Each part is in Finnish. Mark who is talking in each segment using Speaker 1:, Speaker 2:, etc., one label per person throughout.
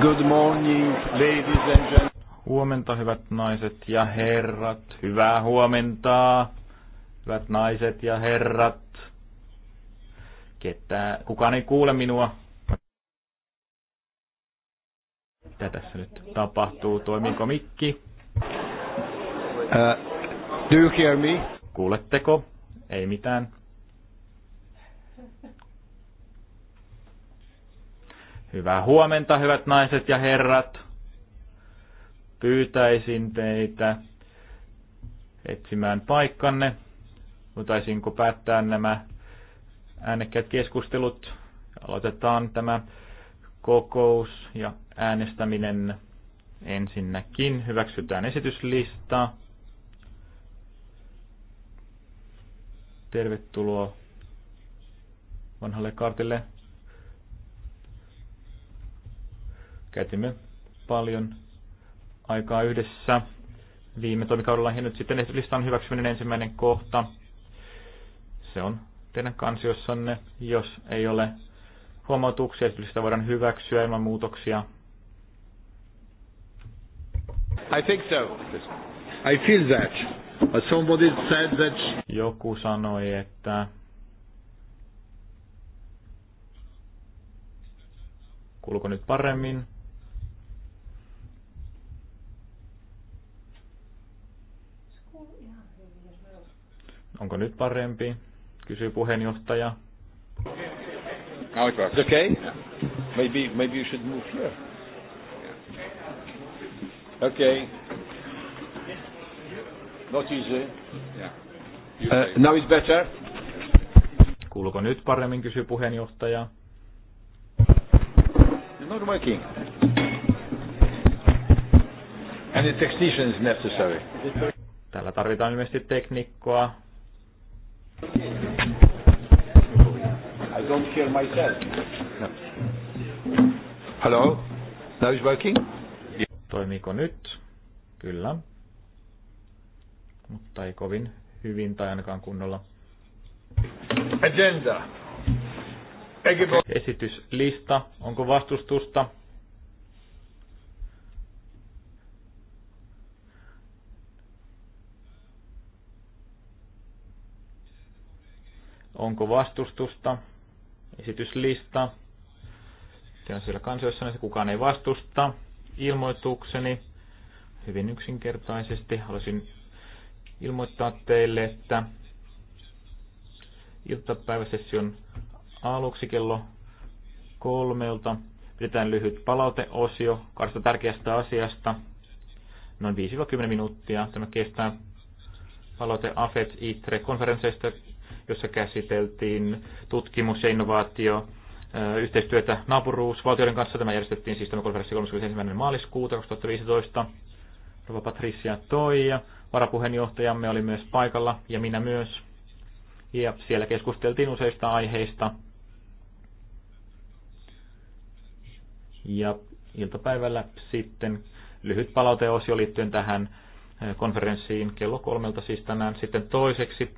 Speaker 1: Good morning, ladies and gentlemen. Huomenta, hyvät naiset ja herrat. Hyvää huomenta, hyvät naiset ja herrat. Ketä, kukaan ei kuule minua. Mitä tässä nyt tapahtuu? Toimiiko mikki? Uh, do you hear me? Kuuletteko? Ei mitään. Hyvää huomenta, hyvät naiset ja herrat. Pyytäisin teitä etsimään paikkanne. Voitaisinko päättää nämä äänekkäät keskustelut? Aloitetaan tämä kokous ja äänestäminen ensinnäkin. Hyväksytään esityslista. Tervetuloa vanhalle kartille Käytimme paljon aikaa yhdessä viime toimikaudella ja nyt sitten listan hyväksyminen ensimmäinen kohta. Se on teidän kansiossanne, jos ei ole huomautuksia, sitä voidaan hyväksyä ilman muutoksia. I think so. I feel that. But somebody said that... Joku sanoi, että... Kuuluuko nyt paremmin? Onko nyt parempi? Kysyy puheenjohtaja. Now it works. Okay. Maybe, maybe you should move here. Okay.
Speaker 2: Not easy. Yeah. Uh, now it's better.
Speaker 1: Kuuluuko nyt paremmin, kysyy puheenjohtaja.
Speaker 2: It's not working.
Speaker 1: And the technician is necessary. Täällä tarvitaan ilmeisesti teknikkoa. don't hear myself. No. Hello? Now it's working? Toimiiko nyt? Kyllä. Mutta ei kovin hyvin tai ainakaan kunnolla. Agenda. Esityslista. Onko vastustusta? Onko vastustusta? esityslista. Se on siellä kansiossa, niin että kukaan ei vastusta. Ilmoitukseni hyvin yksinkertaisesti haluaisin ilmoittaa teille, että iltapäiväsession aluksi kello kolmelta pidetään lyhyt palauteosio kahdesta tärkeästä asiasta, noin 5-10 minuuttia. Tämä kestää palaute AFET ITRE konferensseista jossa käsiteltiin tutkimus- ja innovaatio, yhteistyötä naapuruusvaltioiden kanssa. Tämä järjestettiin siis tämä konferenssi 31. maaliskuuta 2015. Rova Patricia ja varapuheenjohtajamme, oli myös paikalla ja minä myös. Ja siellä keskusteltiin useista aiheista. Ja iltapäivällä sitten lyhyt palauteosio liittyen tähän konferenssiin kello kolmelta siis tänään. Sitten toiseksi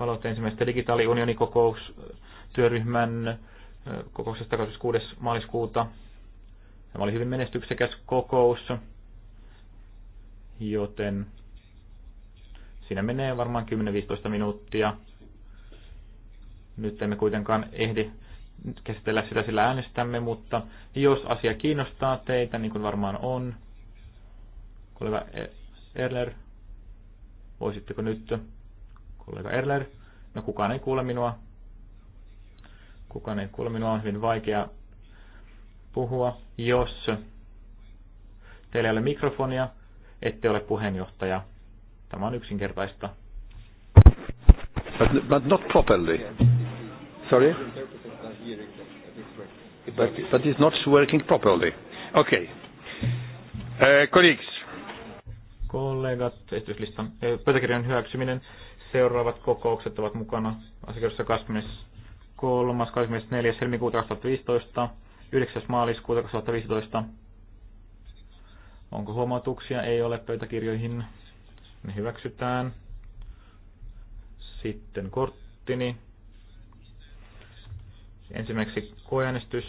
Speaker 1: palautti ensimmäistä digitaaliunionikokous työryhmän kokouksesta 26. maaliskuuta. Tämä oli hyvin menestyksekäs kokous, joten siinä menee varmaan 10-15 minuuttia. Nyt emme kuitenkaan ehdi käsitellä sitä sillä äänestämme, mutta jos asia kiinnostaa teitä, niin kuin varmaan on, kollega e- Erler, voisitteko nyt Kollega Erler. No kukaan ei kuule minua. Kukaan ei kuule minua. On hyvin vaikea puhua, jos teillä ei ole mikrofonia, ette ole puheenjohtaja. Tämä on yksinkertaista. But, but not properly. Sorry? But, but it's not working properly. Okay. Uh, colleagues. Kollegat, esityslistan eh, pöytäkirjan hyväksyminen Seuraavat kokoukset ovat mukana asiakirjassa 23. 24. helmikuuta 2015, 9. maaliskuuta 2015. Onko huomautuksia? Ei ole pöytäkirjoihin. Ne hyväksytään. Sitten korttini. Ensimmäiseksi koeäänestys,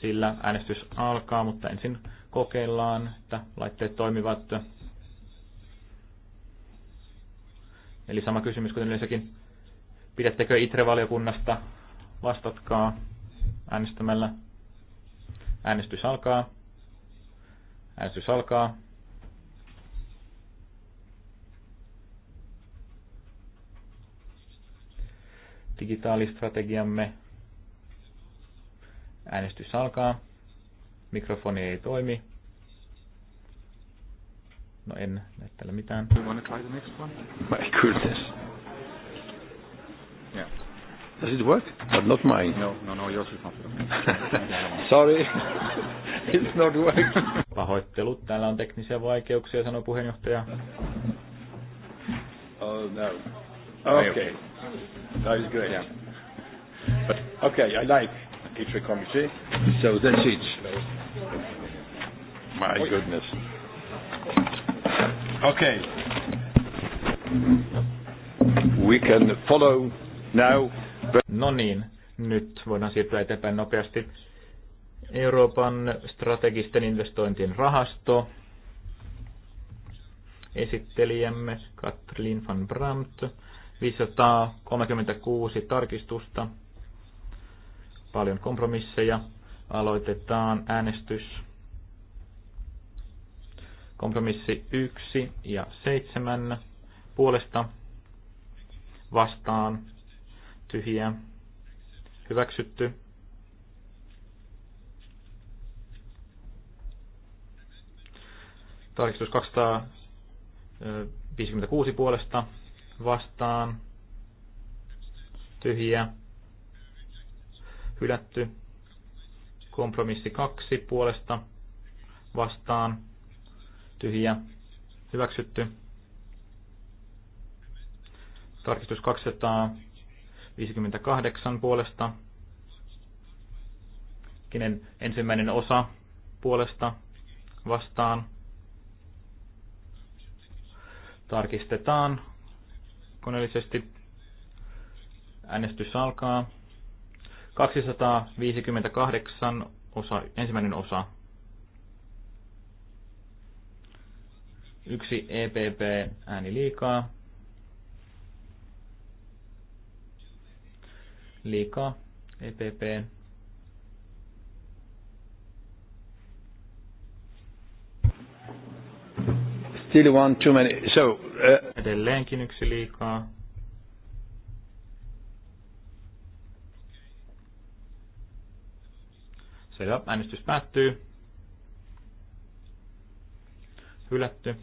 Speaker 1: sillä äänestys alkaa, mutta ensin kokeillaan, että laitteet toimivat. Eli sama kysymys kuin yleensäkin. Pidättekö ITRE-valiokunnasta? Vastatkaa äänestämällä. Äänestys alkaa. Äänestys alkaa. Digitaalistrategiamme. Äänestys alkaa. Mikrofoni ei toimi. No en näe täällä mitään. You want to try the next one? My goodness. Yeah. Does it work?
Speaker 2: But not mine. No, no, no, yours is not working. Sorry.
Speaker 1: It's not working. Pahoittelut, täällä on teknisiä vaikeuksia, sanoi puheenjohtaja.
Speaker 2: Oh no. Okay. That is great. Yeah. But okay, I like ITRE committee. So that's it. My goodness. Okay.
Speaker 1: We can follow now. No niin, nyt voidaan siirtyä eteenpäin nopeasti. Euroopan strategisten investointien rahasto. Esittelijämme Katrin van Brandt. 536 tarkistusta. Paljon kompromisseja. Aloitetaan äänestys. Kompromissi 1 ja 7 puolesta vastaan tyhjä hyväksytty. Tarkistus 256 puolesta vastaan tyhjä hylätty. Kompromissi 2 puolesta vastaan tyhjä, hyväksytty. Tarkistus 258 puolesta. Kenen ensimmäinen osa puolesta vastaan. Tarkistetaan koneellisesti. Äänestys alkaa. 258 osa, ensimmäinen osa Yksi EPP-ääni liikaa. Liikaa EPP. Still one too many. So, uh... Edelleenkin yksi liikaa. Selvä, äänestys päättyy. Hylätty.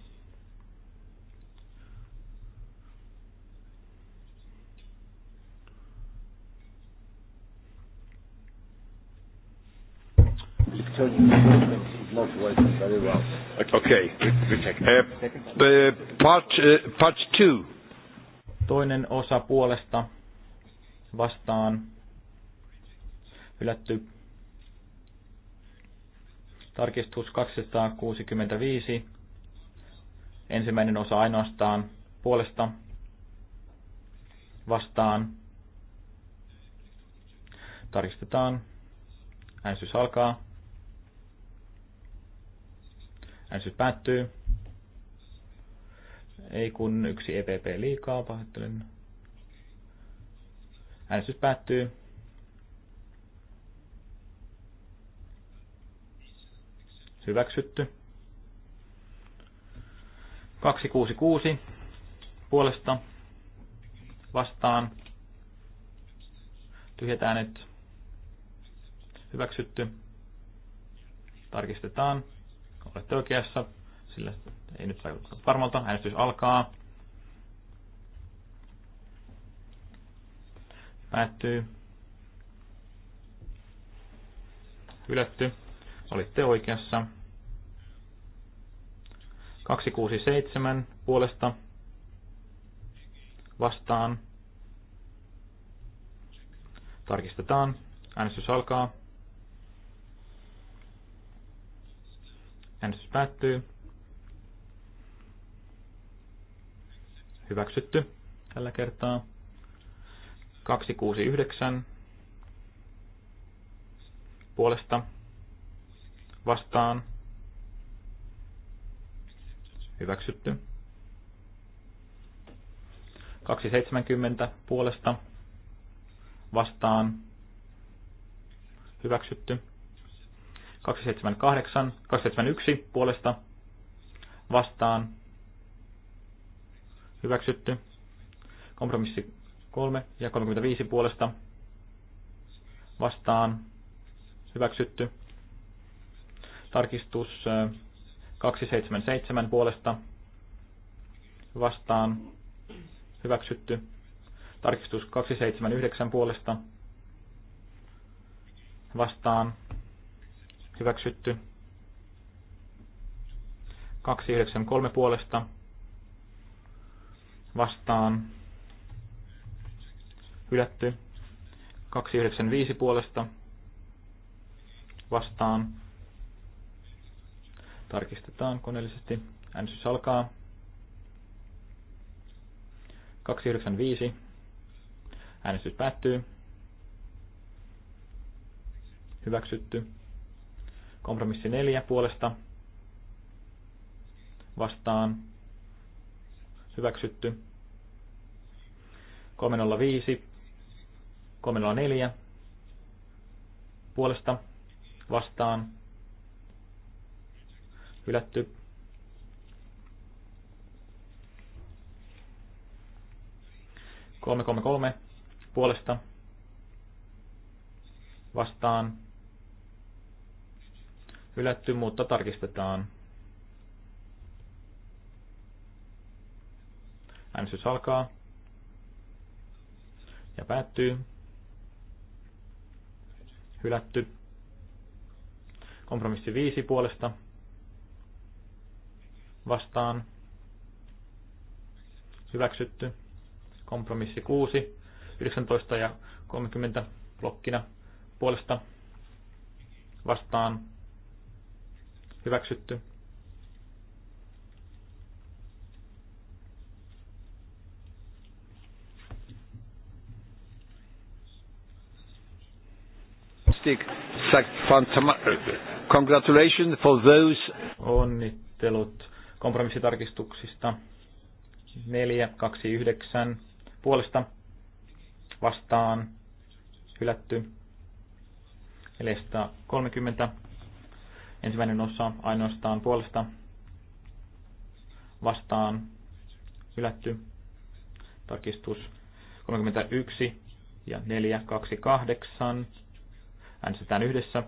Speaker 1: Okay. Eh, eh, part, eh, part two. Toinen osa puolesta vastaan hylätty. Tarkistus 265. Ensimmäinen osa ainoastaan puolesta vastaan. Tarkistetaan. Äänsys alkaa. Äänestys päättyy. Ei kun yksi EPP liikaa, pahoittelen. Äänestys päättyy. Hyväksytty. 266 puolesta vastaan. Tyhjät äänet. Hyväksytty. Tarkistetaan. Olette oikeassa, sillä ei nyt vaikuttanut varmalta. Äänestys alkaa. Päättyy. Hylätty. Olitte oikeassa. 267 puolesta vastaan. Tarkistetaan. Äänestys alkaa. Äänestys päättyy. Hyväksytty tällä kertaa. 269 puolesta vastaan. Hyväksytty. 270 puolesta vastaan. Hyväksytty. 278, 271 puolesta vastaan hyväksytty. Kompromissi 3 ja 35 puolesta vastaan hyväksytty. Tarkistus 277 puolesta vastaan hyväksytty. Tarkistus 279 puolesta vastaan hyväksytty. 293 puolesta vastaan hylätty. 295 puolesta vastaan. Tarkistetaan koneellisesti. Äänestys alkaa. 295. Äänestys päättyy. Hyväksytty. Kompromissi 4 puolesta vastaan hyväksytty. 305, 304 puolesta vastaan hylätty. Kolme kolme kolme puolesta vastaan hylätty, mutta tarkistetaan. Äänestys alkaa ja päättyy. Hylätty. Kompromissi 5 puolesta vastaan. Hyväksytty. Kompromissi 6, 19 ja 30 blokkina puolesta vastaan Hyväksytty. Congratulations for those. Onnittelut kompromissitarkistuksista. 429 puolesta vastaan hylätty. 430 Ensimmäinen osa ainoastaan puolesta vastaan hylätty. Tarkistus 31 ja 428. Äänestetään yhdessä.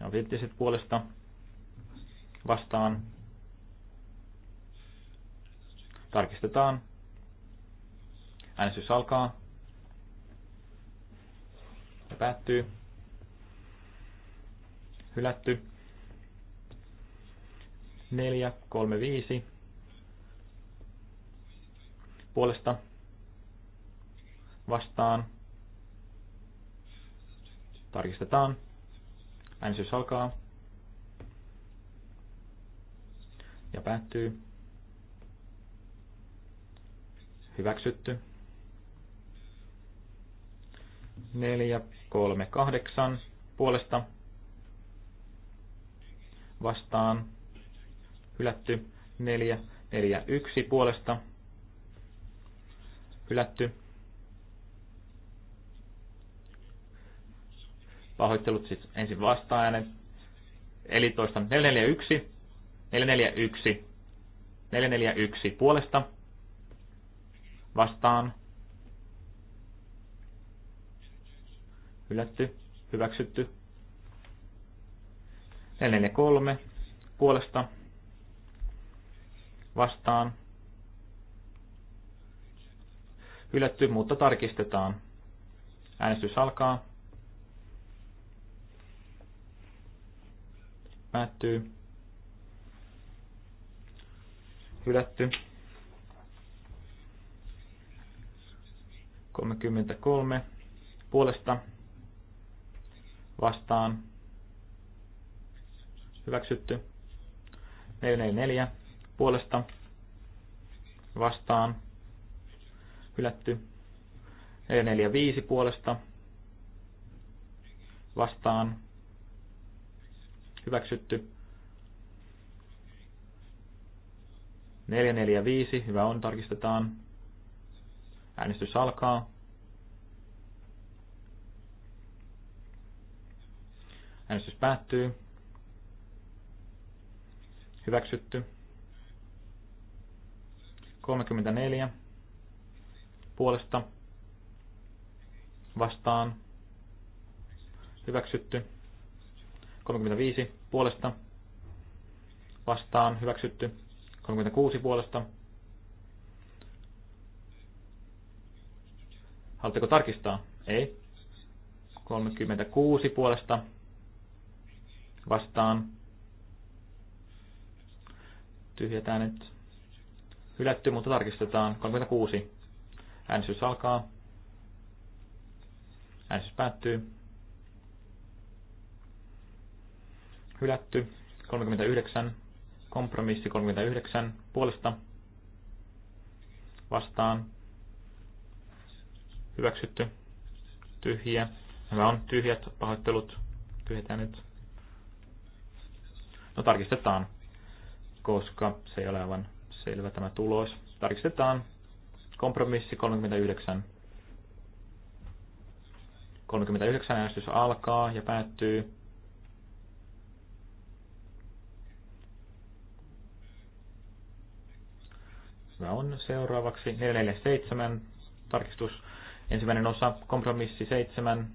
Speaker 1: Ja viittiset puolesta vastaan. Tarkistetaan. Äänestys alkaa. Ja päättyy. Hylätty. 4, 3, 5 puolesta vastaan. Tarkistetaan. Äänestys alkaa. Ja päättyy. Hyväksytty. 4, 3, 8 puolesta vastaan hylätty, 4, 4, 1 puolesta, hylätty. Pahoittelut siis ensin vasta-äänet. Eli toista 441, 441, 441 puolesta vastaan. Hylätty, hyväksytty. 443 puolesta vastaan. Hylätty, mutta tarkistetaan. Äänestys alkaa. Päättyy. Hylätty. 33 puolesta vastaan hyväksytty 444 puolesta vastaan hylätty. E45 puolesta vastaan hyväksytty. 445, e hyvä on, tarkistetaan. Äänestys alkaa. Äänestys päättyy. Hyväksytty. 34 puolesta vastaan hyväksytty. 35 puolesta vastaan hyväksytty. 36 puolesta. Haluatteko tarkistaa? Ei. 36 puolesta vastaan. Tyhjätään nyt Hylätty, mutta tarkistetaan. 36. Äänestys alkaa. Äänestys päättyy. Hylätty. 39. Kompromissi 39. Puolesta. Vastaan. Hyväksytty. Tyhjiä. Nämä on tyhjät pahoittelut. Tyhjätään nyt. No tarkistetaan, koska se ei ole aivan Selvä tämä tulos. Tarkistetaan. Kompromissi 39. 39 äänestys alkaa ja päättyy. Hyvä on. Seuraavaksi 447 tarkistus. Ensimmäinen osa kompromissi 7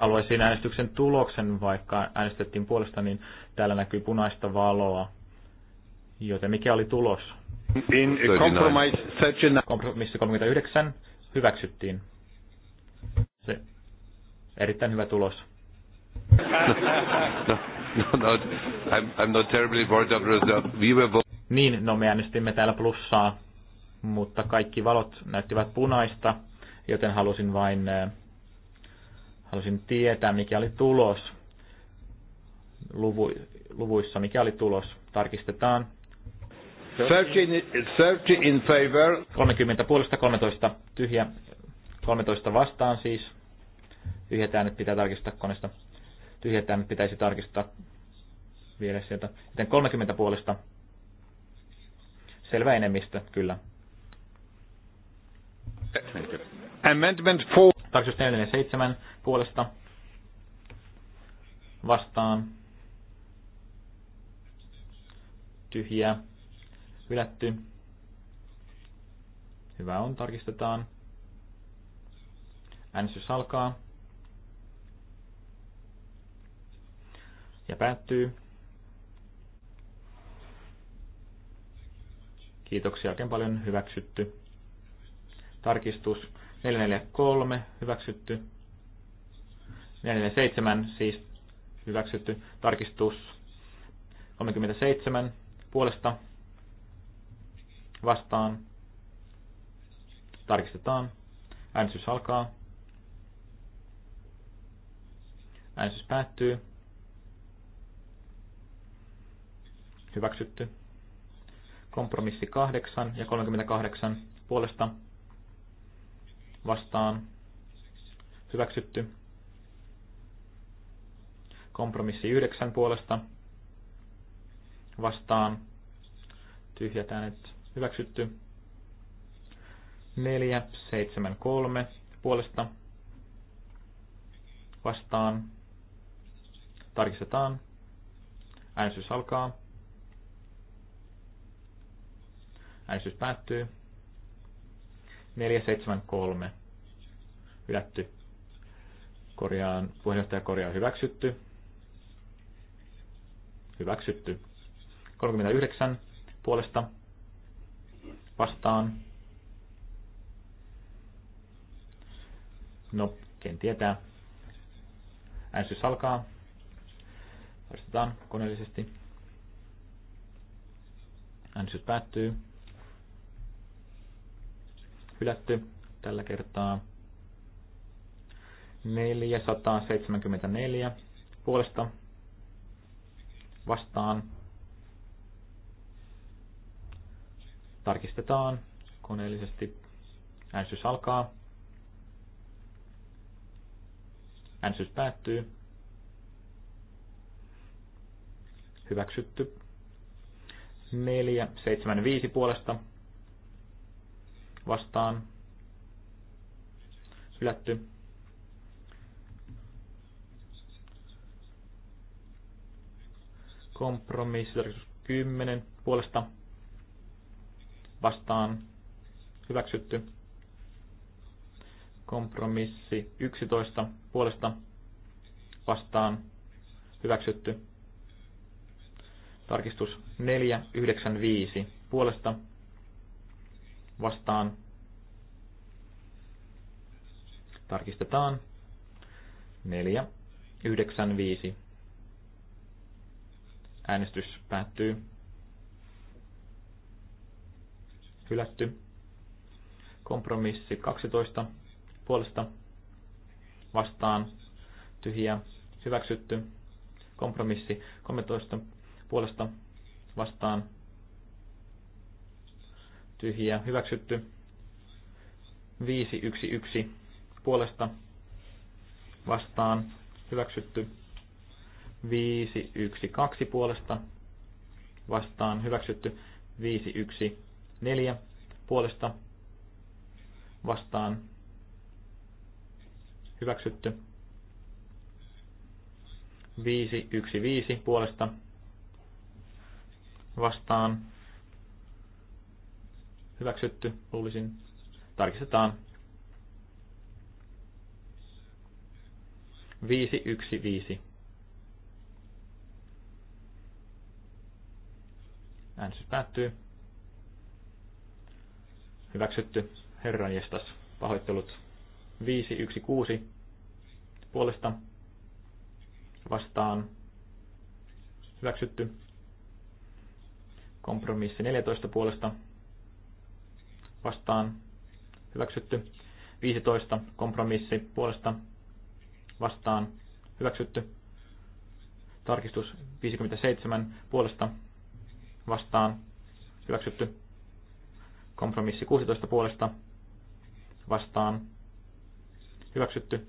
Speaker 1: Haluaisin äänestyksen tuloksen, vaikka äänestettiin puolesta, niin täällä näkyy punaista valoa. Joten mikä oli tulos? In compromise 39. Kompromissi 39 hyväksyttiin. Se erittäin hyvä tulos.
Speaker 2: no, no, no, I'm, I'm not terribly bored of result. We were
Speaker 1: niin, no me äänestimme täällä plussaa, mutta kaikki valot näyttivät punaista, joten halusin vain äh, Halusin tietää, mikä oli tulos Luvu, luvuissa, mikä oli tulos. Tarkistetaan.
Speaker 2: 30, 30 in favor.
Speaker 1: 30 puolesta 13 tyhjä. 13 vastaan siis. Tyhjät äänet pitää tarkistaa koneesta. Tyhjät äänet pitäisi tarkistaa vielä sieltä. Joten 30 puolesta. Selvä enemmistö, kyllä. Technical. Amendment 4. Tarkistus puolesta vastaan. Tyhjä. Hylätty. Hyvä on, tarkistetaan. Äänestys alkaa. Ja päättyy. Kiitoksia oikein paljon hyväksytty. Tarkistus 443 hyväksytty. 447 siis hyväksytty. Tarkistus 37 puolesta vastaan. Tarkistetaan. Äänestys alkaa. Äänestys päättyy. Hyväksytty. Kompromissi 8 ja 38 puolesta vastaan hyväksytty. Kompromissi yhdeksän puolesta vastaan tyhjät äänet hyväksytty. Neljä, seitsemän, kolme puolesta vastaan. Tarkistetaan. Äänestys alkaa. Äänestys päättyy. 473 hylätty. Korjaan, puheenjohtaja korjaa hyväksytty. Hyväksytty. 39 puolesta vastaan. No, ken tietää. Äänestys alkaa. Vastataan koneellisesti. Äänestys päättyy hylätty tällä kertaa. 474 puolesta vastaan. Tarkistetaan koneellisesti. Äänsys alkaa. Äänsys päättyy. Hyväksytty. 475 puolesta vastaan hylätty. kompromissi 10 puolesta vastaan hyväksytty. Kompromissi 11 puolesta vastaan hyväksytty. Tarkistus 495 puolesta vastaan. Tarkistetaan. 4, 9, 5. Äänestys päättyy. Hylätty. Kompromissi 12. Puolesta vastaan. Tyhjä. Hyväksytty. Kompromissi 13. Puolesta vastaan tyhjiä hyväksytty. 511 puolesta vastaan hyväksytty. 512 puolesta vastaan hyväksytty. 514 puolesta vastaan hyväksytty. 515 puolesta vastaan Hyväksytty, luulisin. Tarkistetaan. 515. Äänestys päättyy. Hyväksytty. Herran jestas. Pahoittelut. 516. Puolesta. Vastaan. Hyväksytty. Kompromissi 14 puolesta vastaan hyväksytty. 15 kompromissi puolesta vastaan hyväksytty. Tarkistus 57 puolesta vastaan hyväksytty. Kompromissi 16 puolesta vastaan hyväksytty.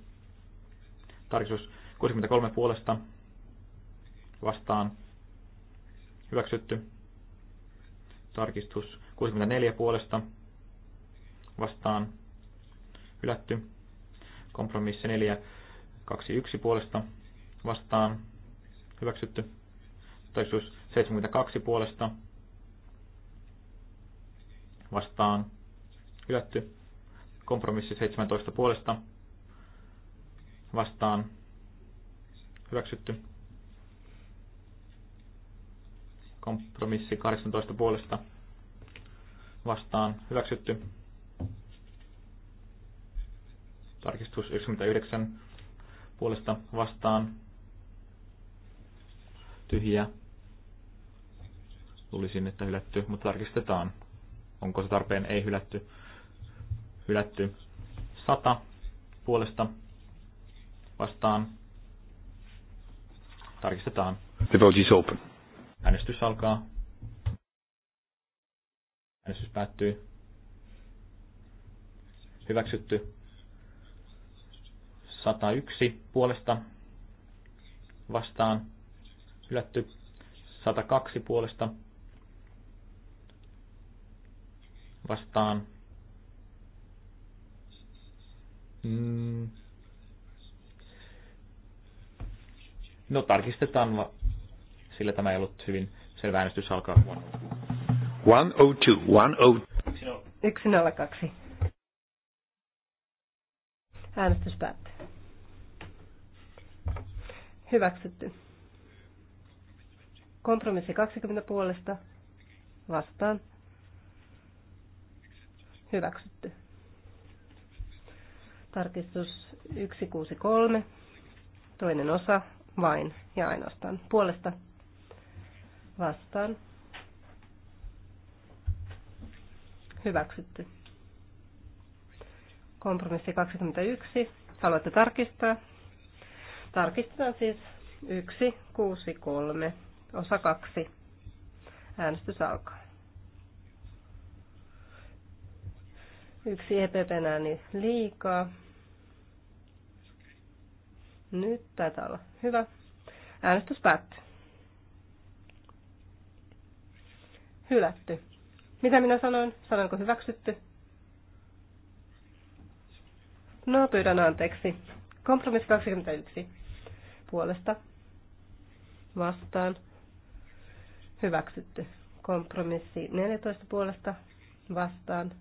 Speaker 1: Tarkistus 63 puolesta vastaan hyväksytty. Tarkistus 64 puolesta vastaan vastaan hylätty. Kompromissi 4, 2, 1 puolesta vastaan hyväksytty. Tai 72 puolesta vastaan hylätty. Kompromissi 17 puolesta vastaan hyväksytty. Kompromissi 18 puolesta vastaan hyväksytty. Tarkistus 99 puolesta vastaan. Tyhjä. Luulisin, että hylätty, mutta tarkistetaan. Onko se tarpeen? Ei hylätty. Hylätty. 100 puolesta vastaan. Tarkistetaan.
Speaker 2: The vote is open.
Speaker 1: Äänestys alkaa. Äänestys päättyy. Hyväksytty. 101 puolesta vastaan hylätty. 102 puolesta vastaan. Mm. No tarkistetaan, sillä tämä ei ollut hyvin selvä äänestys alkaa. 102,
Speaker 3: 102. 102. Äänestys päättyy. Hyväksytty. Kompromissi 20 puolesta vastaan. Hyväksytty. Tarkistus 163, toinen osa vain ja ainoastaan puolesta vastaan. Hyväksytty. Kompromissi 21. Haluatte tarkistaa? Tarkistetaan siis 1, 6, 3, osa 2. Äänestys alkaa. Yksi EPPn niin ääni liikaa. Nyt taitaa olla hyvä. Äänestys päättyy. Hylätty. Mitä minä sanoin? Sanoinko hyväksytty? No, pyydän anteeksi. Kompromissi 21 puolesta vastaan hyväksytty. Kompromissi 14 puolesta vastaan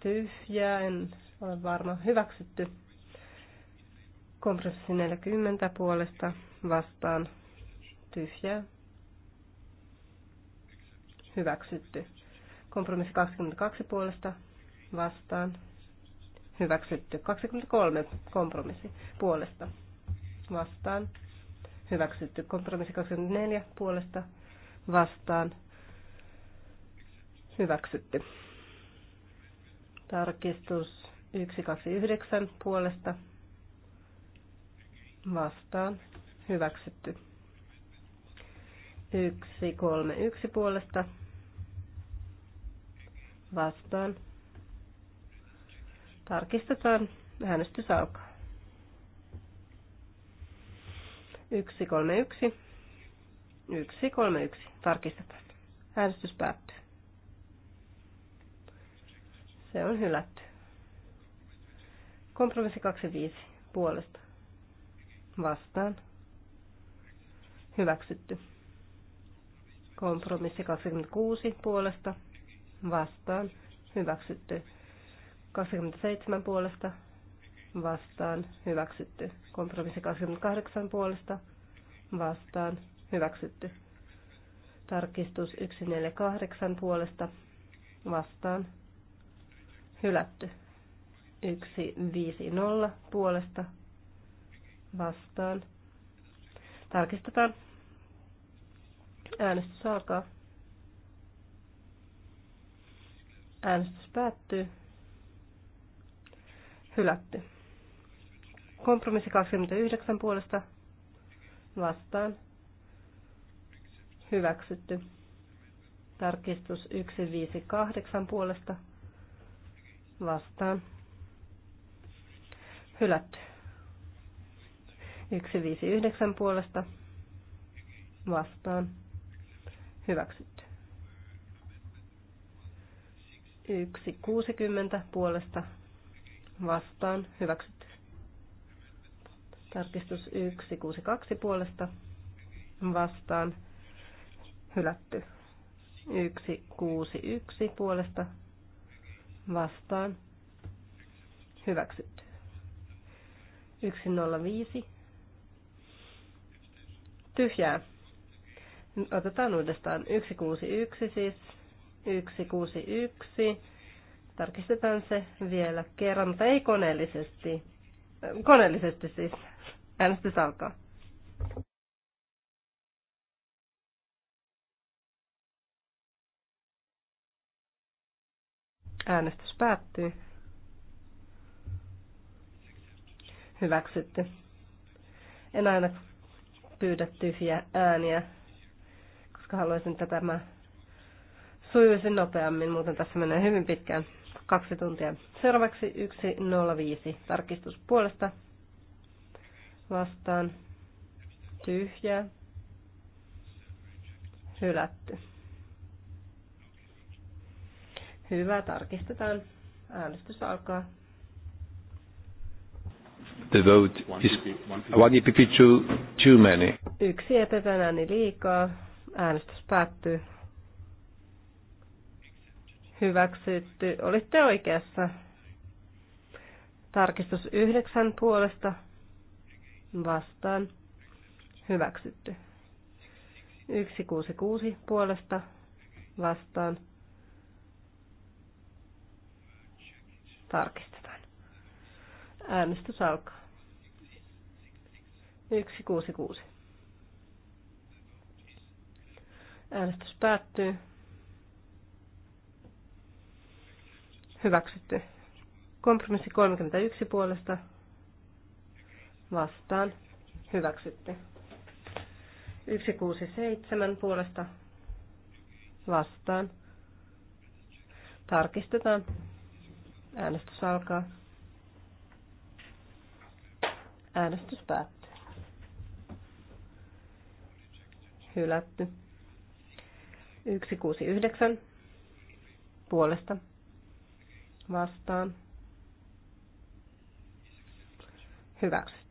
Speaker 3: tyhjää, en ole varma, hyväksytty. Kompromissi 40 puolesta vastaan tyhjää, hyväksytty. Kompromissi 22 puolesta vastaan hyväksytty. 23 kompromissi puolesta vastaan. Hyväksytty kompromissi 24 puolesta vastaan. Hyväksytty. Tarkistus 129 puolesta vastaan. Hyväksytty. 131 puolesta vastaan. Tarkistetaan. Äänestys alkaa. 131. 131. Tarkistetaan. Äänestys päättyy. Se on hylätty. Kompromissi 25. Puolesta. Vastaan. Hyväksytty. Kompromissi 26. Puolesta. Vastaan. Hyväksytty. 27 puolesta vastaan hyväksytty. Kompromissi 28 puolesta vastaan hyväksytty. Tarkistus 148 puolesta vastaan hylätty. 150 puolesta vastaan. Tarkistetaan. Äänestys alkaa. Äänestys päättyy. Hylätty. Kompromissi 29 puolesta vastaan. Hyväksytty. Tarkistus 158 puolesta vastaan. Hylätty. 159 puolesta vastaan. Hyväksytty. 160 puolesta vastaan. Hyväksytty. Tarkistus 162 puolesta vastaan hylätty. 161 puolesta vastaan hyväksytty. 105 tyhjää. Otetaan uudestaan 161 siis 161. Tarkistetaan se vielä kerran, mutta ei koneellisesti. Koneellisesti siis Äänestys alkaa. Äänestys päättyy. Hyväksytty. En aina pyydä tyhjiä ääniä, koska haluaisin, tätä mä sujuisi nopeammin, muuten tässä menee hyvin pitkään, kaksi tuntia. Seuraavaksi 1.05. Tarkistus puolesta vastaan tyhjä hylätty. Hyvä, tarkistetaan. Äänestys alkaa.
Speaker 2: The vote is one EPP too, too many.
Speaker 3: Yksi EPP ääni liikaa. Äänestys päättyy. Hyväksytty. Olitte oikeassa. Tarkistus yhdeksän puolesta vastaan hyväksytty. 166 puolesta vastaan tarkistetaan. Äänestys alkaa. 166. Äänestys päättyy. Hyväksytty. Kompromissi 31 puolesta vastaan hyväksytty. 167 puolesta vastaan. Tarkistetaan. Äänestys alkaa. Äänestys päättyy. Hylätty. 169 puolesta vastaan. Hyväksytty.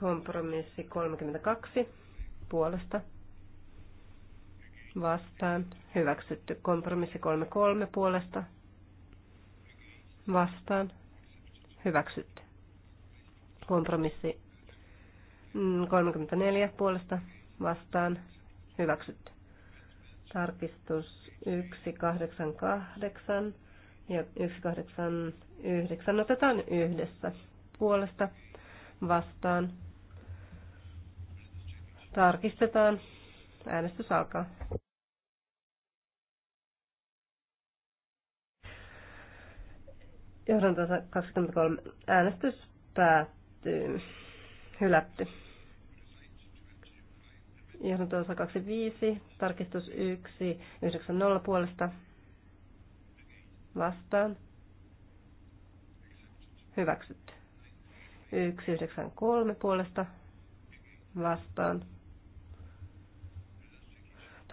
Speaker 3: Kompromissi 32 puolesta vastaan. Hyväksytty. Kompromissi 33 puolesta vastaan. Hyväksytty. Kompromissi 34 puolesta vastaan. Hyväksytty. Tarkistus 188 ja 189 otetaan yhdessä puolesta vastaan Tarkistetaan. Äänestys alkaa. Johdon 23. Äänestys päättyy. Hylätty. Johdon 25. Tarkistus 1. 90 puolesta. Vastaan. Hyväksytty. 193 puolesta. Vastaan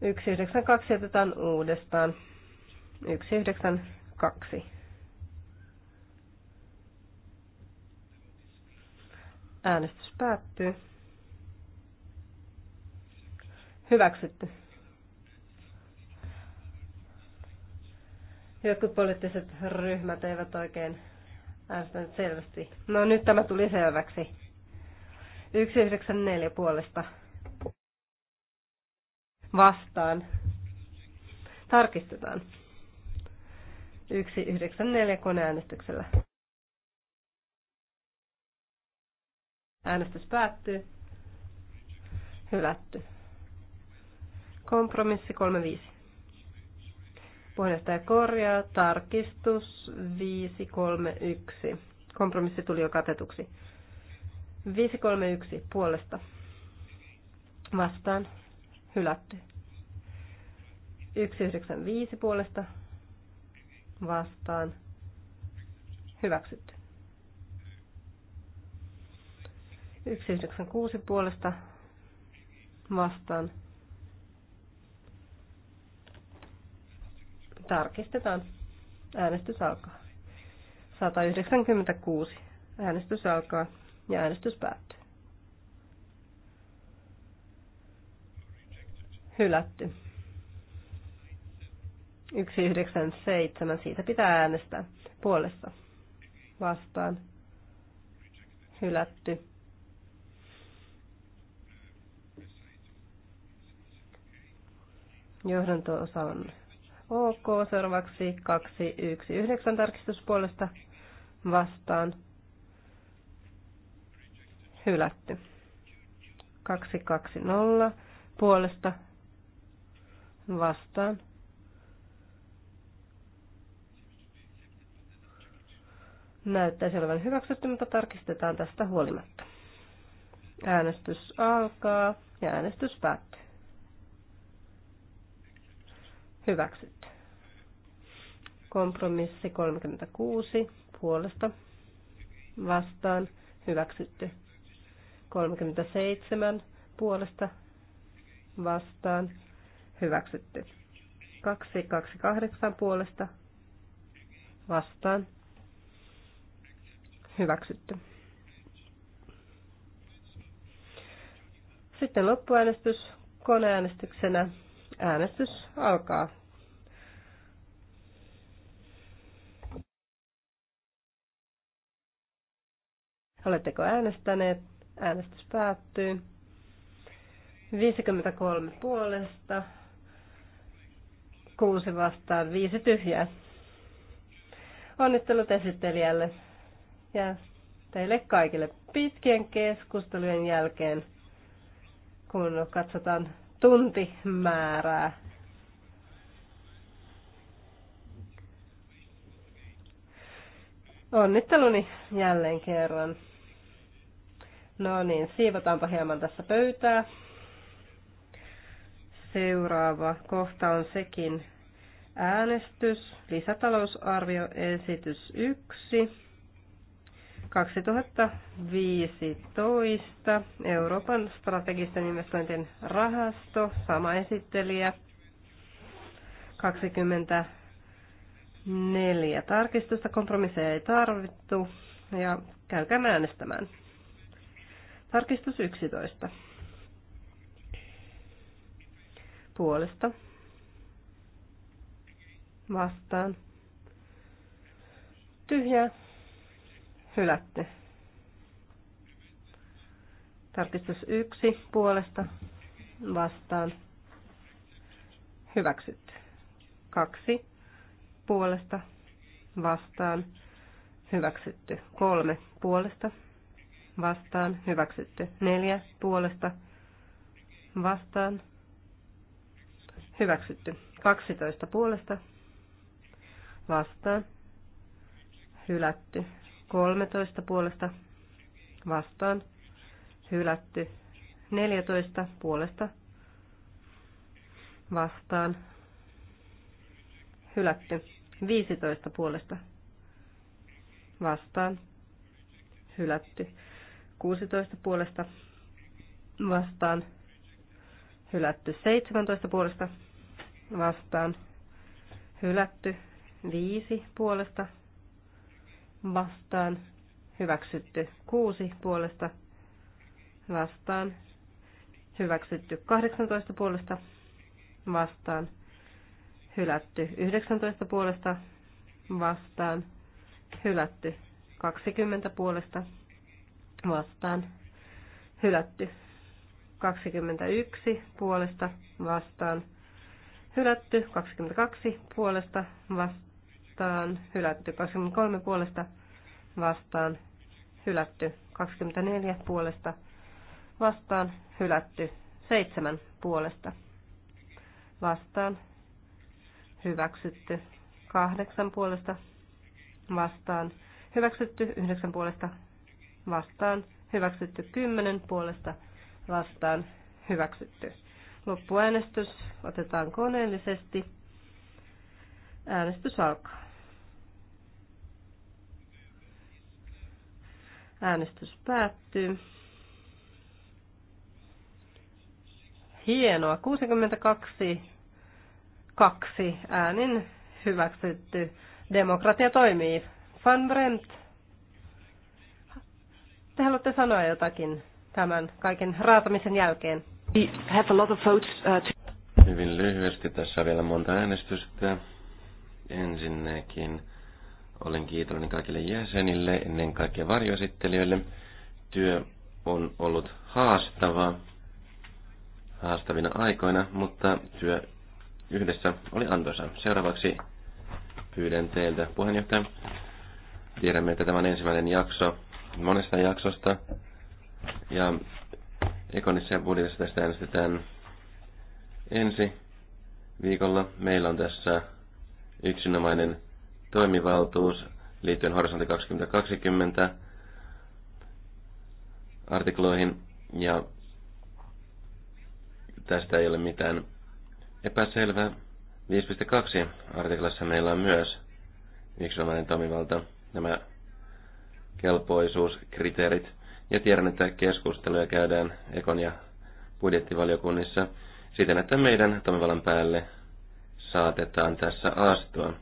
Speaker 3: 192 otetaan uudestaan. 192. Äänestys päättyy. Hyväksytty. Jotkut poliittiset ryhmät eivät oikein äänestäneet selvästi. No nyt tämä tuli selväksi. 194 puolesta vastaan. Tarkistetaan. 194 koneäänestyksellä. Äänestys päättyy. Hylätty. Kompromissi 35. Puheenjohtaja korjaa. Tarkistus 531. Kompromissi tuli jo katetuksi. 531 puolesta. Vastaan hylätty. 195 puolesta vastaan hyväksytty. 196 puolesta vastaan tarkistetaan. Äänestys alkaa. 196. Äänestys alkaa ja äänestys päättyy. hylätty. 197, siitä pitää äänestää puolesta vastaan hylätty. Johdanto-osa on ok. Seuraavaksi 219 tarkistuspuolesta vastaan hylätty. 220 puolesta vastaan. Näyttäisi olevan hyväksytty, mutta tarkistetaan tästä huolimatta. Äänestys alkaa ja äänestys päättyy. Hyväksytty. Kompromissi 36 puolesta vastaan hyväksytty. 37 puolesta vastaan hyväksytty. 228 puolesta vastaan hyväksytty. Sitten loppuäänestys koneäänestyksenä. Äänestys alkaa. Oletteko äänestäneet? Äänestys päättyy. 53 puolesta, Kuusi vastaan, viisi tyhjää. Onnittelut esittelijälle ja teille kaikille pitkien keskustelujen jälkeen, kun katsotaan tuntimäärää. Onnitteluni jälleen kerran. No niin, siivotaanpa hieman tässä pöytää. Seuraava kohta on sekin äänestys, lisätalousarvioesitys 1, 2015, Euroopan strategisten investointien rahasto, sama esittelijä, 24 tarkistusta, kompromisseja ei tarvittu, ja käykää äänestämään. Tarkistus 11. puolesta vastaan. tyhjä Hylätty. Tarkistus yksi puolesta vastaan. Hyväksytty. Kaksi puolesta vastaan. Hyväksytty. Kolme puolesta vastaan. Hyväksytty. Neljä puolesta vastaan. Hyväksytty. 12 puolesta vastaan. Hylätty. 13 puolesta vastaan. Hylätty. 14 puolesta vastaan. Hylätty. 15 puolesta vastaan. Hylätty. 16 puolesta vastaan. Hylätty. 17 puolesta vastaan vastaan hylätty, viisi puolesta vastaan hyväksytty, kuusi puolesta vastaan hyväksytty, 18 puolesta vastaan hylätty, 19 puolesta vastaan hylätty, 20 puolesta vastaan hylätty, 21 puolesta vastaan hylätty hylätty 22 puolesta vastaan, hylätty 23 puolesta vastaan, hylätty 24 puolesta vastaan, hylätty 7 puolesta vastaan, hyväksytty 8 puolesta vastaan, hyväksytty 9 puolesta vastaan, hyväksytty 10 puolesta vastaan, hyväksytty Loppuäänestys otetaan koneellisesti. Äänestys alkaa. Äänestys päättyy. Hienoa. 62 kaksi äänin hyväksytty. Demokratia toimii. Van Bremt, te haluatte sanoa jotakin tämän kaiken raatamisen jälkeen? We have a lot of votes, uh, to...
Speaker 4: Hyvin lyhyesti, tässä on vielä monta äänestystä. Ensinnäkin olen kiitollinen kaikille jäsenille, ennen kaikkea varjoesittelijöille. Työ on ollut haastava, haastavina aikoina, mutta työ yhdessä oli antoisa. Seuraavaksi pyydän teiltä puheenjohtaja. Tiedämme, että tämä on ensimmäinen jakso monesta jaksosta. Ja Ekonissa ja Budissa tästä äänestetään ensi viikolla. Meillä on tässä yksinomainen toimivaltuus liittyen Horisontti 2020 artikloihin ja tästä ei ole mitään epäselvää. 5.2 artiklassa meillä on myös yksinomainen toimivalta nämä kelpoisuuskriteerit – ja tiedän, että keskusteluja käydään Ekon ja budjettivaliokunnissa siten, että meidän toimivallan päälle saatetaan tässä astua.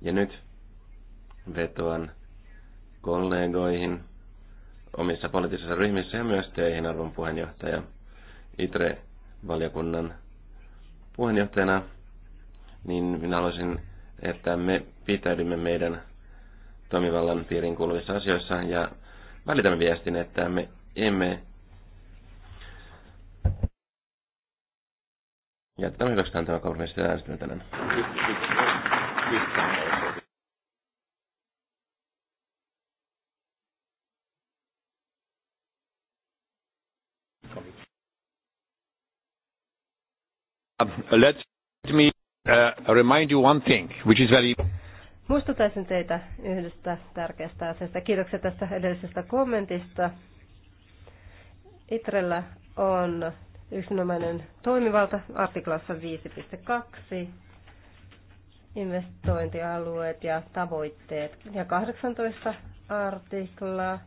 Speaker 4: Ja nyt vetoan kollegoihin omissa poliittisissa ryhmissä ja myös teihin, arvon puheenjohtaja ITRE-valiokunnan puheenjohtajana, niin minä haluaisin, että me pitäydymme meidän toimivallan piirin kuuluvissa asioissa ja välitämme viestin, että me emme Ja tämä hyväksytään tämä kompromissi äänestämme tänään.
Speaker 2: Uh, let me uh, remind you one thing, which is very
Speaker 3: Muistuttaisin teitä yhdestä tärkeästä asiasta. Kiitoksia tästä edellisestä kommentista. Itrellä on yksinomainen toimivalta artiklassa 5.2 investointialueet ja tavoitteet. Ja 18 artikla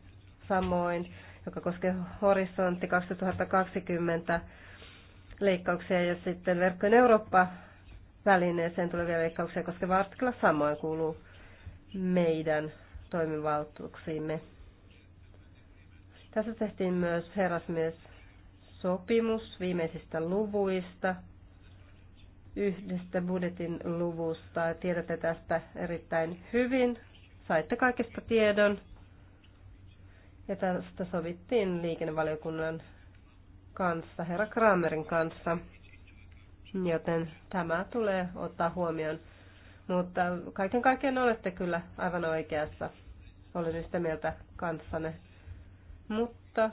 Speaker 3: samoin, joka koskee horisontti 2020 leikkauksia ja sitten verkkojen Eurooppa välineeseen tulevia leikkauksia koskeva artikla samoin kuuluu meidän toimivaltuuksiimme. Tässä tehtiin myös herrasmies sopimus viimeisistä luvuista, yhdestä budjetin luvusta. Tiedätte tästä erittäin hyvin. Saitte kaikesta tiedon. Ja tästä sovittiin liikennevaliokunnan kanssa, herra Kramerin kanssa joten tämä tulee ottaa huomioon. Mutta kaiken kaikkiaan olette kyllä aivan oikeassa. Olen yhtä mieltä kanssanne. Mutta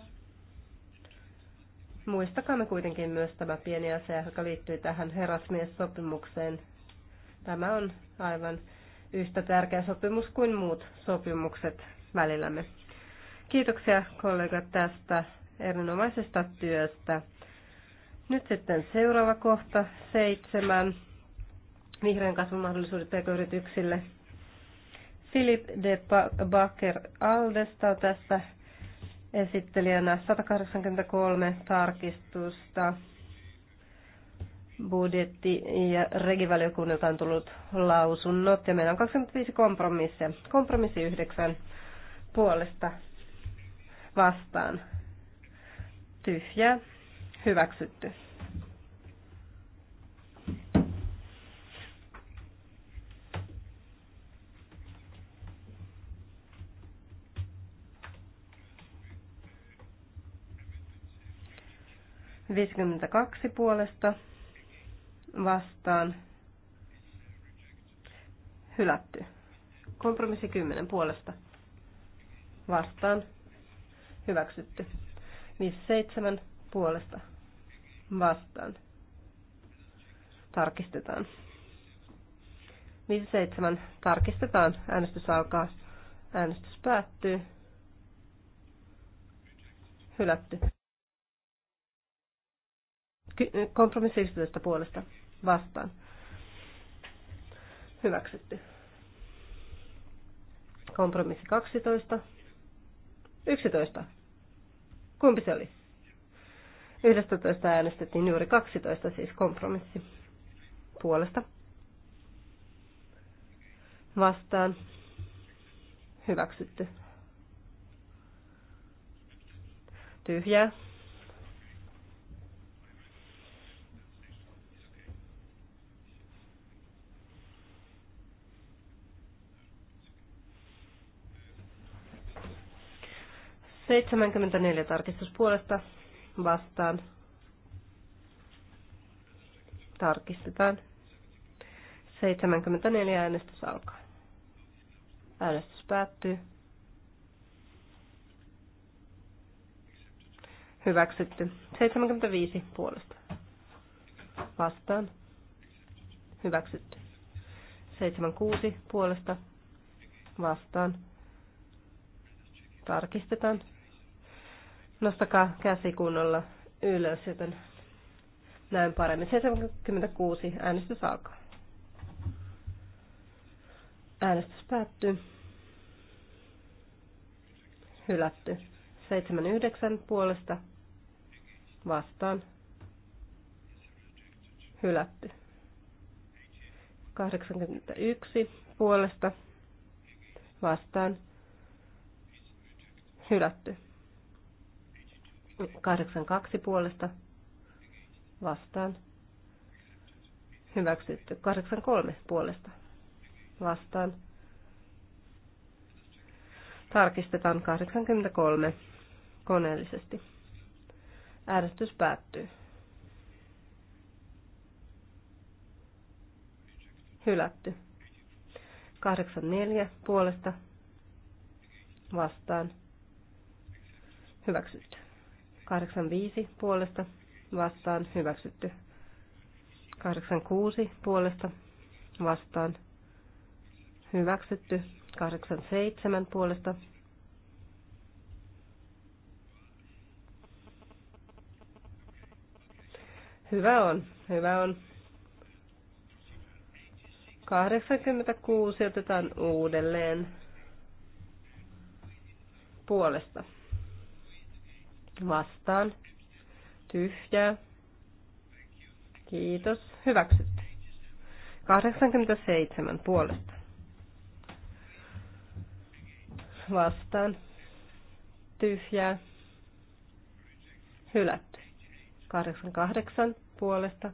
Speaker 3: muistakaamme kuitenkin myös tämä pieni asia, joka liittyy tähän herrasmies-sopimukseen. Tämä on aivan yhtä tärkeä sopimus kuin muut sopimukset välillämme. Kiitoksia kollegat tästä erinomaisesta työstä. Nyt sitten seuraava kohta, seitsemän. Vihreän kasvun mahdollisuudet pk-yrityksille. Philip de Bakker Aldesta on tässä esittelijänä 183 tarkistusta. Budjetti- ja regivaliokunnilta on tullut lausunnot ja meillä on 25 kompromissia. Kompromissi 9 puolesta vastaan. Tyhjä hyväksytty. Viisikymmentäkaksi puolesta vastaan hylätty. Kompromissi 10 puolesta vastaan hyväksytty. 57 puolesta vastaan. Tarkistetaan. 57 tarkistetaan. Äänestys alkaa. Äänestys päättyy. Hylätty. Kompromissi 11 puolesta vastaan. Hyväksytty. Kompromissi 12. 11. Kumpi se oli? 11 äänestettiin juuri 12, siis kompromissi puolesta. Vastaan hyväksytty. Tyhjää. Seitsemänkymmentäneljä puolesta vastaan. Tarkistetaan. 74 äänestys alkaa. Äänestys päättyy. Hyväksytty. 75 puolesta. Vastaan. Hyväksytty. 76 puolesta. Vastaan. Tarkistetaan. Nostakaa käsi kunnolla ylös, joten näin paremmin. 76 äänestys alkaa. Äänestys päättyy. Hylätty. 79 puolesta vastaan. Hylätty. 81 puolesta vastaan. Hylätty. 82 puolesta vastaan. Hyväksytty. 83 puolesta vastaan. Tarkistetaan 83 koneellisesti. Äänestys päättyy. Hylätty. 84 puolesta vastaan. Hyväksytty. 85 puolesta vastaan hyväksytty. 86 puolesta vastaan hyväksytty. 87 puolesta Hyvä on, hyvä on. 86 otetaan uudelleen puolesta vastaan, tyhjää, kiitos, hyväksytty. 87 puolesta. Vastaan, tyhjää, hylätty. 88 puolesta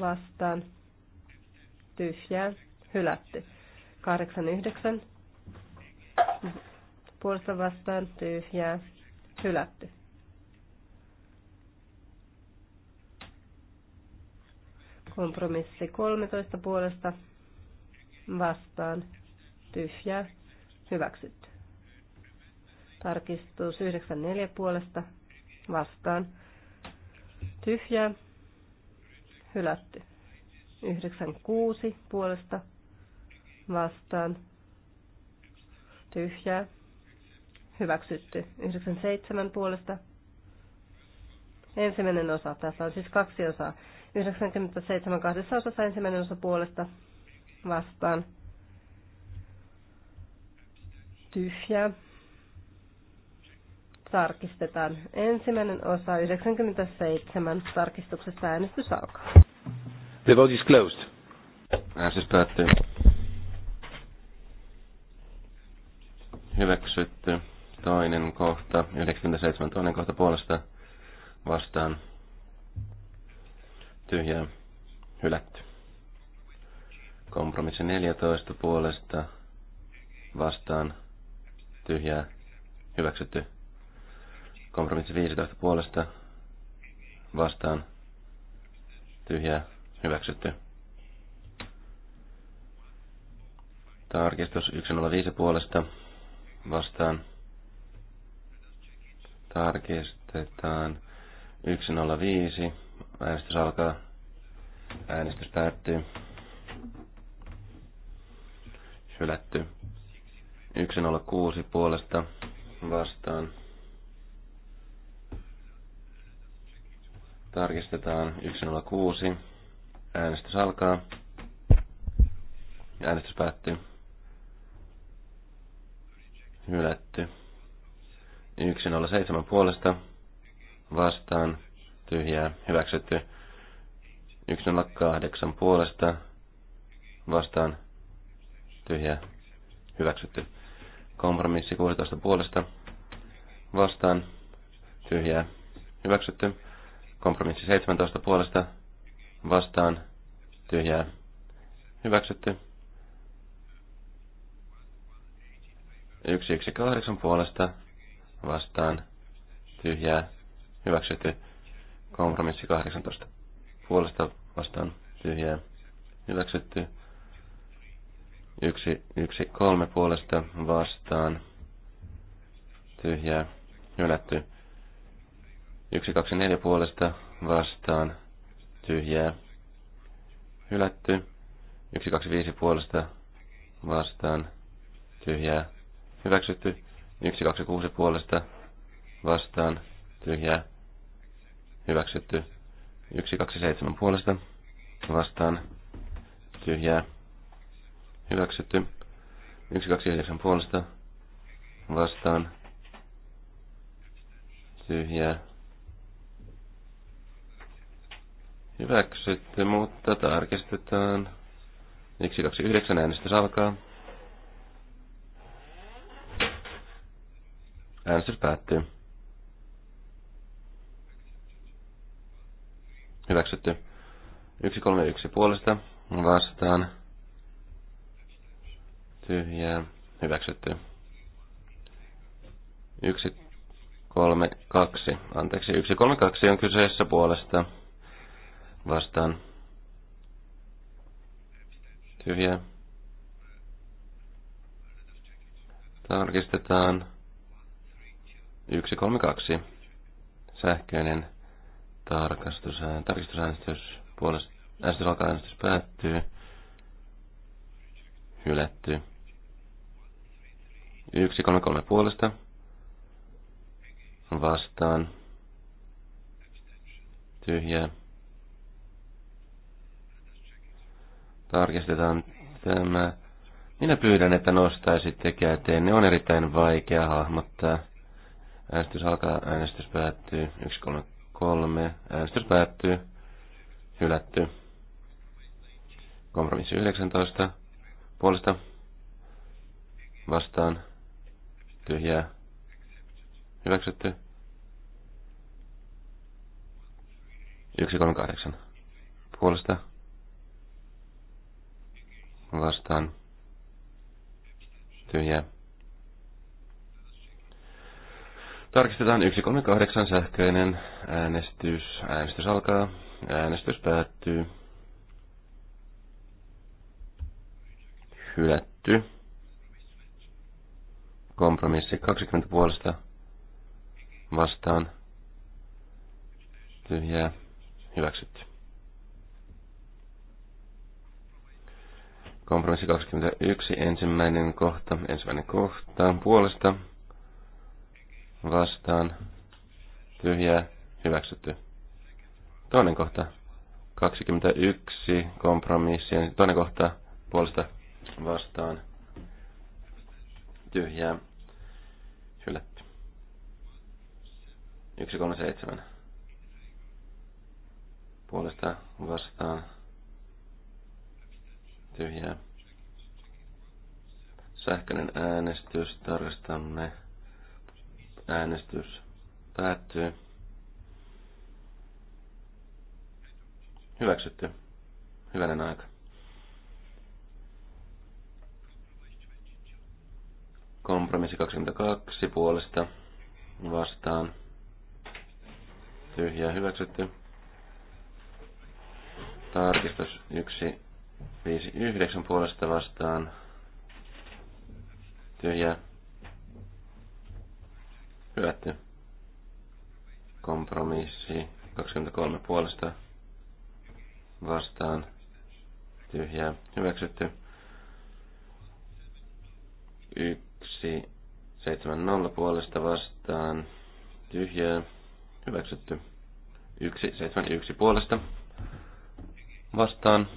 Speaker 3: vastaan, tyhjää, hylätty. 89 puolesta vastaan, tyhjää, hylätty. Kompromissi 13 puolesta vastaan tyhjä hyväksytty. Tarkistus 94 puolesta vastaan tyhjä hylätty. 96 puolesta vastaan tyhjää hyväksytty. 97 puolesta ensimmäinen osa. Tässä on siis kaksi osaa. 97 kahdessa osassa ensimmäinen osa puolesta vastaan. Tyhjä. Tarkistetaan. Ensimmäinen osa 97 tarkistuksessa äänestys alkaa.
Speaker 4: The vote is closed. Äänestys päättyy. Hyväksytty toinen kohta, 97 toinen kohta puolesta vastaan tyhjää hylätty. Kompromissi 14 puolesta vastaan tyhjää hyväksytty. Kompromissi 15 puolesta vastaan tyhjää hyväksytty. Tarkistus 105 puolesta vastaan Tarkistetaan. 105. Äänestys alkaa. Äänestys päättyy. Hylätty. 106 puolesta vastaan. Tarkistetaan 106. Äänestys alkaa. Äänestys päättyy. Hylätty. 1.07. 107 puolesta vastaan tyhjää hyväksytty. 108 puolesta vastaan tyhjää hyväksytty. Kompromissi 16 puolesta vastaan tyhjää hyväksytty. Kompromissi 17 puolesta vastaan tyhjää hyväksytty. 118 puolesta vastaan tyhjää, hyväksytty kompromissi 18 puolesta vastaan tyhjää, hyväksytty yksi, yksi kolme puolesta vastaan tyhjää, hylätty yksi kaksi neljä puolesta vastaan tyhjää, hylätty yksi kaksi viisi puolesta vastaan tyhjää, hyväksytty 126 puolesta vastaan tyhjää hyväksytty. seitsemän puolesta vastaan tyhjää hyväksytty. 129 puolesta vastaan tyhjää hyväksytty, mutta tarkistetaan. 129 äänestys alkaa. Äänestys päättyy. Hyväksytty. 131 puolesta vastaan. Tyhjää. Hyväksytty. 132. Anteeksi, 132 on kyseessä puolesta vastaan. Tyhjää. Tarkistetaan. 132. Sähköinen tarkastus, tarkistusäänestys puolesta. äänestysalkaäänestys päättyy. Hylätty. 133 puolesta. Vastaan. Tyhjää. Tarkistetaan tämä. Minä pyydän, että nostaisitte käteen. Ne on erittäin vaikea hahmottaa. Äänestys alkaa, äänestys päättyy. 1, 3, 3. Äänestys päättyy. Hylätty. Kompromissi 19. Puolesta. Vastaan. Tyhjää. Hyväksytty. 1, 3, 8. Puolesta. Vastaan. Tyhjää. Tarkistetaan 138 sähköinen äänestys. Äänestys alkaa. Äänestys päättyy. Hylätty. Kompromissi 20 puolesta vastaan. Tyhjää. Hyväksytty. Kompromissi 21, ensimmäinen kohta, ensimmäinen kohta puolesta vastaan, tyhjää, hyväksytty. Toinen kohta, 21 kompromissien, toinen kohta puolesta vastaan, tyhjää, hylätty. 137 puolesta vastaan, tyhjää. Sähköinen äänestys tarkastamme. Äänestys päättyy. Hyväksytty. Hyvänen aika. Kompromissi 22 puolesta vastaan. Tyhjää hyväksytty. Tarkistus 159 puolesta vastaan. Tyhjää Hylätty. Kompromissi 23 puolesta vastaan tyhjää hyväksytty. 1 7 0 puolesta vastaan tyhjää hyväksytty. 1 7 1 puolesta vastaan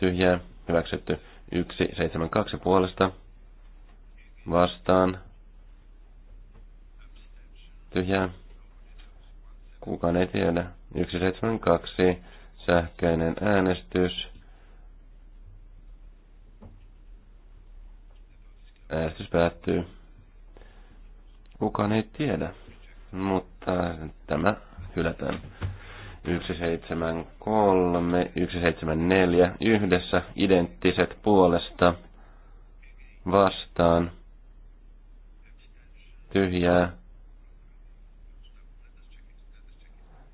Speaker 4: tyhjää hyväksytty. 1 7 2 puolesta vastaan tyhjää. Kukaan ei tiedä. 172 sähköinen äänestys. Äänestys päättyy. Kukaan ei tiedä, mutta tämä hylätään. 173, 174 yhdessä identtiset puolesta vastaan tyhjää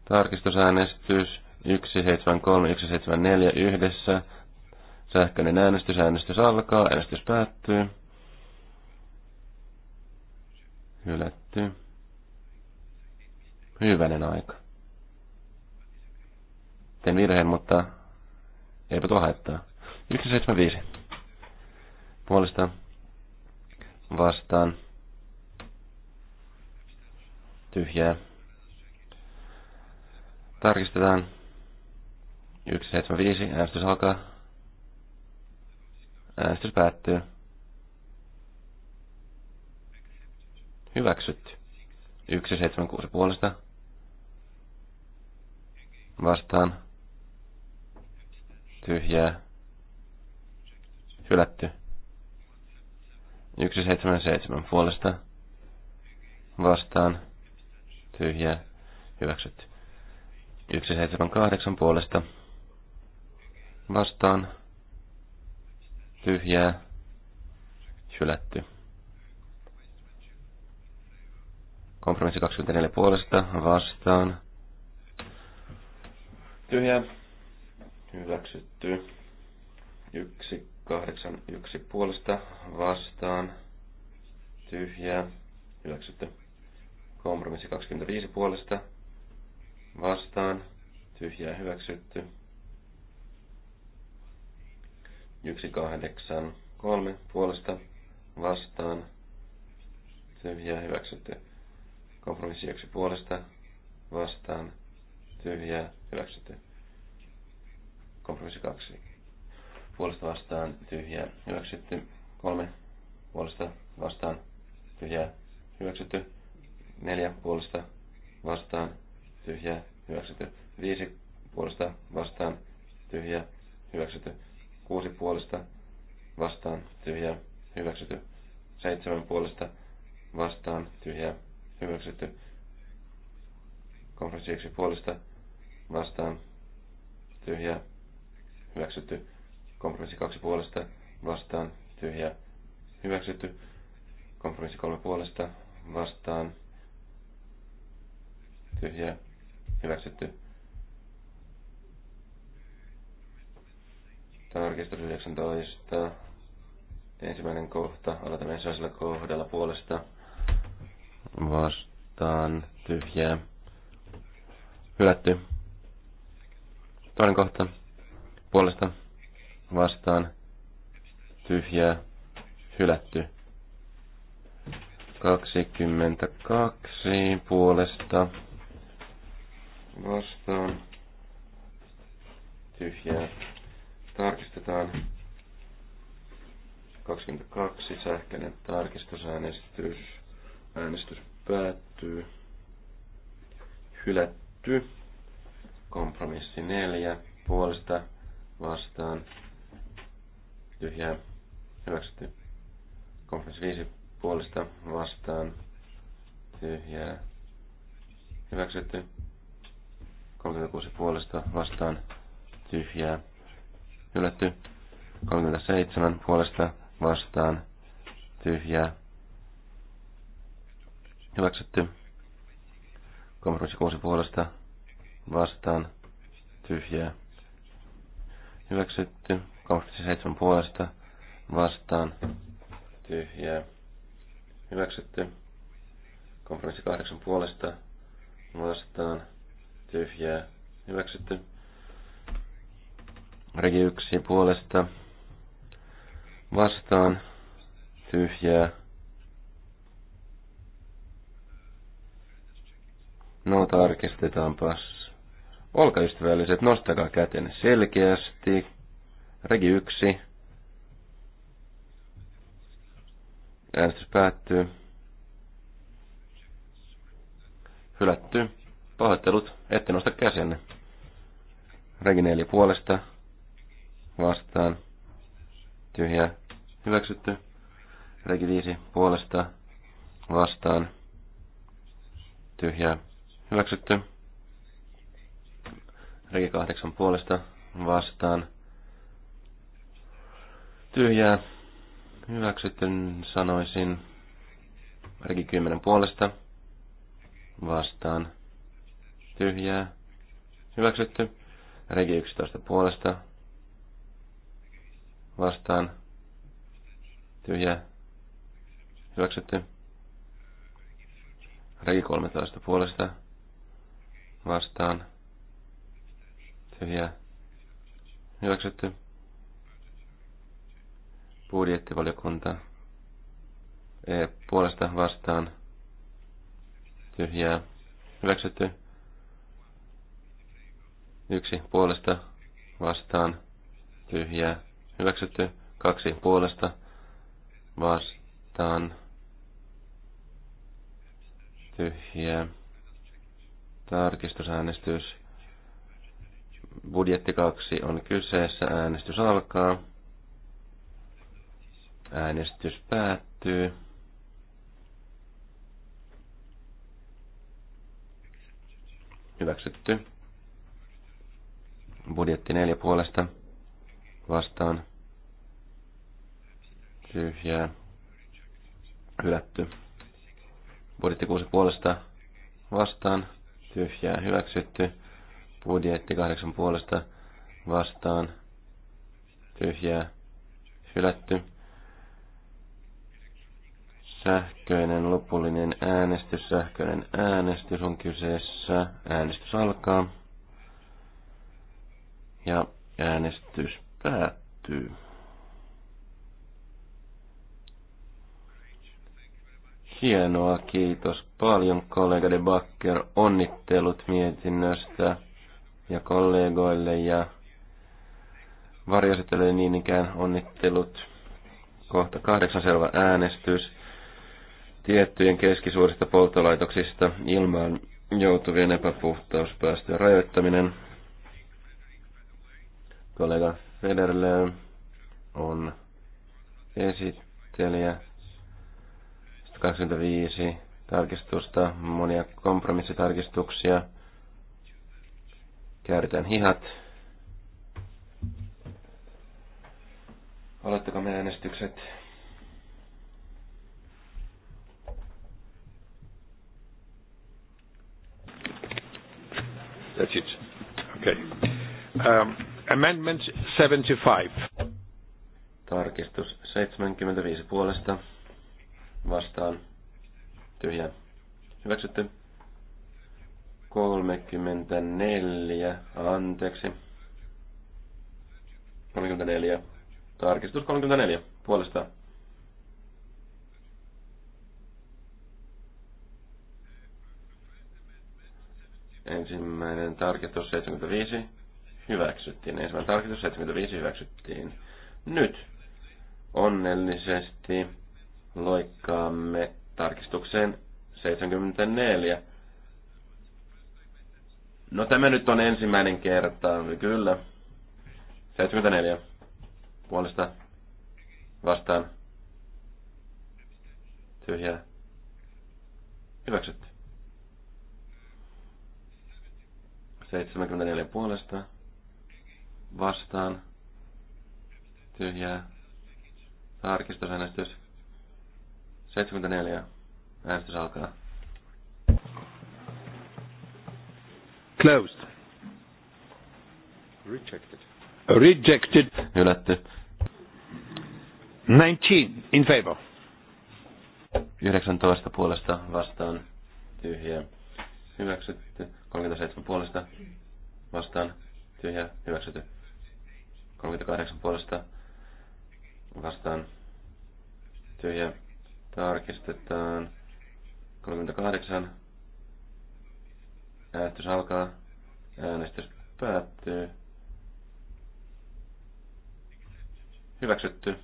Speaker 4: Tarkistusäänestys 173, 174 yhdessä. Sähköinen äänestys, äänestys alkaa, äänestys päättyy. Hylätty. Hyvänen aika. Tein virheen, mutta eipä tuo haittaa. 175. Puolesta vastaan. Tyhjää. Tarkistetaan. 175. Äänestys alkaa. Äänestys päättyy. Hyväksytty. 176 puolesta. Vastaan. Tyhjää. Hylätty. 177 puolesta. Vastaan. Tyhjää. Hyväksytty. 178 puolesta vastaan tyhjää hylätty. Kompromissi 24 puolesta vastaan tyhjää hyväksytty. 1, 8, 1 puolesta vastaan tyhjää hyväksytty. Kompromissi 25 puolesta vastaan, tyhjää hyväksytty. 1, 8, 3 puolesta vastaan, tyhjää hyväksytty. Kompromissi 1 puolesta vastaan, tyhjää hyväksytty. Kompromissi 2 puolesta vastaan, tyhjää hyväksytty. 3 puolesta vastaan, tyhjää hyväksytty. 4 puolesta vastaan, tyhjä hyväksytty. Viisi puolesta vastaan, tyhjä hyväksytty. Kuusi puolesta vastaan, tyhjä hyväksytty. Seitsemän puolesta vastaan, tyhjä hyväksytty. Konferenssi puolesta vastaan, tyhjä hyväksytty. Kompromissi kaksi puolesta vastaan, tyhjä hyväksytty. Kompromissi kolme puolesta vastaan, tyhjä Hyväksytty. Tarkistus 19. Ensimmäinen kohta. Aloitamme ensimmäisellä kohdalla puolesta. Vastaan. Tyhjää. Hylätty. Toinen kohta. Puolesta. Vastaan. Tyhjää. Hylätty. 22 puolesta vastaan tyhjää. Tarkistetaan 22 sähköinen tarkistusäänestys. Äänestys päättyy. Hylätty. Kompromissi 4 puolesta vastaan tyhjää. Hyväksytty. Kompromissi 5 puolesta vastaan tyhjää. Hyväksytty 36 puolesta vastaan tyhjää hylätty. 37 puolesta vastaan tyhjää hyväksytty. 36 puolesta vastaan tyhjää hyväksytty. 37 puolesta vastaan tyhjää hyväksytty. Kompromissi 8 puolesta vastaan tyhjää hyväksytty. Regi yksi puolesta vastaan tyhjää. No tarkistetaanpas. Olkaa ystävälliset, nostakaa kätenne selkeästi. Regi yksi, Äänestys päättyy. Hylätty. Pahoittelut, ette nosta käsenne. Regineeli puolesta vastaan. Tyhjä hyväksytty. Regi 5 puolesta vastaan. Tyhjä hyväksytty. Regi 8 puolesta vastaan. Tyhjää hyväksytty sanoisin. Regi 10 puolesta vastaan tyhjää, hyväksytty. Regi 11 puolesta, vastaan, tyhjää, hyväksytty. Regi 13 puolesta, vastaan, tyhjää, hyväksytty. Budjettivaliokunta e, puolesta vastaan, tyhjää, hyväksytty. Yksi puolesta vastaan tyhjää hyväksytty. Kaksi puolesta vastaan tyhjää. Tarkistusäänestys. Budjetti 2 on kyseessä. Äänestys alkaa. Äänestys päättyy. Hyväksytty. Budjetti neljä puolesta vastaan. Tyhjää. Hylätty. Budjetti kuusi puolesta vastaan. Tyhjää. Hyväksytty. Budjetti kahdeksan puolesta vastaan. Tyhjää. Hylätty sähköinen lopullinen äänestys. Sähköinen äänestys on kyseessä. Äänestys alkaa. Ja äänestys päättyy. Hienoa, kiitos paljon kollega de Backer. Onnittelut mietinnöstä ja kollegoille ja varjoesittelyille niin ikään onnittelut. Kohta kahdeksan selvä äänestys tiettyjen keskisuurista polttolaitoksista ilmaan joutuvien epäpuhtauspäästöjen rajoittaminen. Kollega Federle on esittelijä. 25 tarkistusta, monia kompromissitarkistuksia. Kääritään hihat. Oletteko me äänestykset? That's it. Okay. Um, Amendment 75. Tarkistus 75 puolesta. Vastaan. Tyhjä. Hyväksytty. 34. Anteeksi. 34. Tarkistus 34. Puolesta. Ensimmäinen tarkistus 75 hyväksyttiin. Ensimmäinen tarkistus 75 hyväksyttiin. Nyt onnellisesti loikkaamme tarkistukseen 74. No tämä nyt on ensimmäinen kerta, kyllä. 74 puolesta vastaan tyhjää. Hyväksytty. 74 puolesta vastaan tyhjää tarkistusäänestys 74 äänestys alkaa. Closed. Rejected. Rejected. Hylätty. 19 in favor. 19 puolesta vastaan tyhjää. Hyväksytty. 37 puolesta vastaan tyhjää. Hyväksytty. 38 puolesta vastaan tyhjä tarkistetaan. 38. Äänestys alkaa. Äänestys päättyy. Hyväksytty.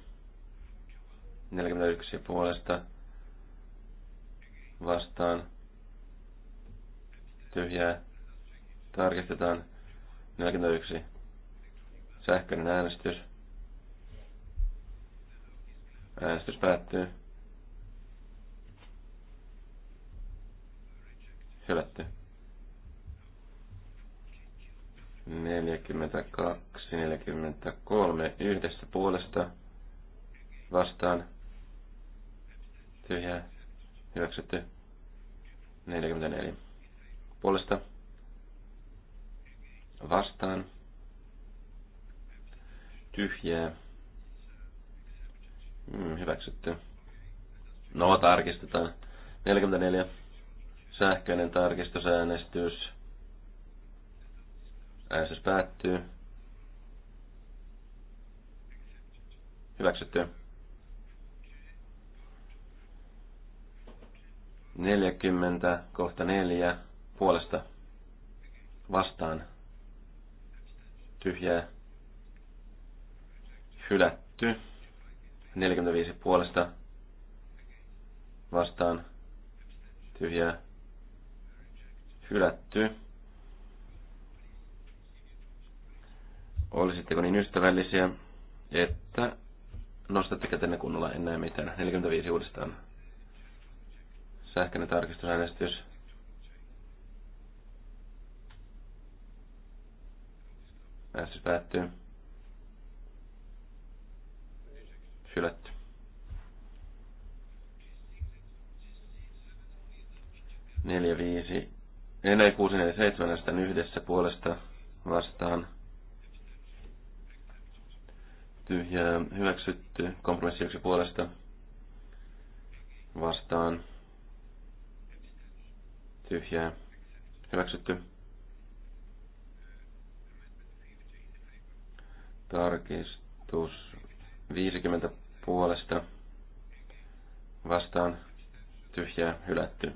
Speaker 4: 41 puolesta vastaan tyhjää tarkistetaan 41 Sähköinen äänestys. Äänestys päättyy. Hylätty. 42, 43 yhdessä puolesta vastaan tyhjää hyväksytty 44 puolesta vastaan tyhjää, hmm, hyväksytty. No, tarkistetaan. 44. Sähköinen tarkistusäänestys. Äänestys päättyy. Hyväksytty. 40 kohta 4 puolesta vastaan tyhjää hylätty. 45 puolesta vastaan tyhjää hylätty. Olisitteko niin ystävällisiä, että nostatte kätenne kunnolla, en näe mitään. 45 uudestaan. Sähköinen tarkistusäänestys. Äänestys päättyy. hylätty. Neljä, viisi, Enää kuusi, neljä, seitsemän, yhdessä puolesta vastaan tyhjää hyväksytty, kompromissi puolesta vastaan tyhjää hyväksytty. Tarkistus 50 puolesta vastaan tyhjää hylätty.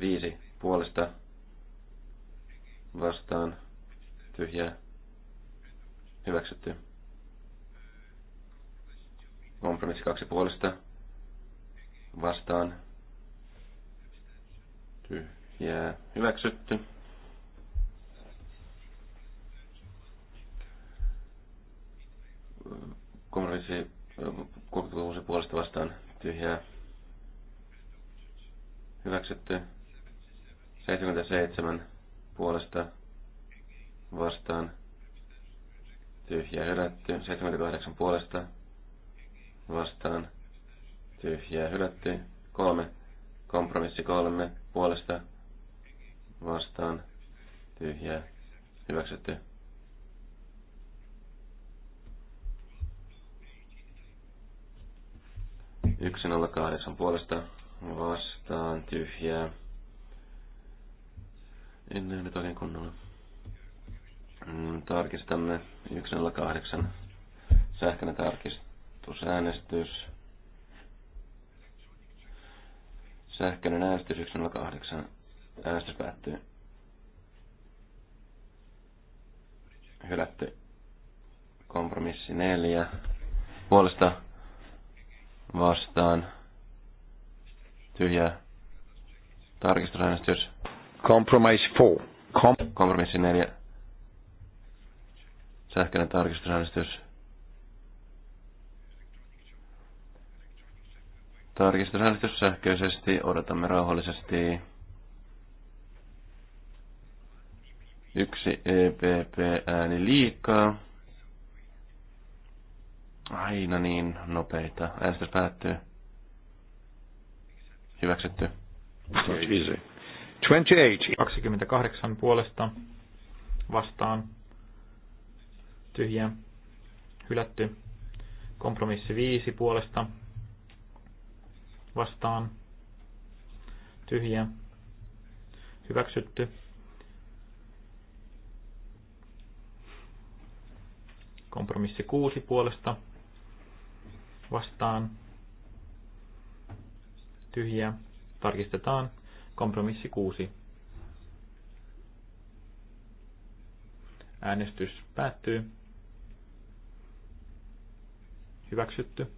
Speaker 4: viisi puolesta vastaan tyhjää hyväksytty. Kompromissi kaksi puolesta vastaan tyhjää hyväksytty. Kompromissi Kokoomus puolesta vastaan tyhjää. Hyväksytty. 77 puolesta vastaan tyhjää hylätty. 78 puolesta vastaan tyhjää hylätty. 3. Kompromissi 3 puolesta vastaan tyhjää hyväksytty. 108 puolesta vastaan tyhjää. En näy nyt oikein kunnolla. Mm, tarkistamme 108 sähköinen tarkistusäänestys. Sähköinen äänestys 108. Äänestys päättyy. Hylätty. Kompromissi 4. Puolesta vastaan tyhjää tarkistusäänestys. Compromise 4. Com- Kompromissi 4. Sähköinen tarkistusäänestys. Tarkistusäänestys sähköisesti. Odotamme rauhallisesti. Yksi EPP-ääni liikaa aina niin nopeita. Äänestys päättyy. Hyväksytty. 28. 28 puolesta
Speaker 1: vastaan tyhjä, hylätty. Kompromissi 5 puolesta vastaan tyhjä, hyväksytty. Kompromissi 6 puolesta vastaan tyhjä Tarkistetaan kompromissi 6. Äänestys päättyy. Hyväksytty.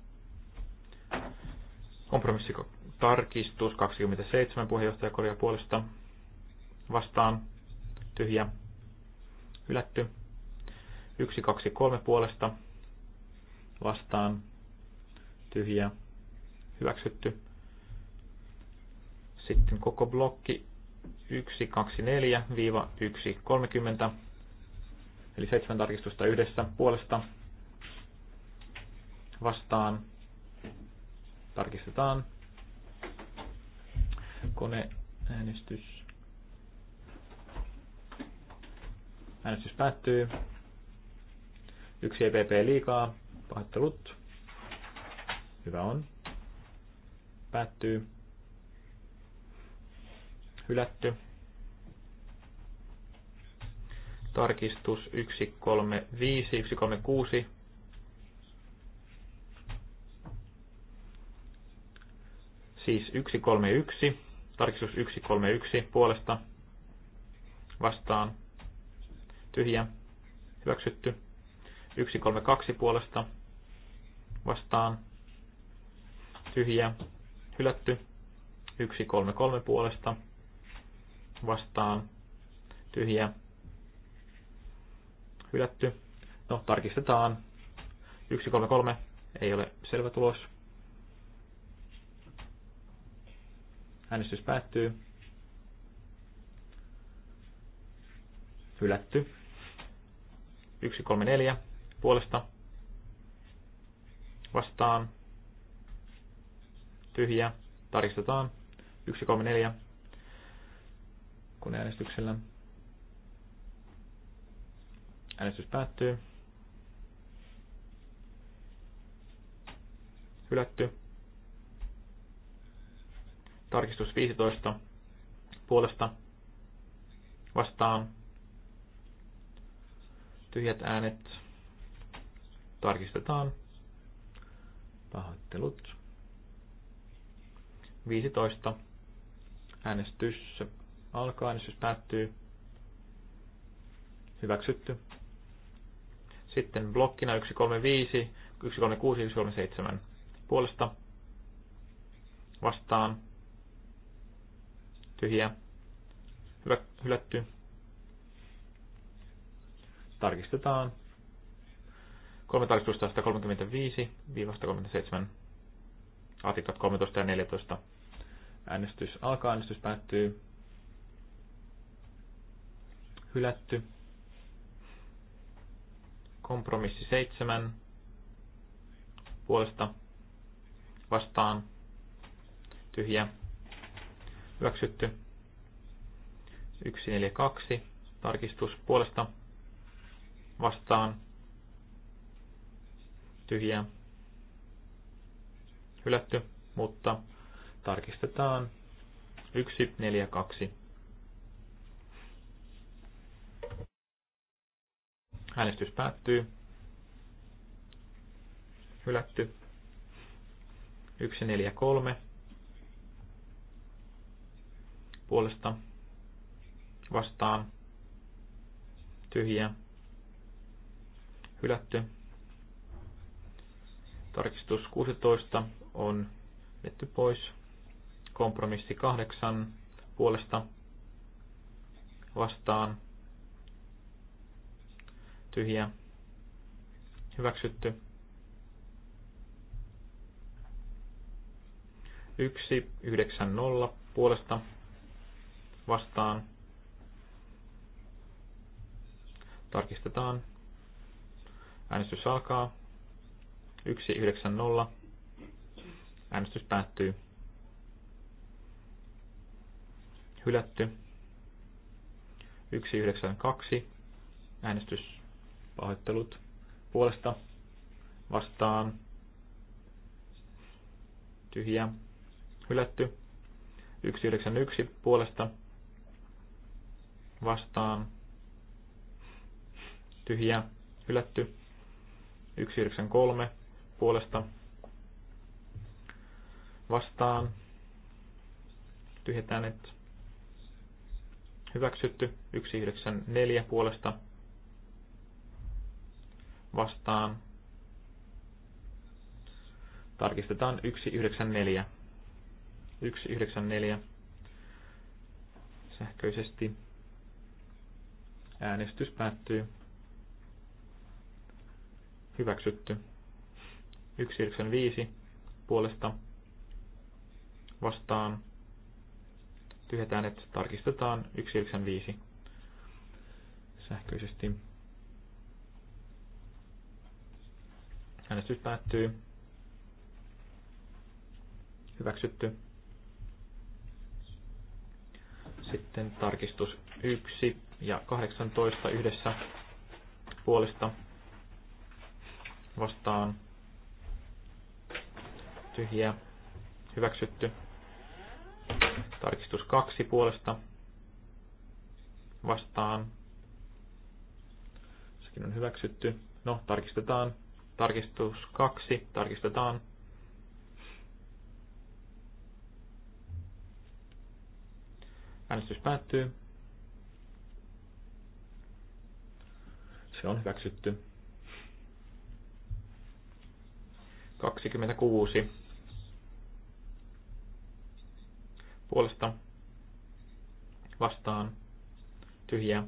Speaker 1: Kompromissi tarkistus 27 puheenjohtajakorja puolesta vastaan tyhjä hylätty. 1, 2, 3 puolesta vastaan tyhjä hyväksytty. Sitten koko blokki 124-130, eli seitsemän tarkistusta yhdessä puolesta vastaan. Tarkistetaan koneäänestys. Äänestys päättyy. Yksi EPP liikaa. Pahoittelut. Hyvä on. Päättyy. Hylätty. Tarkistus 135, 136. Siis 131, tarkistus 131 puolesta vastaan tyhjä, hyväksytty. 132 puolesta vastaan, tyhjä, hylätty, 133 puolesta vastaan, tyhjä, hylätty. No, tarkistetaan. 133 ei ole selvä tulos. Äänestys päättyy. Hylätty. 134 puolesta vastaan tyhjiä, tarkistetaan, 134 kun äänestyksellä. Äänestys päättyy. Hylätty. Tarkistus 15 puolesta vastaan. Tyhjät äänet tarkistetaan. Pahoittelut. 15. Äänestys alkaa, äänestys päättyy. Hyväksytty. Sitten blokkina 135, 136, 137 puolesta vastaan. Tyhjä. Hyvä, hylätty. Tarkistetaan. Kolme tarkistusta 135-137. Artiklat 13 ja 14 Äänestys alkaa, äänestys päättyy. Hylätty. Kompromissi 7. Puolesta vastaan. Tyhjä. Hyväksytty. 142. Tarkistus puolesta vastaan. Tyhjä. Hylätty, mutta tarkistetaan 142. Äänestys päättyy. Hylätty. 143. Puolesta vastaan tyhjä. Hylätty. Tarkistus 16 on vetty pois. Kompromissi kahdeksan puolesta vastaan. Tyhjä. Hyväksytty. Yksi, yhdeksän, nolla puolesta vastaan. Tarkistetaan. Äänestys alkaa. nolla Äänestys päättyy. hylätty. 192 äänestyspahoittelut puolesta vastaan tyhjä hylätty. 191 puolesta vastaan tyhjä hylätty. 193 puolesta vastaan tyhjät äänet hyväksytty 194 puolesta vastaan. Tarkistetaan 194. 194 sähköisesti. Äänestys päättyy. Hyväksytty. 195 puolesta vastaan tyhjät äänet tarkistetaan 195 sähköisesti. Äänestys päättyy. Hyväksytty. Sitten tarkistus 1 ja 18 yhdessä puolesta vastaan tyhjä, hyväksytty Tarkistus kaksi puolesta vastaan. Sekin on hyväksytty. No, tarkistetaan. Tarkistus kaksi. Tarkistetaan. Äänestys päättyy. Se on hyväksytty. 26 puolesta vastaan tyhjää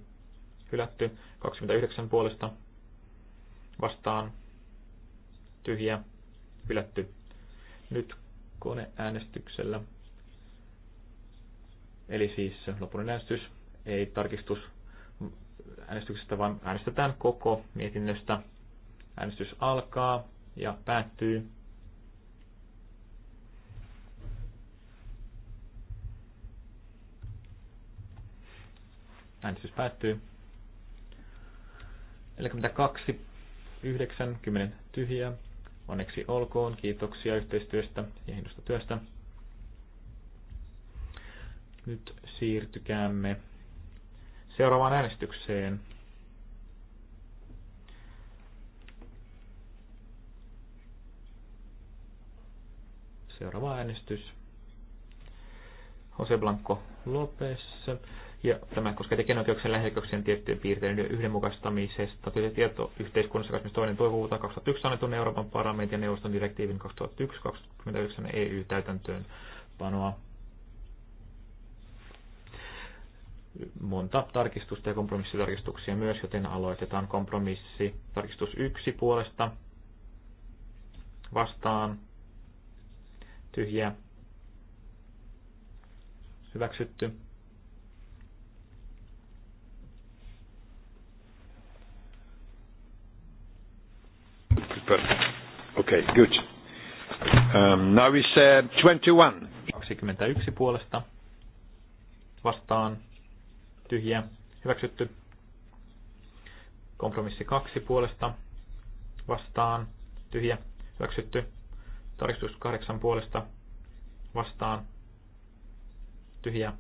Speaker 1: hylätty. 29 puolesta vastaan tyhjä hylätty. Nyt koneäänestyksellä. Eli siis lopullinen äänestys ei tarkistus äänestyksestä, vaan äänestetään koko mietinnöstä. Äänestys alkaa ja päättyy. Äänestys päättyy. 42, 90 10 tyhjää. Onneksi olkoon. Kiitoksia yhteistyöstä ja hienosta työstä. Nyt siirtykäämme seuraavaan äänestykseen. Seuraava äänestys. Jose Blanco Lopes ja tämä koskee tekijänoikeuksien lähetyksen tiettyjen piirteiden yhdenmukaistamisesta. Työ- tieto yhteiskunnassa 22. toivuuta 2001 annetun Euroopan parlamentin ja neuvoston direktiivin 2001-29 EU täytäntöön panoa. Monta tarkistusta ja kompromissitarkistuksia myös, joten aloitetaan kompromissi. Tarkistus 1 puolesta vastaan tyhjä hyväksytty Perfect.
Speaker 2: Okay, good. Um, now is uh, 21.
Speaker 1: 21 puolesta vastaan tyhjä hyväksytty. Kompromissi 2 puolesta vastaan tyhjä hyväksytty. Tarkistus 8 puolesta vastaan tyhjä.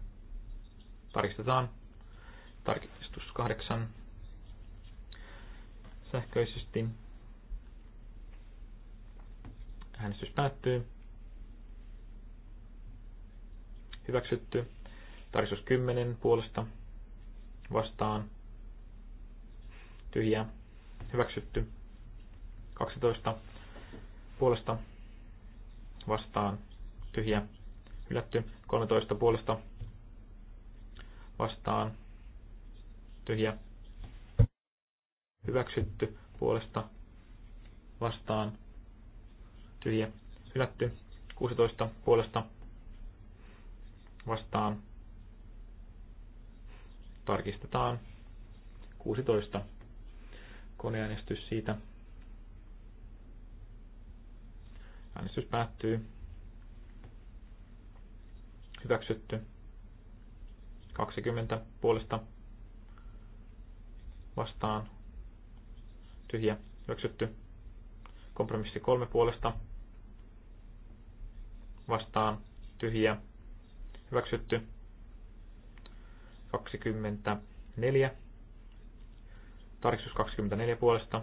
Speaker 1: Tarkistetaan. Tarkistus 8 sähköisesti. Äänestys päättyy. Hyväksytty. Tarkistus 10 puolesta vastaan. tyhjä Hyväksytty. 12 puolesta vastaan. Tyhjä. Hylätty. 13 puolesta vastaan. Tyhjä. Hyväksytty puolesta vastaan tyhjä hylätty. 16 puolesta vastaan tarkistetaan 16 koneäänestys siitä. Äänestys päättyy. Hyväksytty. 20 puolesta vastaan. Tyhjä. Hyväksytty. Kompromissi 3 puolesta vastaan tyhjä hyväksytty. 24. Tarkistus 24 puolesta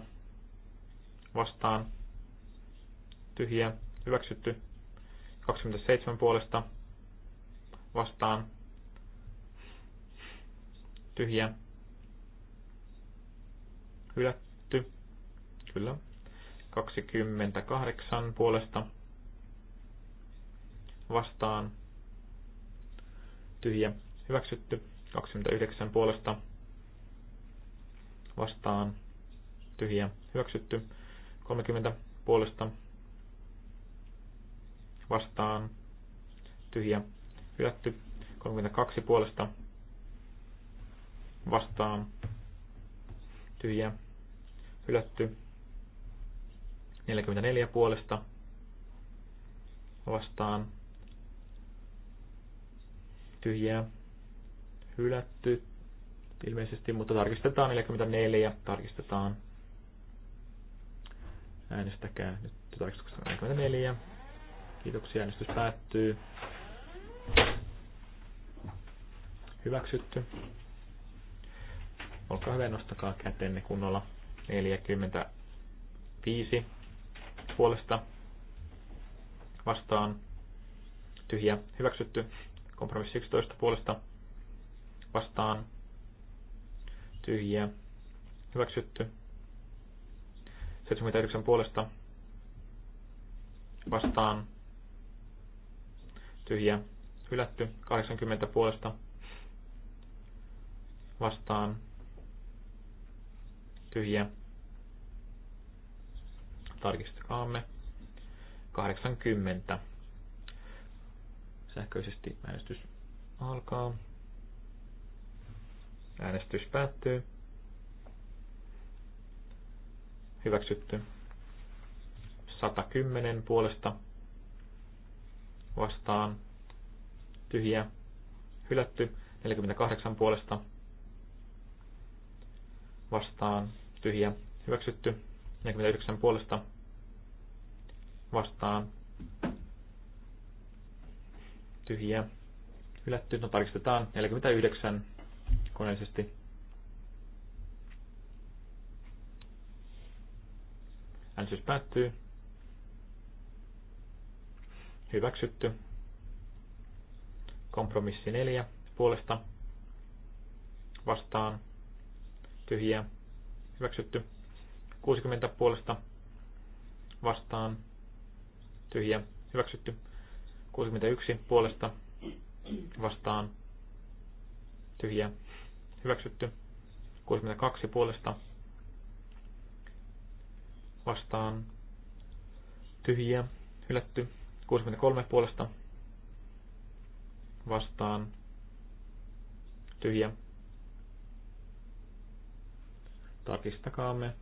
Speaker 1: vastaan tyhjä hyväksytty. 27 puolesta vastaan tyhjä hylätty. Kyllä. 28 puolesta vastaan tyhjä hyväksytty. 29 puolesta vastaan tyhjä hyväksytty. 30 puolesta vastaan tyhjä hylätty. 32 puolesta vastaan tyhjä hylätty. 44 puolesta vastaan tyhjää hylätty ilmeisesti, mutta tarkistetaan 44, tarkistetaan. Äänestäkää nyt tarkistuksessa 44. Kiitoksia, äänestys päättyy. Hyväksytty. Olkaa hyvä, nostakaa kätenne kunnolla. 45 puolesta vastaan. Tyhjä, hyväksytty. Kompromissi 11 puolesta vastaan tyhjiä hyväksytty. 79 puolesta vastaan tyhjiä hylätty. 80 puolesta vastaan tyhjiä. Tarkistakaamme. 80. Sähköisesti äänestys alkaa. Äänestys päättyy. Hyväksytty. 110 puolesta vastaan. Tyhjä. Hylätty. 48 puolesta vastaan. Tyhjä. Hyväksytty. 49 puolesta vastaan tyhjiä hylätty. No tarkistetaan 49 koneellisesti. Äänestys päättyy. Hyväksytty. Kompromissi 4 puolesta vastaan tyhjiä hyväksytty. 60 puolesta vastaan tyhjiä hyväksytty. 61 puolesta vastaan tyhjä hyväksytty. 62 puolesta vastaan tyhjiä hylätty. 63 puolesta vastaan tyhjä. Tarkistakaamme.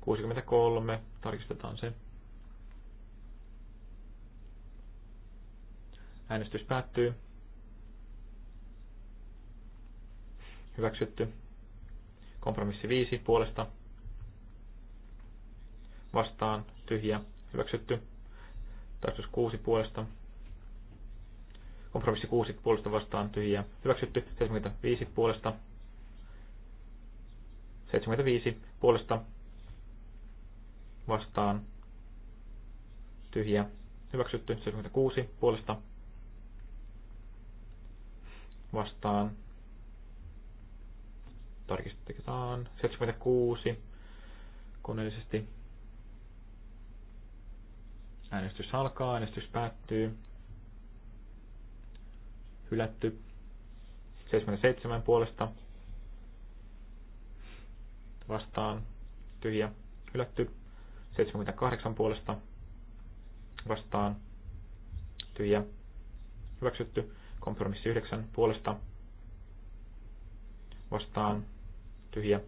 Speaker 1: 63. Tarkistetaan se. Äänestys päättyy. Hyväksytty. Kompromissi 5 puolesta. Vastaan tyhjä. Hyväksytty. Tarkistus 6 puolesta. Kompromissi 6 puolesta vastaan tyhjä. Hyväksytty. 75 puolesta. 75 puolesta vastaan tyhjä. Hyväksytty. 76 puolesta vastaan. Tarkistetaan. 76 koneellisesti. Äänestys alkaa, äänestys päättyy. Hylätty. 77 puolesta vastaan tyhjä hylätty. 78 puolesta vastaan tyhjä hyväksytty. Kompromissi 9 puolesta vastaan tyhjä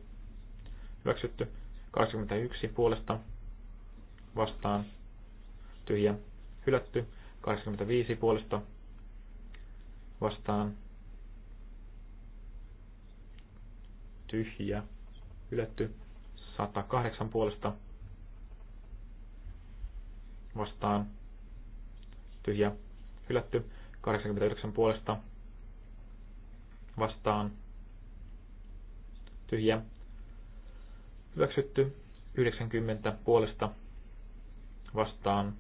Speaker 1: hyväksytty. 81 puolesta vastaan tyhjä hylätty. 85 puolesta vastaan tyhjä hylätty. 108 puolesta vastaan tyhjä hylätty. 89 puolesta vastaan tyhjä hyväksytty 90 puolesta vastaan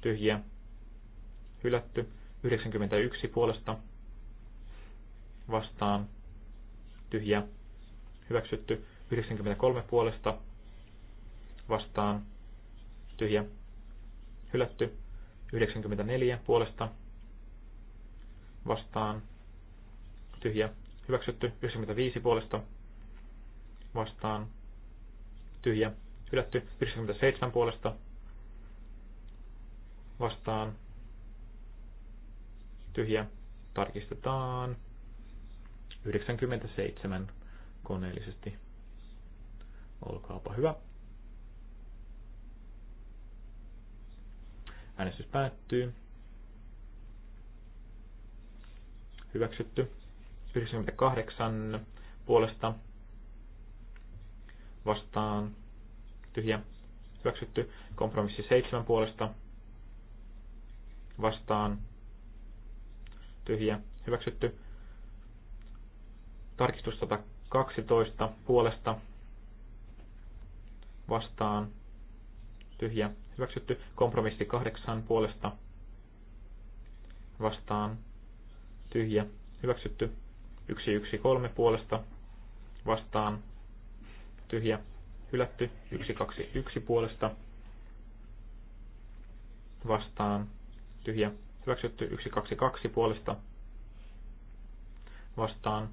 Speaker 1: tyhjä hylätty 91 puolesta vastaan tyhjä hyväksytty 93 puolesta vastaan tyhjä hylätty 94 puolesta vastaan tyhjä hyväksytty. 95 puolesta vastaan tyhjä hylätty. 97 puolesta vastaan tyhjä tarkistetaan 97 koneellisesti. Olkaapa hyvä. Äänestys päättyy. Hyväksytty. 98 puolesta vastaan tyhjä. Hyväksytty. Kompromissi 7 puolesta vastaan tyhjä. Hyväksytty. Tarkistus 112 puolesta vastaan tyhjä hyväksytty. Kompromissi kahdeksan puolesta vastaan tyhjä hyväksytty. yksi yksi kolme puolesta vastaan tyhjä hylätty. yksi kaksi yksi puolesta vastaan tyhjä hyväksytty. yksi kaksi kaksi puolesta vastaan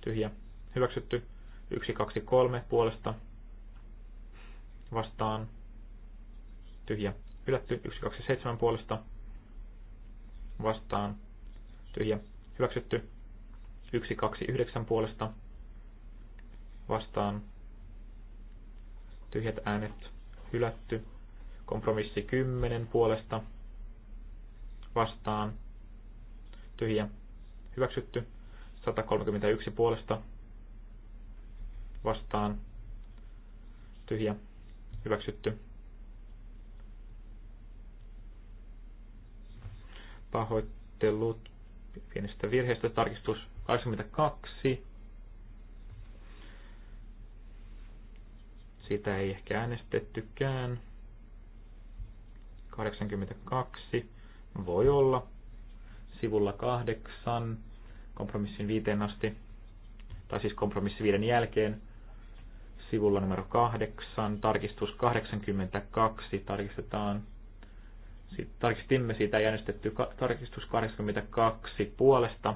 Speaker 1: tyhjä hyväksytty. yksi kaksi kolme puolesta vastaan tyhjä hylätty. 127 puolesta vastaan tyhjä hyväksytty. 129 puolesta vastaan tyhjät äänet hylätty. Kompromissi 10 puolesta vastaan tyhjä hyväksytty. 131 puolesta vastaan tyhjä hyväksytty. Pahoittelut pienestä virheestä. Tarkistus 82. Sitä ei ehkä äänestettykään. 82 voi olla sivulla 8 kompromissin viiteen asti, tai siis kompromissi viiden jälkeen sivulla numero 8, tarkistus 82 tarkistetaan sitten tarkistimme siitä ja tarkistus 82 puolesta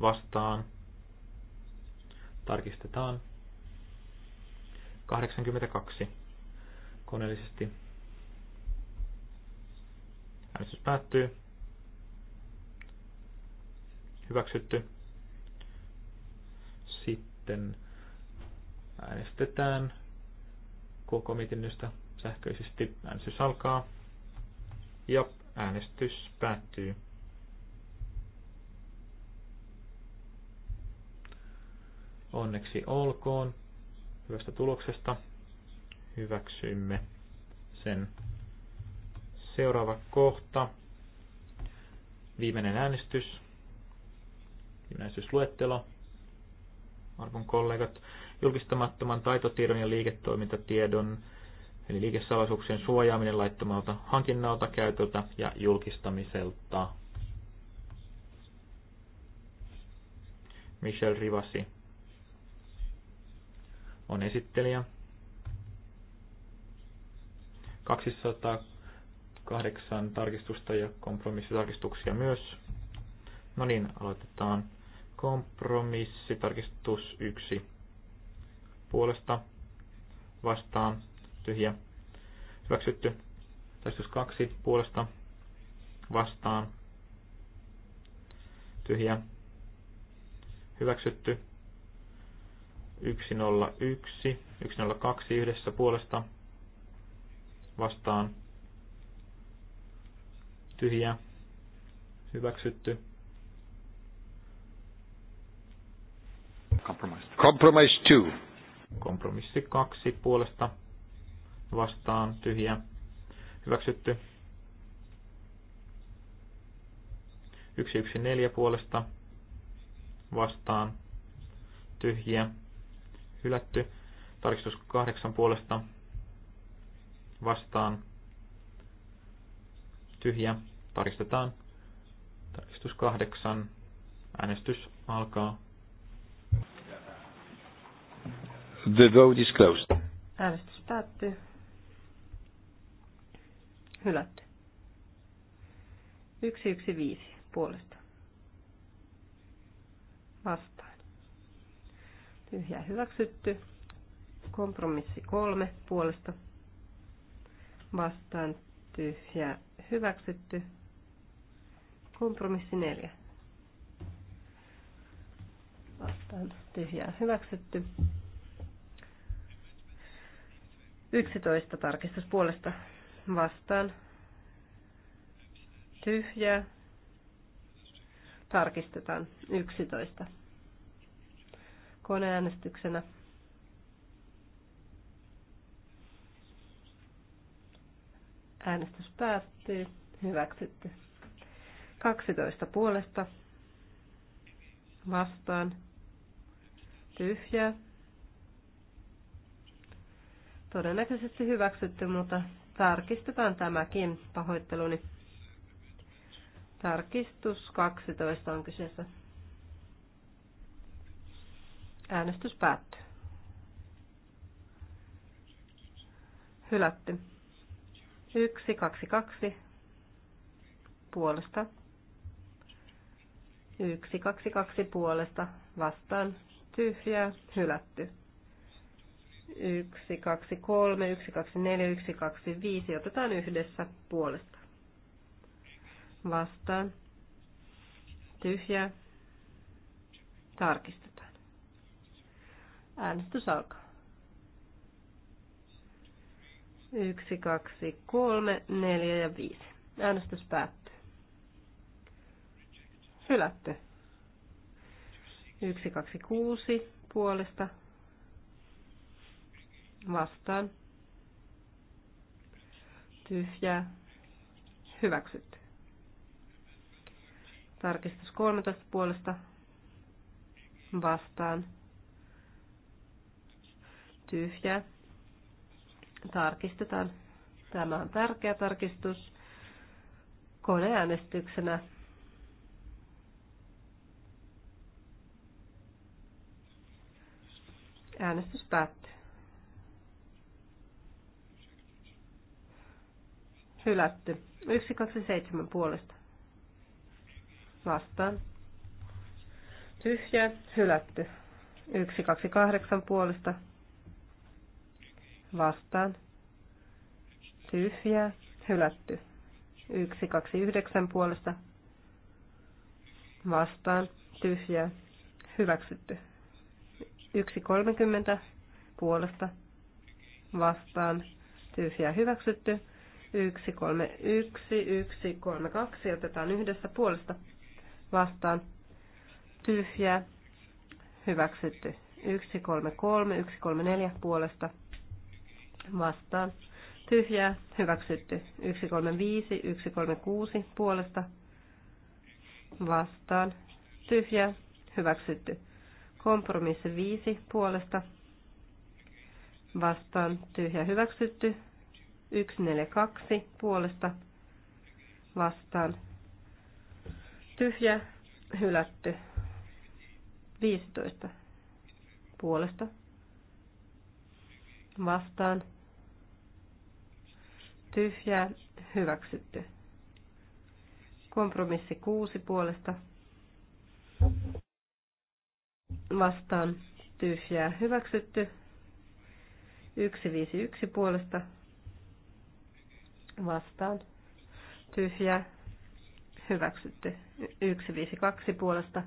Speaker 1: vastaan. Tarkistetaan. 82 koneellisesti. Äänestys päättyy. Hyväksytty. Sitten äänestetään koko mietinnöstä sähköisesti. Äänestys alkaa ja äänestys päättyy. Onneksi olkoon hyvästä tuloksesta. Hyväksymme sen. Seuraava kohta. Viimeinen äänestys. Viimeinen äänestysluettelo. Arvon kollegat, julkistamattoman taitotiedon ja liiketoimintatiedon eli liikesalaisuuksien suojaaminen laittomalta hankinnalta, käytöltä ja julkistamiselta. Michel Rivasi on esittelijä. 208 tarkistusta ja kompromissitarkistuksia myös. No niin, aloitetaan. Kompromissitarkistus 1 puolesta vastaan tyhjä hyväksytty. Tässä Tarkistus kaksi puolesta vastaan tyhjä hyväksytty. 101, 102 yhdessä puolesta vastaan tyhjä hyväksytty. Compromise. Compromise 2. Kompromissi kaksi puolesta vastaan tyhjä hyväksytty. 114 puolesta vastaan tyhjä hylätty. Tarkistus 8 puolesta vastaan tyhjä tarkistetaan. Tarkistus 8. Äänestys alkaa.
Speaker 2: The vote is closed.
Speaker 3: Äänestys päättyy. Hylätty. 115 puolesta. Vastaan. Tyhjä hyväksytty. Kompromissi 3 puolesta. Vastaan tyhjä hyväksytty. Kompromissi 4. Vastaan Tyhjä hyväksytty. 11 tarkistus puolesta vastaan tyhjää. Tarkistetaan 11 koneäänestyksenä. Äänestys päättyy. Hyväksytty. 12 puolesta vastaan tyhjää. Todennäköisesti hyväksytty, mutta tarkistetaan tämäkin pahoitteluni. Tarkistus 12 on kyseessä. Äänestys päättyy. Hylätty. 1, 2, 2. Puolesta. 1, 2, 2 puolesta. Vastaan. Tyhjää. Hylätty. 1, 1, 2, 2, 3, 4, 1, 2, 5. otetaan yhdessä puolesta. Vastaan. Tyhjä. Tarkistetaan. Äänestys alkaa. 1, 2, 3, 4 ja 5. Äänestys päättyy. Hylätty. 1, 2, 6 puolesta vastaan tyhjää hyväksytty. Tarkistus 13 puolesta vastaan tyhjää. Tarkistetaan. Tämä on tärkeä tarkistus koneäänestyksenä. Äänestys päättyy. Hylätty. 7 puolesta. Vastaan. Tyhjä. Hylätty. 8 puolesta. Vastaan. Tyhjä. Hylätty. 9 puolesta. Vastaan. Tyhjä. Hyväksytty. 30 puolesta. Vastaan. Tyhjä. Hyväksytty. 131, 132 otetaan yhdessä puolesta vastaan tyhjä hyväksytty. 133, 134 puolesta vastaan tyhjää hyväksytty. 135, 136 puolesta vastaan tyhjää hyväksytty. Kompromissi 5 puolesta vastaan tyhjä hyväksytty. 142 puolesta vastaan. Tyhjä, hylätty. 15 puolesta vastaan. Tyhjä, hyväksytty. Kompromissi 6 puolesta vastaan. Tyhjää, hyväksytty. 151 puolesta vastaan Tyhjä, hyväksytty. 152 puolesta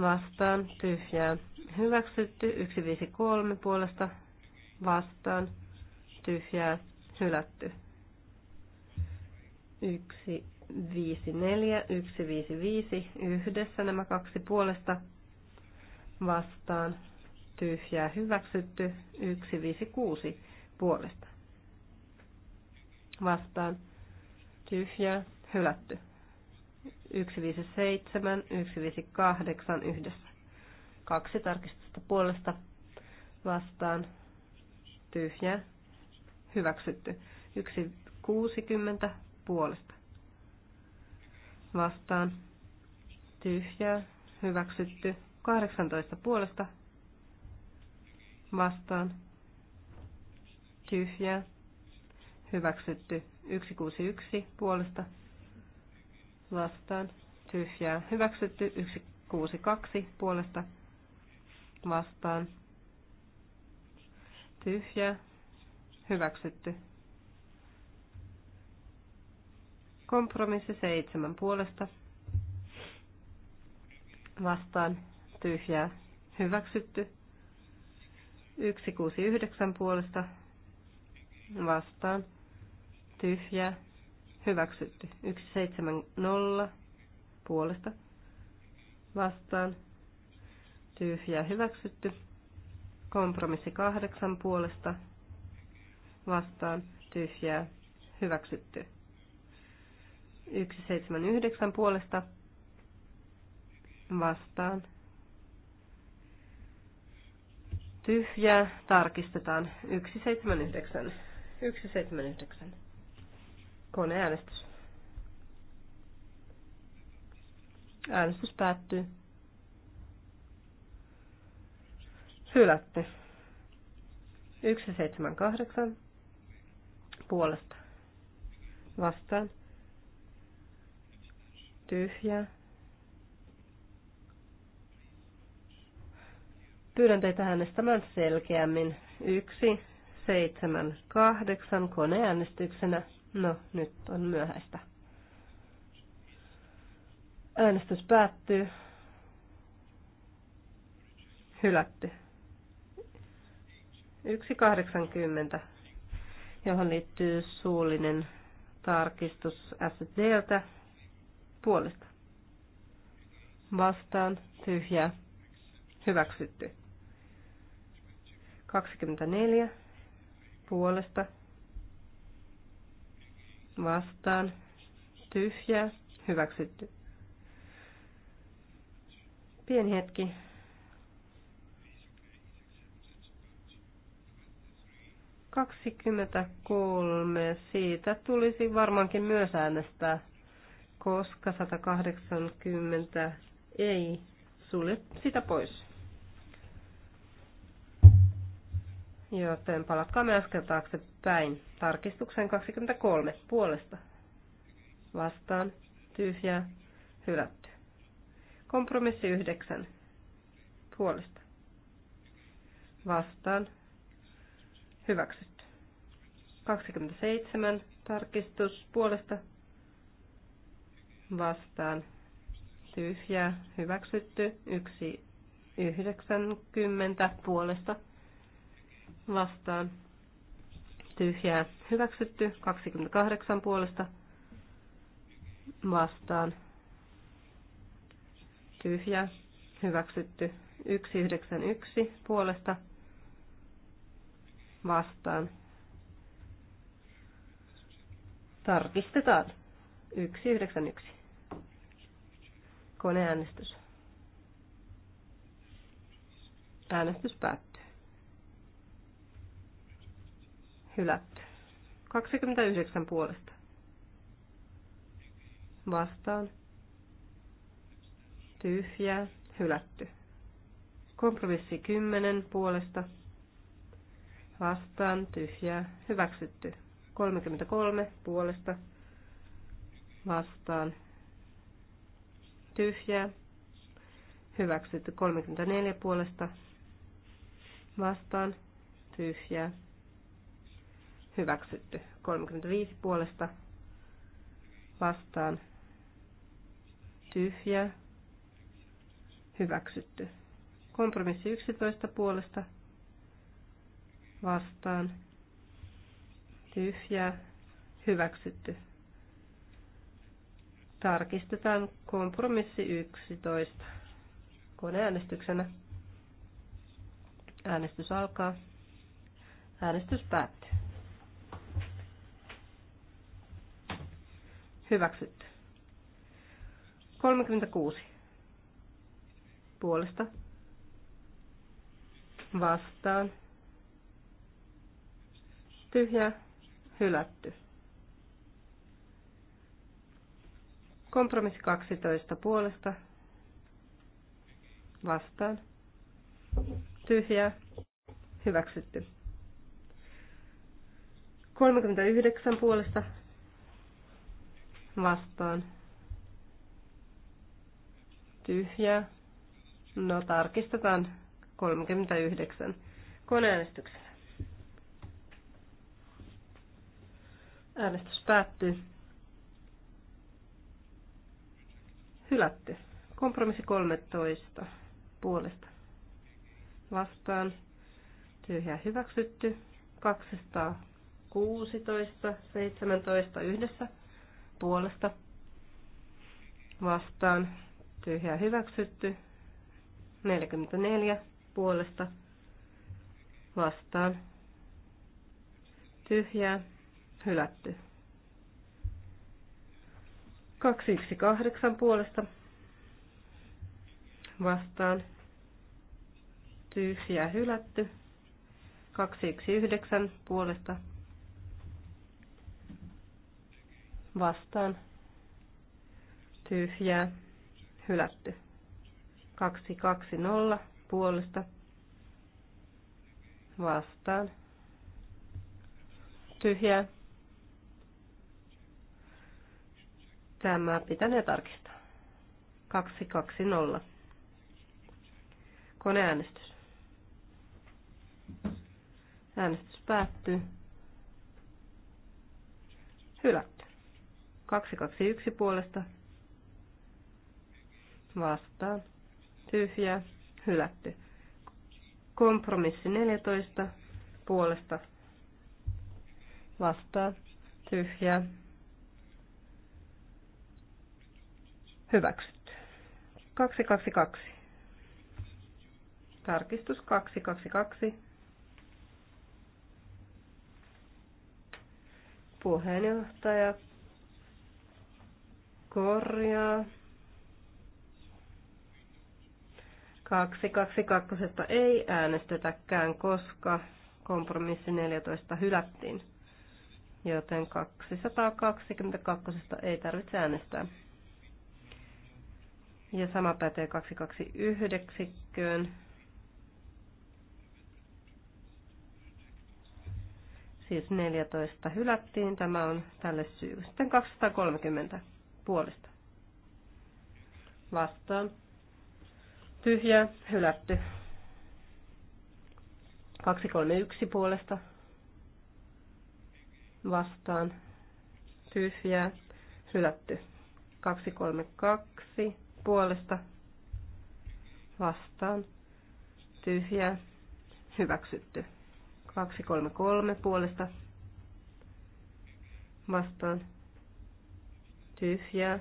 Speaker 3: vastaan tyhjää hyväksytty. 153 puolesta vastaan tyhjää hylätty. 154, 155 yhdessä nämä kaksi puolesta vastaan tyhjää hyväksytty. 156 puolesta vastaan Tyhjä, hylätty. 157, 158 yhdessä. Kaksi tarkistusta puolesta vastaan tyhjä hyväksytty. 160 puolesta vastaan tyhjä hyväksytty. 18 puolesta vastaan tyhjä hyväksytty 161 puolesta vastaan tyhjää hyväksytty 162 puolesta vastaan tyhjää hyväksytty kompromissi 7 puolesta vastaan tyhjää hyväksytty 169 puolesta vastaan tyhjä hyväksytty. 170 puolesta vastaan, tyhjä hyväksytty. Kompromissi kahdeksan puolesta vastaan, tyhjä hyväksytty. 179 puolesta vastaan. Tyhjää tarkistetaan 179. 179. Koneäänestys. Äänestys päättyy. Hylätty. 178 puolesta. Vastaan. Tyhjä. Pyydän teitä äänestämään selkeämmin. 1, 7, 8 koneäänestyksenä. No, nyt on myöhäistä. Äänestys päättyy. Hylätty. 1.80, johon liittyy suullinen tarkistus SDltä puolesta. Vastaan tyhjää. Hyväksytty. 24 puolesta vastaan, tyhjä hyväksytty. Pieni hetki. Kaksikymmentä kolme. Siitä tulisi varmaankin myös äänestää, koska 180 ei sulje sitä pois. Joten palatkaamme askel taaksepäin. tarkistuksen 23 puolesta. Vastaan. Tyhjää. Hylätty. Kompromissi 9 puolesta. Vastaan. Hyväksytty. 27 tarkistus puolesta. Vastaan. Tyhjää. Hyväksytty. 1 90 puolesta vastaan tyhjää hyväksytty, 28 puolesta vastaan tyhjää hyväksytty, 191 puolesta vastaan tarkistetaan 191 koneäänestys. Äänestys päättyy. hylätty. 29 puolesta. Vastaan. Tyhjää, hylätty. Kompromissi 10 puolesta. Vastaan, tyhjää, hyväksytty. 33 puolesta. Vastaan. Tyhjää, hyväksytty. 34 puolesta. Vastaan, tyhjää, hyväksytty. 35 puolesta vastaan tyhjä hyväksytty. Kompromissi 11 puolesta vastaan tyhjä hyväksytty. Tarkistetaan kompromissi 11 koneäänestyksenä. Äänestys alkaa. Äänestys päättyy. Hyväksytty. 36. Puolesta. Vastaan. Tyhjä. Hylätty. Kompromissi 12 puolesta. Vastaan. Tyhjä. Hyväksytty. 39 puolesta vastaan tyhjä, No tarkistetaan 39 koneäänestyksellä. Äänestys päättyy. Hylätty. Kompromissi 13 puolesta. Vastaan. Tyhjä hyväksytty. 216, 17 yhdessä puolesta vastaan tyhjää hyväksytty. 44 puolesta vastaan tyhjää hylätty. 218 puolesta vastaan tyhjää hylätty. 219 puolesta vastaan vastaan tyhjää hylätty. 220 puolesta vastaan tyhjää. Tämä pitänee tarkistaa. 220. Koneäänestys. Äänestys päättyy. Hylätty. 221 puolesta vastaan. Tyhjä, hylätty. Kompromissi 14 puolesta vastaan. Tyhjä. hyväksytty. 222. Tarkistus 222. Puheenjohtaja korjaa. Kaksi, kaksi, kakkosesta ei äänestetäkään, koska kompromissi 14 hylättiin. Joten 222 ei tarvitse äänestää. Ja sama pätee 229. Siis 14 hylättiin, tämä on tälle syy. Sitten 230 puolesta. Vastaan. Tyhjä, hylätty. 231 puolesta. Vastaan. Tyhjä, hylätty. 232 puolesta. Vastaan. tyhjä hyväksytty. 233 puolesta. Vastaan tyhjää,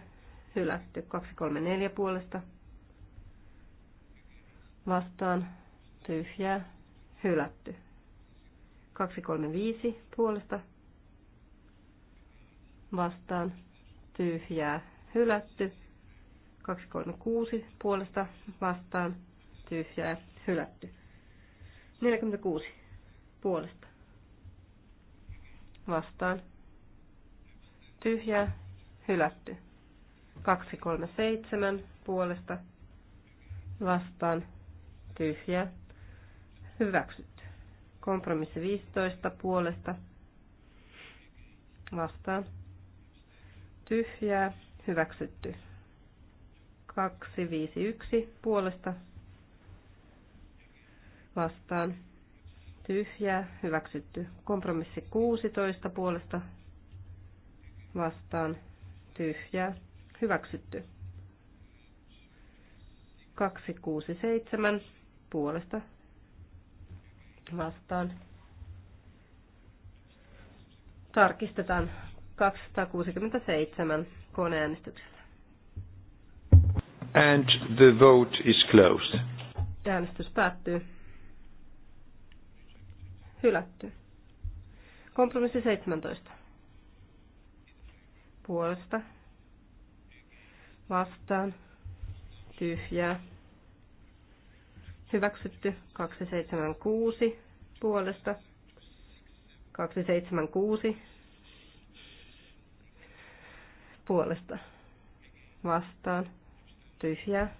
Speaker 3: hylätty. 234 puolesta vastaan, tyhjää, hylätty. 235 puolesta vastaan, tyhjää, hylätty. 236 puolesta vastaan, tyhjää, hylätty. 46 puolesta vastaan, tyhjää, hylätty. 237 puolesta vastaan tyhjä hyväksytty. Kompromissi 15 puolesta vastaan tyhjää hyväksytty. 251 puolesta vastaan tyhjää hyväksytty. Kompromissi 16 puolesta vastaan tyhjää, hyväksytty. 267 puolesta vastaan. Tarkistetaan 267 koneäänestyksellä.
Speaker 2: And the vote is closed.
Speaker 3: Äänestys päättyy. Hylätty. Kompromissi 17 puolesta vastaan tyhjää. Hyväksytty 276 puolesta 276 puolesta vastaan tyhjää.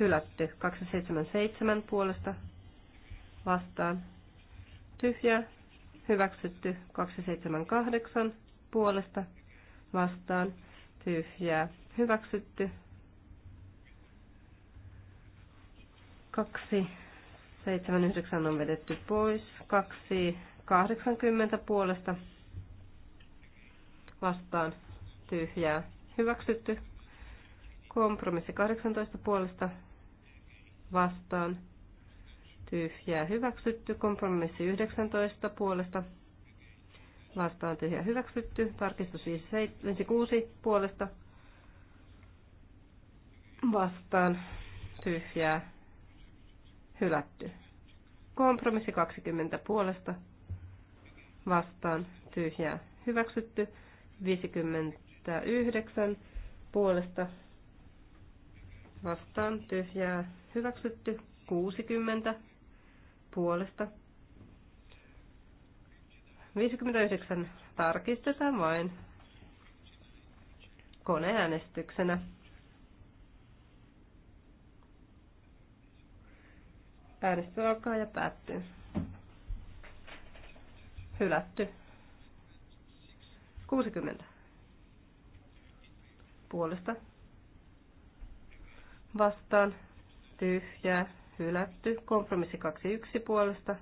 Speaker 3: Hylätty 277 puolesta vastaan tyhjää. Hyväksytty 278 puolesta vastaan tyhjää hyväksytty. Kaksi 79 on vedetty pois. 2 80 puolesta vastaan tyhjää hyväksytty. Kompromissi 18 puolesta vastaan tyhjää hyväksytty. Kompromissi 19 puolesta vastaan tyhjä hyväksytty. Tarkistus 56 puolesta vastaan tyhjää hylätty. Kompromissi 20 puolesta vastaan tyhjää hyväksytty. 59 puolesta vastaan tyhjää hyväksytty. 60 puolesta 59 tarkistetaan vain koneäänestyksenä. Äänestys alkaa ja päättyy. Hylätty. 60. Puolesta. Vastaan. Tyhjää. Hylätty. Kompromissi 21 puolesta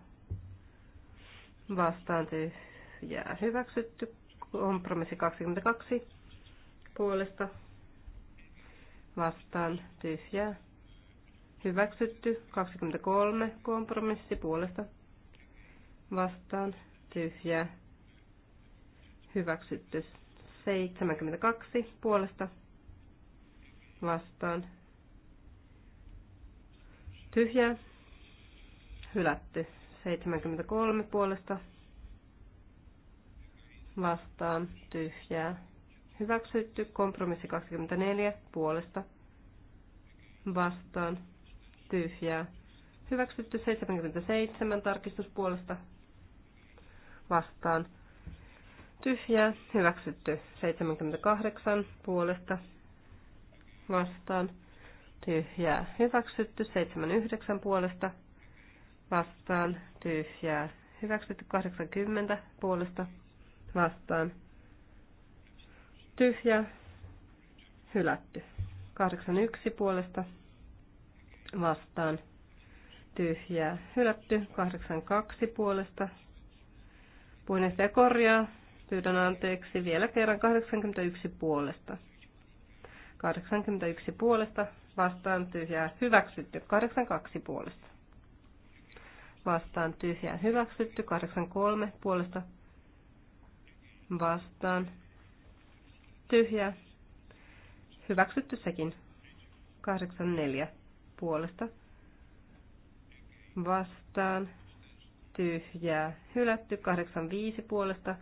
Speaker 3: vastaan tyhjää hyväksytty. Kompromissi 22 puolesta vastaan tyhjää hyväksytty. 23 kompromissi puolesta vastaan tyhjää hyväksytty. 72 puolesta vastaan tyhjää hylätty. 73 puolesta vastaan tyhjää. Hyväksytty kompromissi 24 puolesta vastaan tyhjää. Hyväksytty 77 tarkistuspuolesta vastaan tyhjää. Hyväksytty 78 puolesta vastaan tyhjää. Hyväksytty 79 puolesta vastaan vastaan tyhjää. Hyväksytty 80 puolesta vastaan tyhjää. Hylätty 81 puolesta vastaan tyhjää. Hylätty 82 puolesta. Puheenjohtaja korjaa. Pyydän anteeksi vielä kerran 81 puolesta. 81 puolesta vastaan tyhjää hyväksytty 82 puolesta vastaan tyhjää hyväksytty, 83 puolesta vastaan tyhjää hyväksytty sekin, 84 puolesta vastaan tyhjää hylätty, 85 puolesta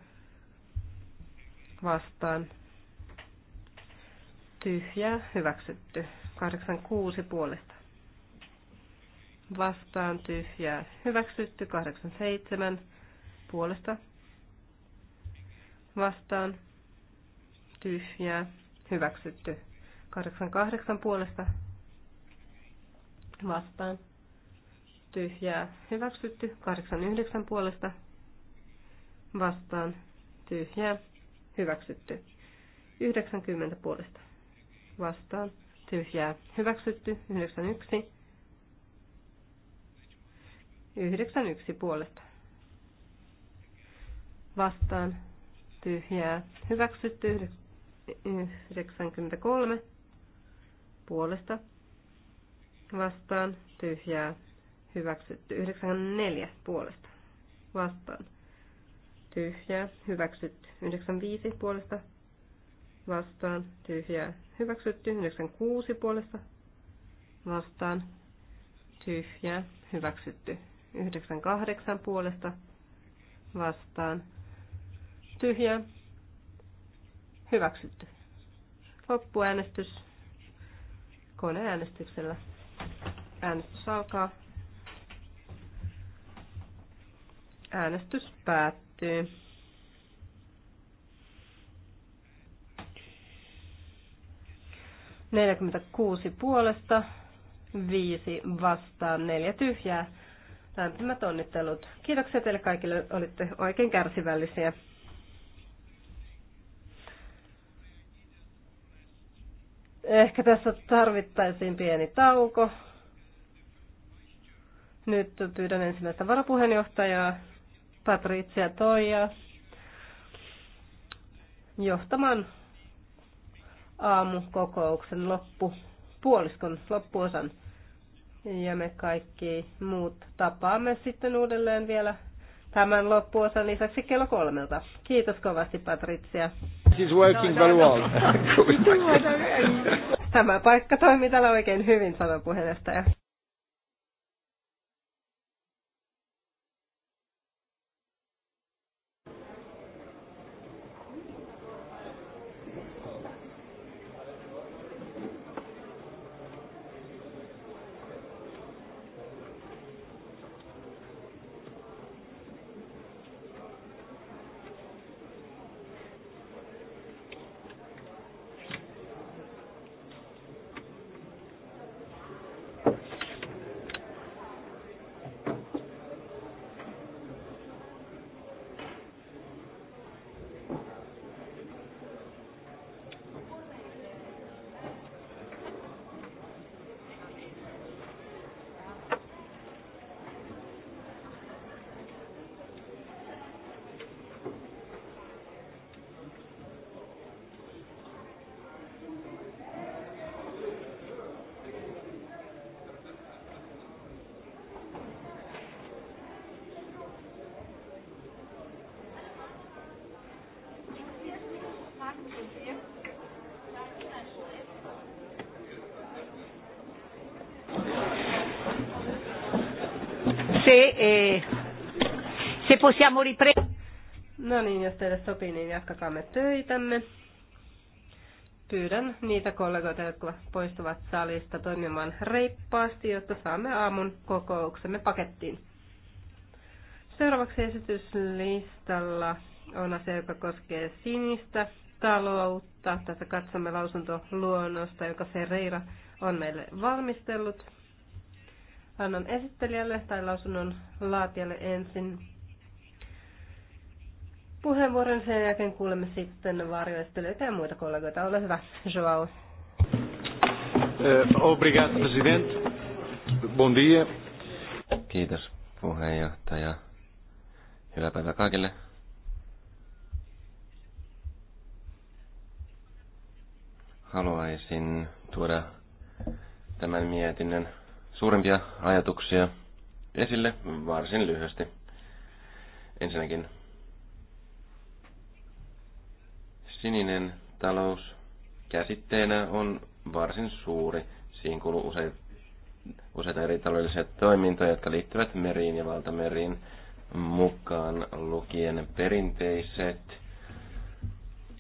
Speaker 3: vastaan tyhjää hyväksytty, 86 puolesta vastaan tyhjää. Hyväksytty 87 puolesta vastaan tyhjää. Hyväksytty 88 puolesta vastaan tyhjää. Hyväksytty 89 puolesta vastaan tyhjää. Hyväksytty 90 puolesta vastaan tyhjää. Hyväksytty 91 91 puolesta. Vastaan tyhjää. Hyväksytty 93 puolesta. Vastaan tyhjää. Hyväksytty 94 puolesta. Vastaan tyhjää. Hyväksytty 95 puolesta. Vastaan tyhjää. Hyväksytty 96 puolesta. Vastaan tyhjää. Hyväksytty 98 puolesta vastaan. Tyhjä. Hyväksytty. Loppuäänestys koneäänestyksellä. Äänestys alkaa. Äänestys päättyy. Neljäkymmentäkuusi puolesta, viisi vastaan, neljä tyhjää Lämpimät onnittelut. Kiitoksia teille kaikille, olitte oikein kärsivällisiä. Ehkä tässä tarvittaisiin pieni tauko. Nyt pyydän ensimmäistä varapuheenjohtajaa Patricia Toija johtamaan aamukokouksen loppu-puoliskon loppuosan. Ja me kaikki muut tapaamme sitten uudelleen vielä tämän loppuosan lisäksi kello kolmelta. Kiitos kovasti Patricia. She's working very well. Tämä paikka toimii täällä oikein hyvin, sanoi puheenjohtaja. possiamo riprendere. No niin, jos teille sopii, niin jatkakaamme töitämme. Pyydän niitä kollegoita, jotka poistuvat salista toimimaan reippaasti, jotta saamme aamun kokouksemme pakettiin. Seuraavaksi esityslistalla on asia, joka koskee sinistä taloutta. Tässä katsomme lausuntoluonnosta, joka Ferreira on meille valmistellut. Annan esittelijälle tai lausunnon laatijalle ensin puheenvuoron. Sen jälkeen kuulemme sitten varjoistelijoita ja muita kollegoita. Ole hyvä, Joao.
Speaker 4: Eh, obrigado, president. Bon dia. Kiitos, puheenjohtaja. Hyvää päivää kaikille. Haluaisin tuoda tämän mietinnön suurimpia ajatuksia esille varsin lyhyesti. Ensinnäkin Sininen talous käsitteenä on varsin suuri. Siihen kuuluu useita, useita eri taloudellisia toimintoja, jotka liittyvät meriin ja valtameriin mukaan lukien perinteiset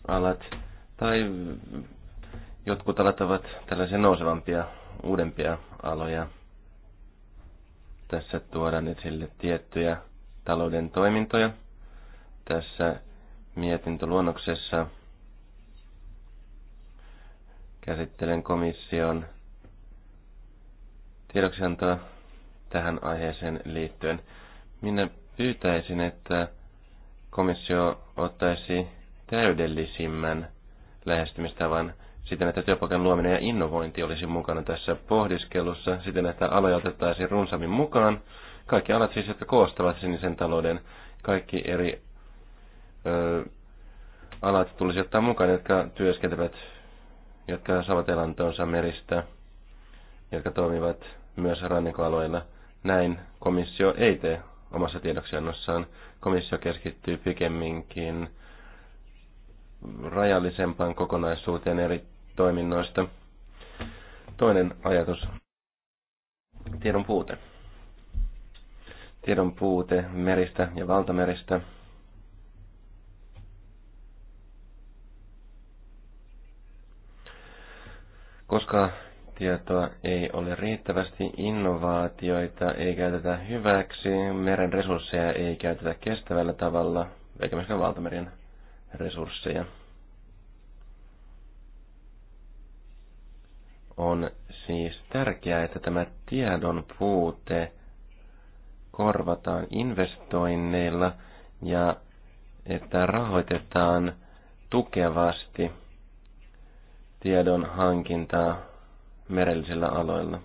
Speaker 4: alat tai jotkut alat ovat tällaisia nousevampia, uudempia aloja. Tässä tuodaan esille tiettyjä talouden toimintoja. Tässä mietintöluonnoksessa luonnoksessa Käsittelen komission tiedoksiantoa tähän aiheeseen liittyen. Minä pyytäisin, että komissio ottaisi täydellisimmän lähestymistavan siten, että työpaikan luominen ja innovointi olisi mukana tässä pohdiskelussa, siten, että aloja otettaisiin runsaammin mukaan. Kaikki alat siis, jotka koostavat sinisen talouden, kaikki eri ö, alat tulisi ottaa mukaan, jotka työskentelevät jotka saavat elantonsa meristä, jotka toimivat myös rannikkoalueilla. Näin komissio ei tee omassa tiedoksiannossaan. Komissio keskittyy pikemminkin rajallisempaan kokonaisuuteen eri toiminnoista. Toinen ajatus. Tiedon puute. Tiedon puute meristä ja valtameristä – Koska tietoa ei ole riittävästi, innovaatioita ei käytetä hyväksi, meren resursseja ei käytetä kestävällä tavalla, eikä myöskään valtamerien resursseja. On siis tärkeää, että tämä tiedon puute korvataan investoinneilla ja että rahoitetaan tukevasti – tiedon hankintaa merellisillä aloilla.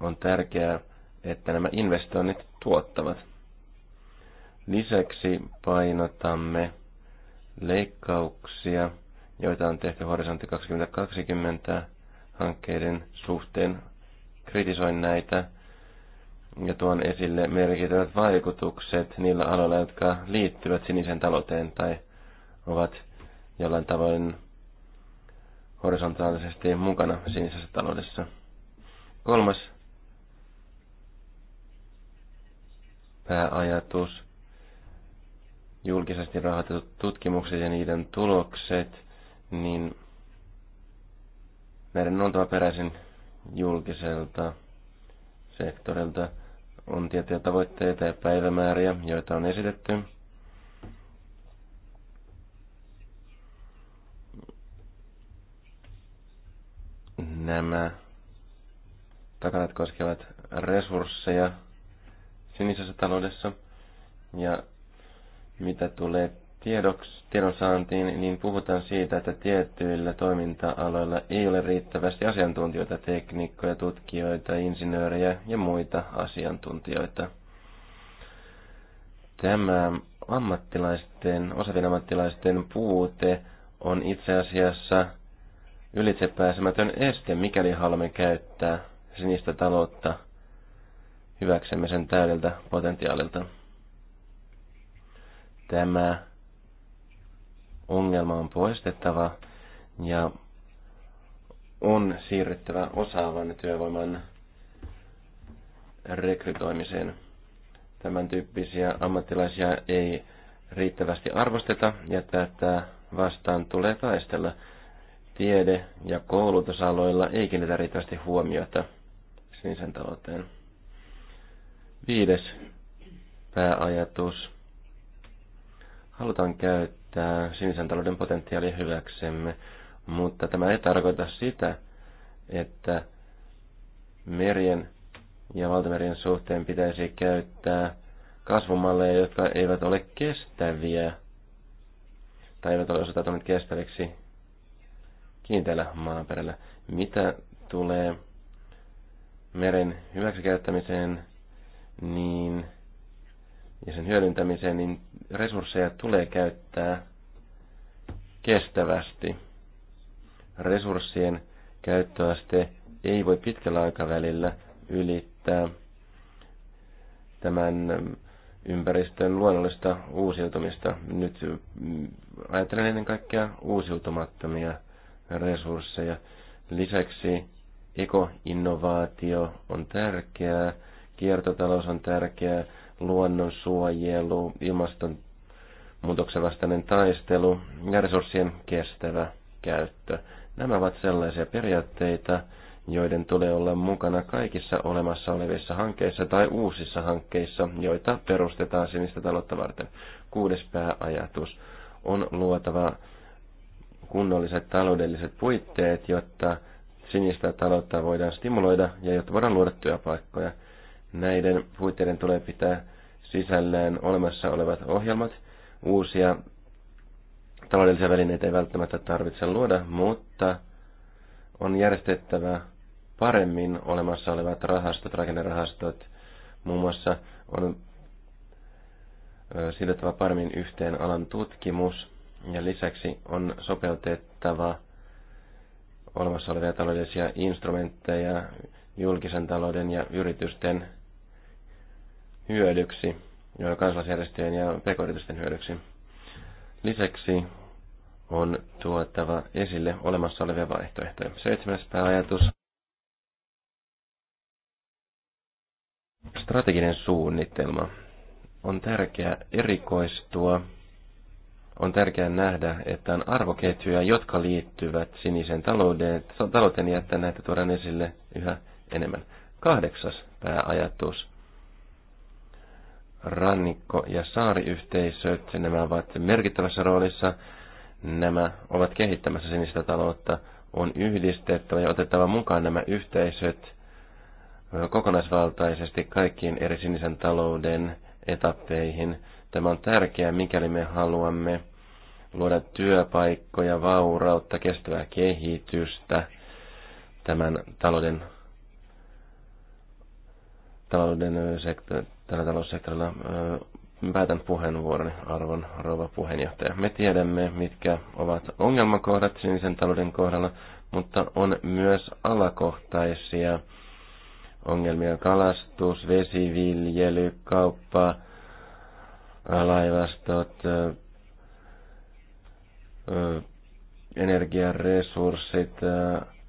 Speaker 4: On tärkeää, että nämä investoinnit tuottavat. Lisäksi painotamme leikkauksia, joita on tehty Horisontti 2020 hankkeiden suhteen. Kritisoin näitä ja tuon esille merkittävät vaikutukset niillä aloilla, jotka liittyvät sinisen talouteen tai ovat jollain tavoin horisontaalisesti mukana sinisessä taloudessa. Kolmas pääajatus. Julkisesti rahoitetut tutkimukset ja niiden tulokset, niin näiden on oltava peräisin julkiselta sektorilta. On tiettyjä tavoitteita ja päivämääriä, joita on esitetty. nämä takanat koskevat resursseja sinisessä taloudessa. Ja mitä tulee tiedoks, tiedonsaantiin, niin puhutaan siitä, että tiettyillä toiminta-aloilla ei ole riittävästi asiantuntijoita, tekniikkoja tutkijoita, insinöörejä ja muita asiantuntijoita. Tämä ammattilaisten, osaavien ammattilaisten puute on itse asiassa ylitsepääsemätön este, mikäli haluamme käyttää sinistä taloutta hyväksemme sen täydeltä potentiaalilta. Tämä ongelma on poistettava ja on siirryttävä osaavan työvoiman rekrytoimiseen. Tämän tyyppisiä ammattilaisia ei riittävästi arvosteta ja tätä vastaan tulee taistella tiede- ja koulutusaloilla ei kiinnitä riittävästi huomiota sinisen talouteen. Viides pääajatus. Halutaan käyttää sinisen talouden potentiaalia hyväksemme, mutta tämä ei tarkoita sitä, että merien ja valtamerien suhteen pitäisi käyttää kasvumalleja, jotka eivät ole kestäviä tai eivät ole osoittautuneet kestäviksi kiinteällä maaperällä. Mitä tulee meren hyväksikäyttämiseen niin, ja sen hyödyntämiseen, niin resursseja tulee käyttää kestävästi. Resurssien käyttöaste ei voi pitkällä aikavälillä ylittää tämän ympäristön luonnollista uusiutumista. Nyt mm, ajattelen ennen kaikkea uusiutumattomia resursseja. Lisäksi ekoinnovaatio on tärkeää, kiertotalous on tärkeää, luonnonsuojelu, ilmastonmuutoksen vastainen taistelu ja resurssien kestävä käyttö. Nämä ovat sellaisia periaatteita, joiden tulee olla mukana kaikissa olemassa olevissa hankkeissa tai uusissa hankkeissa, joita perustetaan sinistä taloutta varten. Kuudes pääajatus on luotava kunnolliset taloudelliset puitteet, jotta sinistä taloutta voidaan stimuloida ja jotta voidaan luoda työpaikkoja. Näiden puitteiden tulee pitää sisällään olemassa olevat ohjelmat. Uusia taloudellisia välineitä ei välttämättä tarvitse luoda, mutta on järjestettävä paremmin olemassa olevat rahastot, rakennerahastot. Muun muassa on siirrettävä paremmin yhteen alan tutkimus ja lisäksi on sopeutettava olemassa olevia taloudellisia instrumentteja julkisen talouden ja yritysten hyödyksi, kansalaisjärjestöjen ja pk hyödyksi. Lisäksi on tuottava esille olemassa olevia vaihtoehtoja. Seitsemäs pääajatus. Strateginen suunnitelma. On tärkeää erikoistua on tärkeää nähdä, että on arvoketjuja, jotka liittyvät sinisen talouteen, talouteen jättää että näitä tuodaan esille yhä enemmän. Kahdeksas pääajatus. Rannikko- ja saariyhteisöt, nämä ovat merkittävässä roolissa. Nämä ovat kehittämässä sinistä taloutta. On yhdistettävä ja otettava mukaan nämä yhteisöt kokonaisvaltaisesti kaikkiin eri sinisen talouden etappeihin – Tämä on tärkeää, mikäli me haluamme luoda työpaikkoja, vaurautta, kestävää kehitystä tämän talouden, talouden sektor, tällä taloussektorilla. Päätän puheenvuoroni, arvon rouva puheenjohtaja. Me tiedämme, mitkä ovat ongelmakohdat sinisen talouden kohdalla, mutta on myös alakohtaisia ongelmia. Kalastus, vesiviljely, kauppa, laivastot, energiaresurssit,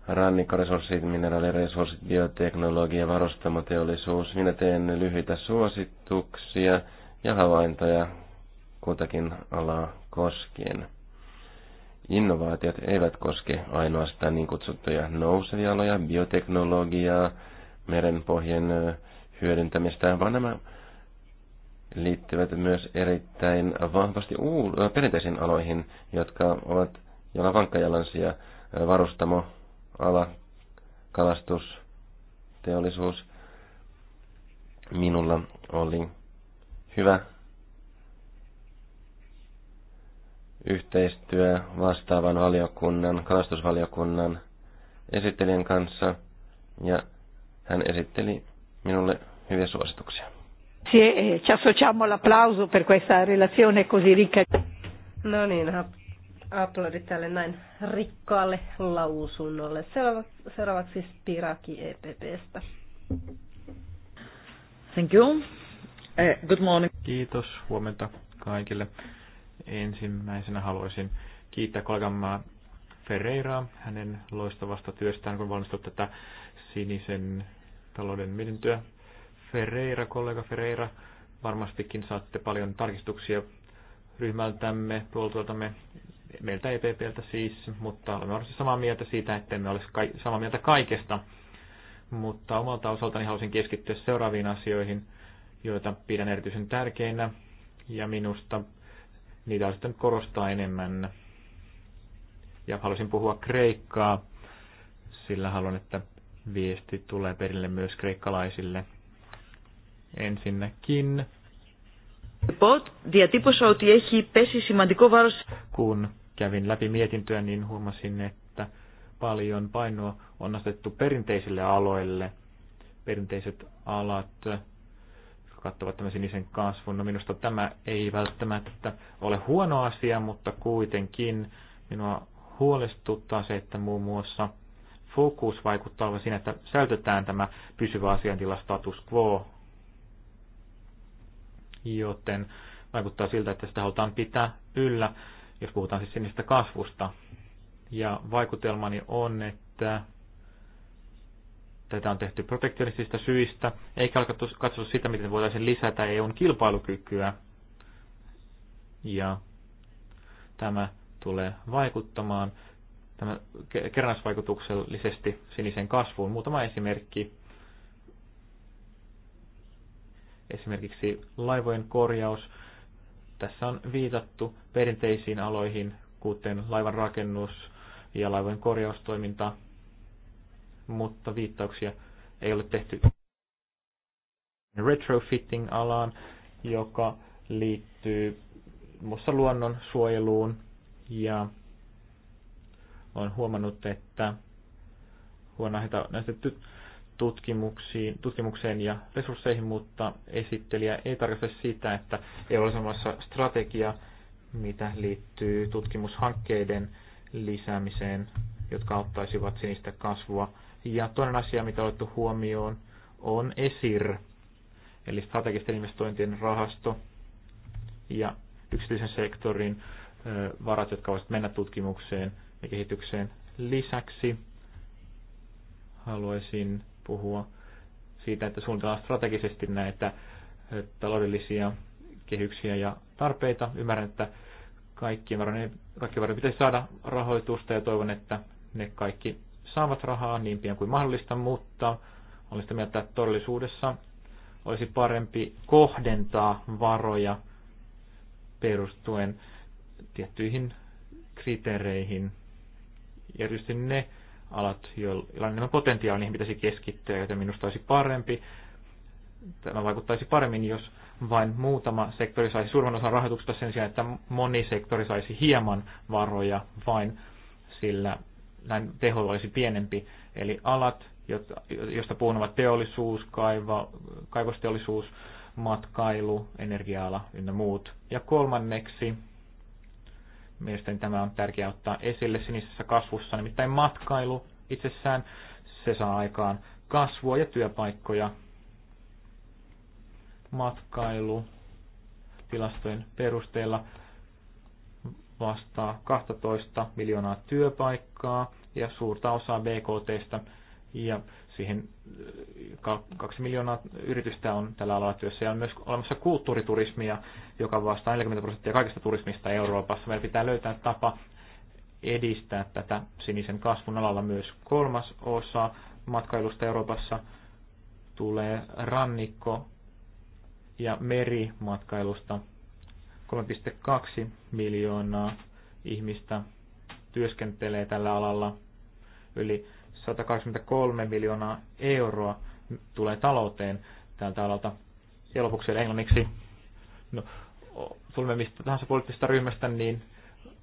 Speaker 4: rannikkoresurssit, mineraaliresurssit, bioteknologia, varustamoteollisuus. Minä teen lyhyitä suosituksia ja havaintoja kutakin alaa koskien. Innovaatiot eivät koske ainoastaan niin kutsuttuja nousevia aloja, bioteknologiaa, merenpohjien hyödyntämistä, vaan nämä liittyvät myös erittäin vahvasti uul- äh, perinteisiin aloihin, jotka ovat joilla vankkajalansia, äh, varustamo, ala, kalastus, teollisuus. Minulla oli hyvä yhteistyö vastaavan valiokunnan, kalastusvaliokunnan esittelijän kanssa ja hän esitteli minulle hyviä suosituksia.
Speaker 3: Grazie eh, ci associamo all'applauso per questa relazione così ricca. No niin, aplodit tälle näin rikkaalle lausunnolle. Seuraavaksi siis Spiraki EPPstä. Thank you.
Speaker 1: Eh, Good morning. Kiitos, huomenta kaikille. Ensimmäisenä haluaisin kiittää kollegamme Ferreiraa hänen loistavasta työstään, kun valmistui tätä sinisen talouden mietintöä Ferreira, kollega Ferreira. Varmastikin saatte paljon tarkistuksia ryhmältämme, puoltuoltamme, meiltä EPPltä siis, mutta olemme varmasti samaa mieltä siitä, että emme ole samaa mieltä kaikesta. Mutta omalta osaltani halusin keskittyä seuraaviin asioihin, joita pidän erityisen tärkeinä, ja minusta niitä olisi korostaa enemmän. Ja halusin puhua Kreikkaa, sillä haluan, että viesti tulee perille myös kreikkalaisille. Ensinnäkin. Διατύπωσα ότι έχει πέσει σημαντικό βάρος. Kun kävin läpi mietintöä, niin huomasin, että paljon painoa on asetettu perinteisille aloille. Perinteiset alat kattavat tämän sinisen kasvun. No minusta tämä ei välttämättä ole huono asia, mutta kuitenkin minua huolestuttaa se, että muun muassa fokus vaikuttaa olevan siinä, että säilytetään tämä pysyvä asiantila status quo joten vaikuttaa siltä, että sitä halutaan pitää yllä, jos puhutaan siis sinistä kasvusta. Ja vaikutelmani on, että tätä on tehty protektionistisista syistä, eikä ole katsottu sitä, miten voitaisiin lisätä EUn kilpailukykyä. Ja tämä tulee vaikuttamaan tämä kerrannaisvaikutuksellisesti sinisen kasvuun. Muutama esimerkki esimerkiksi laivojen korjaus. Tässä on viitattu perinteisiin aloihin, kuten laivan rakennus ja laivojen korjaustoiminta, mutta viittauksia ei ole tehty retrofitting-alaan, joka liittyy muussa luonnon suojeluun ja olen huomannut, että huonoa näytetty tutkimuksiin, tutkimukseen ja resursseihin, mutta esittelijä ei tarkoita sitä, että ei ole samassa strategia, mitä liittyy tutkimushankkeiden lisäämiseen, jotka auttaisivat sinistä kasvua. Ja toinen asia, mitä on otettu huomioon, on ESIR, eli strategisten investointien rahasto ja yksityisen sektorin varat, jotka voisivat mennä tutkimukseen ja kehitykseen lisäksi. Haluaisin puhua siitä, että suunnitellaan strategisesti näitä taloudellisia kehyksiä ja tarpeita. Ymmärrän, että kaikkien varojen, kaikki varojen pitäisi saada rahoitusta ja toivon, että ne kaikki saavat rahaa niin pian kuin mahdollista, mutta olen sitä mieltä, että todellisuudessa olisi parempi kohdentaa varoja perustuen tiettyihin kriteereihin. Ja ne alat, joilla enemmän potentiaalia, niihin pitäisi keskittyä, joten minusta olisi parempi. Tämä vaikuttaisi paremmin, jos vain muutama sektori saisi suurimman osan rahoituksesta sen sijaan, että moni sektori saisi hieman varoja vain, sillä näin teho olisi pienempi. Eli alat, josta puhun ovat teollisuus, kaiva, kaivosteollisuus, matkailu, energia-ala ynnä muut. Ja kolmanneksi Mielestäni tämä on tärkeää ottaa esille sinisessä kasvussa, nimittäin matkailu itsessään, se saa aikaan kasvua ja työpaikkoja. Matkailu tilastojen perusteella vastaa 12 miljoonaa työpaikkaa ja suurta osaa BKTstä ja Siihen kaksi miljoonaa yritystä on tällä alalla työssä ja on myös olemassa kulttuuriturismia, joka vastaa 40 prosenttia kaikista turismista Euroopassa. Meidän pitää löytää tapa edistää tätä sinisen kasvun alalla myös kolmas osa matkailusta Euroopassa tulee rannikko ja merimatkailusta 3,2 miljoonaa ihmistä työskentelee tällä alalla. Yli 183 miljoonaa euroa tulee talouteen tältä alalta. Ja lopuksi vielä englanniksi. No, tulemme mistä tahansa poliittisesta ryhmästä, niin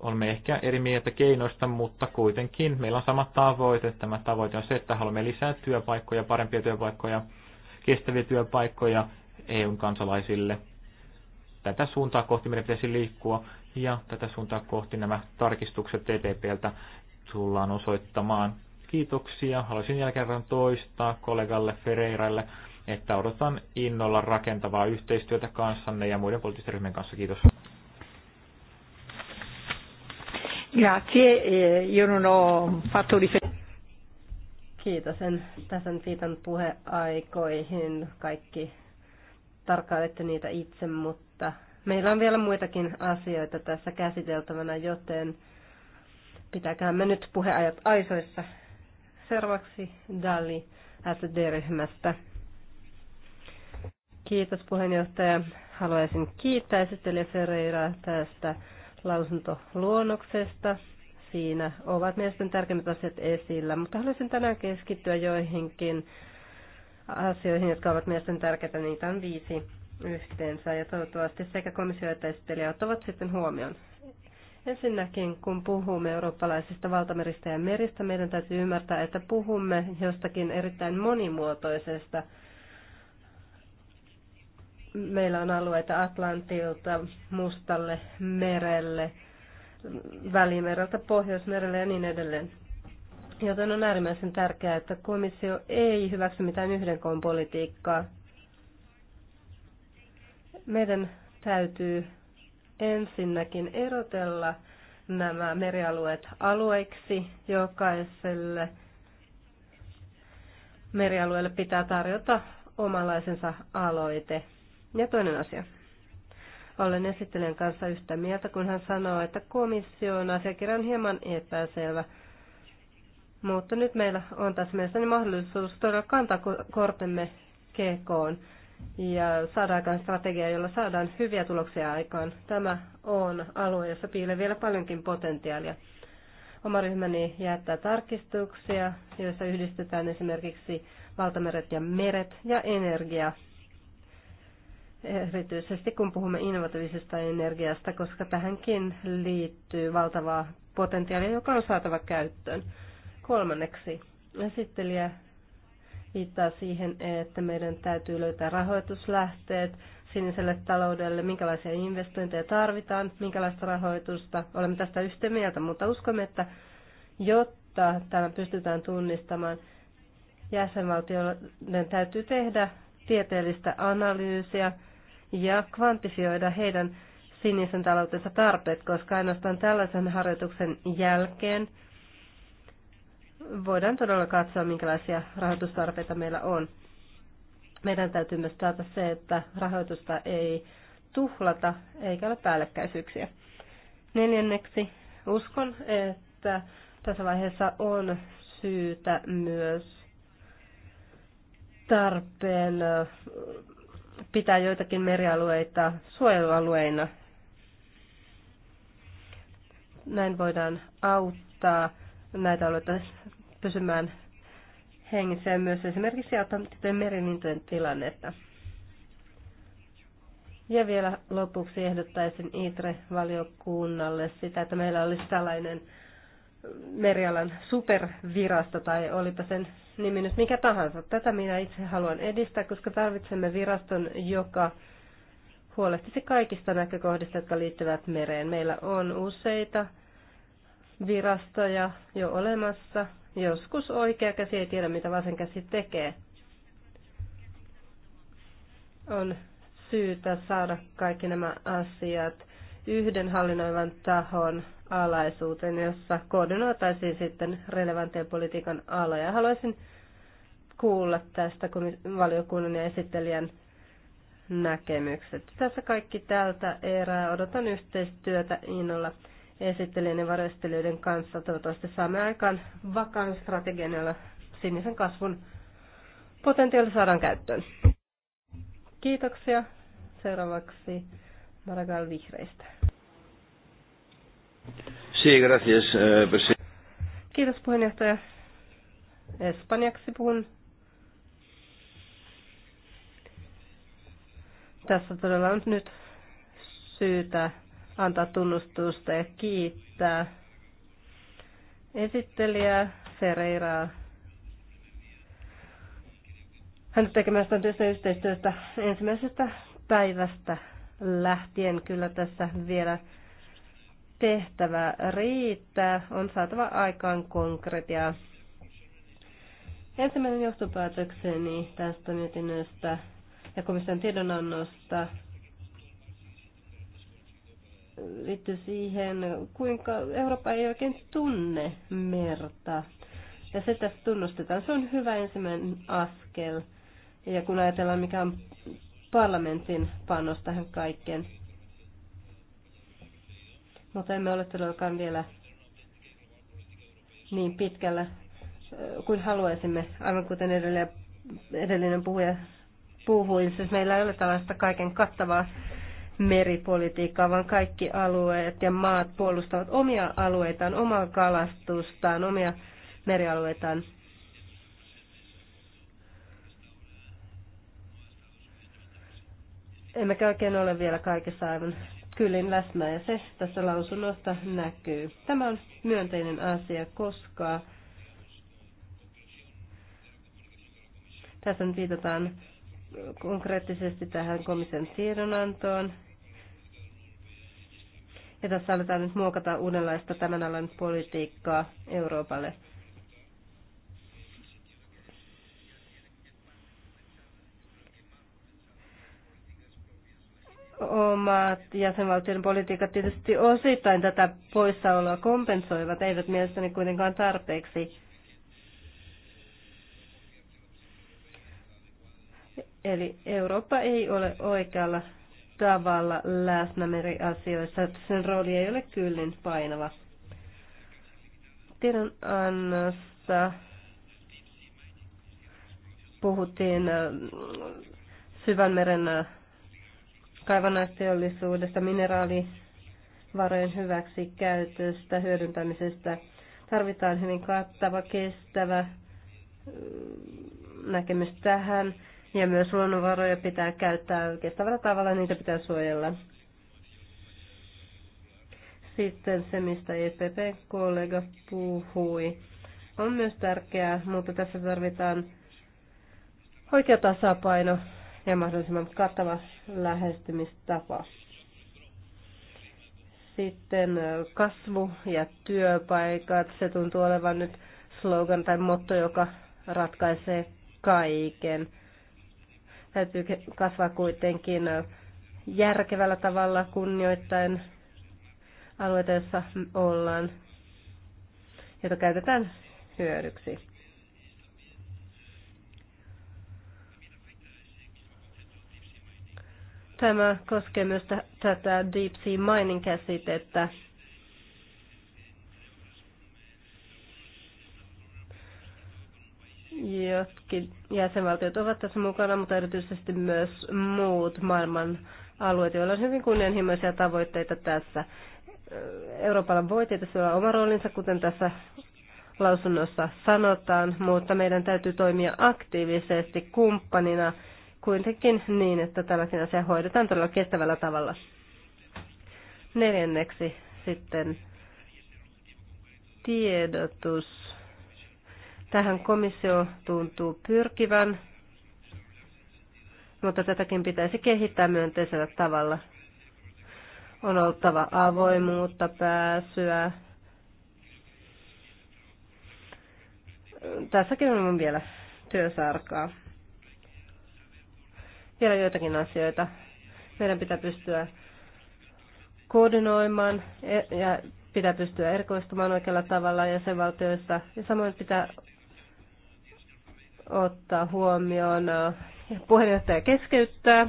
Speaker 1: olemme ehkä eri mieltä keinoista, mutta kuitenkin meillä on sama tavoite. Tämä tavoite on se, että haluamme lisää työpaikkoja, parempia työpaikkoja, kestäviä työpaikkoja EUn kansalaisille. Tätä suuntaa kohti meidän pitäisi liikkua ja tätä suuntaa kohti nämä tarkistukset e TTPltä tullaan osoittamaan. Kiitoksia. Haluaisin jälkeen toistaa kollegalle Ferreiralle, että odotan innolla rakentavaa yhteistyötä kanssanne ja muiden poliittisten ryhmien kanssa. Kiitos.
Speaker 3: Grazie, eh, io non ho fatto Kiitos, en tässä nyt viitan puheaikoihin. Kaikki tarkkailette niitä itse, mutta meillä on vielä muitakin asioita tässä käsiteltävänä, joten pitäkäämme nyt puheajat aisoissa. Seuraavaksi Dali SD-ryhmästä. Kiitos puheenjohtaja. Haluaisin kiittää esittelijä Ferreira tästä lausuntoluonnoksesta. Siinä ovat mielestäni tärkeimmät asiat esillä, mutta haluaisin tänään keskittyä joihinkin asioihin, jotka ovat mielestäni tärkeitä. Niitä on viisi yhteensä ja toivottavasti sekä komissio että esittelijä ottavat sitten huomioon. Ensinnäkin, kun puhumme eurooppalaisista valtameristä ja meristä, meidän täytyy ymmärtää, että puhumme jostakin erittäin monimuotoisesta. Meillä on alueita Atlantilta, Mustalle merelle, Välimereltä Pohjoismerelle ja niin edelleen. Joten on äärimmäisen tärkeää, että komissio ei hyväksy mitään yhden koon politiikkaa. Meidän täytyy ensinnäkin erotella nämä merialueet alueiksi. Jokaiselle merialueelle pitää tarjota omalaisensa aloite. Ja toinen asia. Olen esittelijän kanssa yhtä mieltä, kun hän sanoo, että komission asiakirja on hieman epäselvä. Mutta nyt meillä on tässä mielestäni mahdollisuus todella kantaa kortemme kekoon ja saadaan strategia, jolla saadaan hyviä tuloksia aikaan. Tämä on alue, jossa piilee vielä paljonkin potentiaalia. Oma ryhmäni jättää tarkistuksia, joissa yhdistetään esimerkiksi valtameret ja meret ja energia. Erityisesti kun puhumme innovatiivisesta energiasta, koska tähänkin liittyy valtavaa potentiaalia, joka on saatava käyttöön. Kolmanneksi, esittelijä viittaa siihen, että meidän täytyy löytää rahoituslähteet siniselle taloudelle, minkälaisia investointeja tarvitaan, minkälaista rahoitusta. Olemme tästä yhtä mieltä, mutta uskomme, että jotta tämä pystytään tunnistamaan, jäsenvaltioiden täytyy tehdä tieteellistä analyysiä ja kvantifioida heidän sinisen taloutensa tarpeet, koska ainoastaan tällaisen harjoituksen jälkeen – voidaan todella katsoa, minkälaisia rahoitustarpeita meillä on. Meidän täytyy myös taata se, että rahoitusta ei tuhlata eikä ole päällekkäisyyksiä. Neljänneksi uskon, että tässä vaiheessa on syytä myös tarpeen pitää joitakin merialueita suojelualueina. Näin voidaan auttaa näitä alueita pysymään hengissä ja myös esimerkiksi Atlanttisten merilintujen tilannetta. Ja vielä lopuksi ehdottaisin ITRE-valiokunnalle sitä, että meillä olisi tällainen merialan supervirasto, tai olipa sen nimi nyt mikä tahansa. Tätä minä itse haluan edistää, koska tarvitsemme viraston, joka huolehtisi kaikista näkökohdista, jotka liittyvät mereen. Meillä on useita virastoja jo olemassa, Joskus oikea käsi ei tiedä, mitä vasen käsi tekee. On syytä saada kaikki nämä asiat yhden hallinnoivan tahon alaisuuteen, jossa koordinoitaisiin sitten relevantteja politiikan aloja. Haluaisin kuulla tästä valiokunnan ja esittelijän näkemykset. Tässä kaikki tältä erää. Odotan yhteistyötä innolla esittelijän ja varjostelijoiden kanssa. Toivottavasti saamme aikaan vakaan strategian, jolla sinisen kasvun potentiaali saadaan käyttöön. Kiitoksia. Seuraavaksi Maragall Vihreistä.
Speaker 4: Eh,
Speaker 3: Kiitos puheenjohtaja. Espanjaksi puhun. Tässä todella on nyt syytä antaa tunnustusta ja kiittää esittelijää Ferreiraa Hän tekemästään työstä yhteistyöstä ensimmäisestä päivästä lähtien. Kyllä tässä vielä tehtävä riittää. On saatava aikaan konkretiaa. Ensimmäinen johtopäätökseni tästä mietinnöstä ja komission tiedonannosta liittyy siihen, kuinka Eurooppa ei oikein tunne merta. Ja se tässä tunnustetaan. Se on hyvä ensimmäinen askel. Ja kun ajatellaan, mikä on parlamentin panos tähän kaikkeen. Mutta emme ole todellakaan vielä niin pitkällä äh, kuin haluaisimme, aivan kuten edellinen puhuja puhui. Siis meillä ei ole tällaista kaiken kattavaa meripolitiikkaa, vaan kaikki alueet ja maat puolustavat omia alueitaan, omaa kalastustaan, omia merialueitaan. Emmekä oikein ole vielä kaikessa aivan kyllin läsnä ja se tässä lausunnosta näkyy. Tämä on myönteinen asia, koska tässä nyt viitataan konkreettisesti tähän komission tiedonantoon ja tässä aletaan nyt muokata uudenlaista tämän alan politiikkaa Euroopalle. omat jäsenvaltioiden politiikat tietysti osittain tätä poissaoloa kompensoivat, eivät mielestäni kuitenkaan tarpeeksi. Eli Eurooppa ei ole oikealla tavalla läsnä meriasioissa. Sen rooli ei ole kyllin painava. Tiedonannossa puhuttiin äh, syvän meren äh, kaivannaisteollisuudesta, mineraalivarojen käytöstä hyödyntämisestä. Tarvitaan hyvin kattava, kestävä äh, näkemys tähän ja myös luonnonvaroja pitää käyttää kestävällä tavalla, niitä pitää suojella. Sitten se, mistä EPP-kollega puhui, on myös tärkeää, mutta tässä tarvitaan oikea tasapaino ja mahdollisimman kattava lähestymistapa. Sitten kasvu ja työpaikat, se tuntuu olevan nyt slogan tai motto, joka ratkaisee kaiken täytyy kasvaa kuitenkin järkevällä tavalla kunnioittain alueita, joissa ollaan, jota käytetään hyödyksi. Tämä koskee myös tätä deep sea mining käsitettä, Jotkin jäsenvaltiot ovat tässä mukana, mutta erityisesti myös muut maailman alueet, joilla on hyvin kunnianhimoisia tavoitteita tässä. Euroopalla voi tietysti olla oma roolinsa, kuten tässä lausunnossa sanotaan, mutta meidän täytyy toimia aktiivisesti kumppanina kuitenkin niin, että tämäkin asia hoidetaan todella kestävällä tavalla. Neljänneksi sitten tiedotus Tähän komissio tuntuu pyrkivän, mutta tätäkin pitäisi kehittää myönteisellä tavalla. On oltava avoimuutta, pääsyä. Tässäkin on vielä työsarkaa. Vielä joitakin asioita. Meidän pitää pystyä koordinoimaan e- ja pitää pystyä erikoistumaan oikealla tavalla jäsenvaltioissa. Ja samoin pitää ottaa huomioon puheenjohtaja keskeyttää,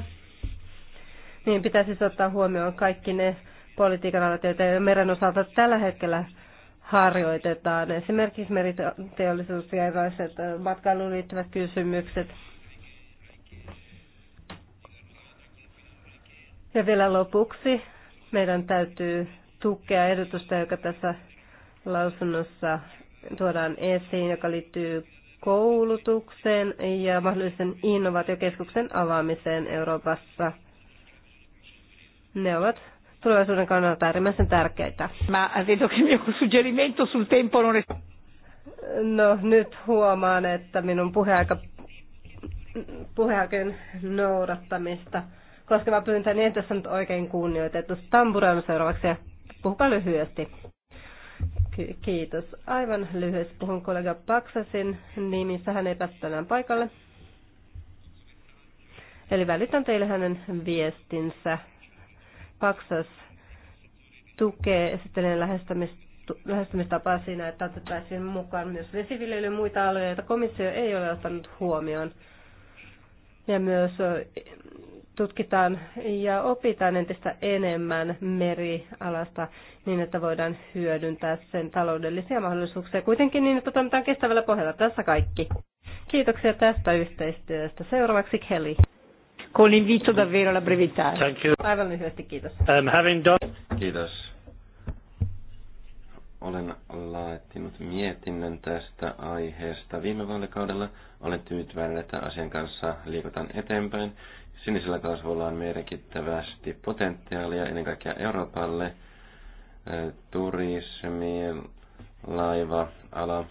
Speaker 3: niin pitäisi siis ottaa huomioon kaikki ne politiikan alat, joita meren osalta tällä hetkellä harjoitetaan. Esimerkiksi meriteollisuus ja erilaiset matkailuun liittyvät kysymykset. Ja vielä lopuksi meidän täytyy tukea ehdotusta, joka tässä lausunnossa tuodaan esiin, joka liittyy koulutukseen ja mahdollisen innovaatiokeskuksen avaamiseen Euroopassa. Ne ovat tulevaisuuden kannalta äärimmäisen tärkeitä. Mä vedo che mio suggerimento sul tempo non No nyt huomaan, että minun puheaika, puheaikojen noudattamista koskeva pyyntöni niin tässä nyt oikein kunnioitettu. Tamburoimme seuraavaksi ja puhukaa lyhyesti. Kiitos. Aivan lyhyesti puhun kollega Paksasin nimissä. Hän ei päässyt tänään paikalle. Eli välitän teille hänen viestinsä. Paksas tukee esittelen lähestymistapaa siinä, että otettaisiin mukaan myös vesiviljely ja muita aloja, joita komissio ei ole ottanut huomioon. Ja myös tutkitaan ja opitaan entistä enemmän merialasta niin, että voidaan hyödyntää sen taloudellisia mahdollisuuksia kuitenkin niin, että toimitaan kestävällä pohjalla. Tässä kaikki. Kiitoksia tästä yhteistyöstä. Seuraavaksi Kelly. Con l'invito davvero alla brevità. Thank you. Aivan lyhyesti, kiitos. I'm um, having done...
Speaker 4: Kiitos. Olen laittanut mietinnön tästä aiheesta viime vaalikaudella. Olen tyytyväinen, että asian kanssa liikutaan eteenpäin Sinisellä kasvulla on merkittävästi potentiaalia ennen kaikkea Euroopalle. Turismi, laiva, ala,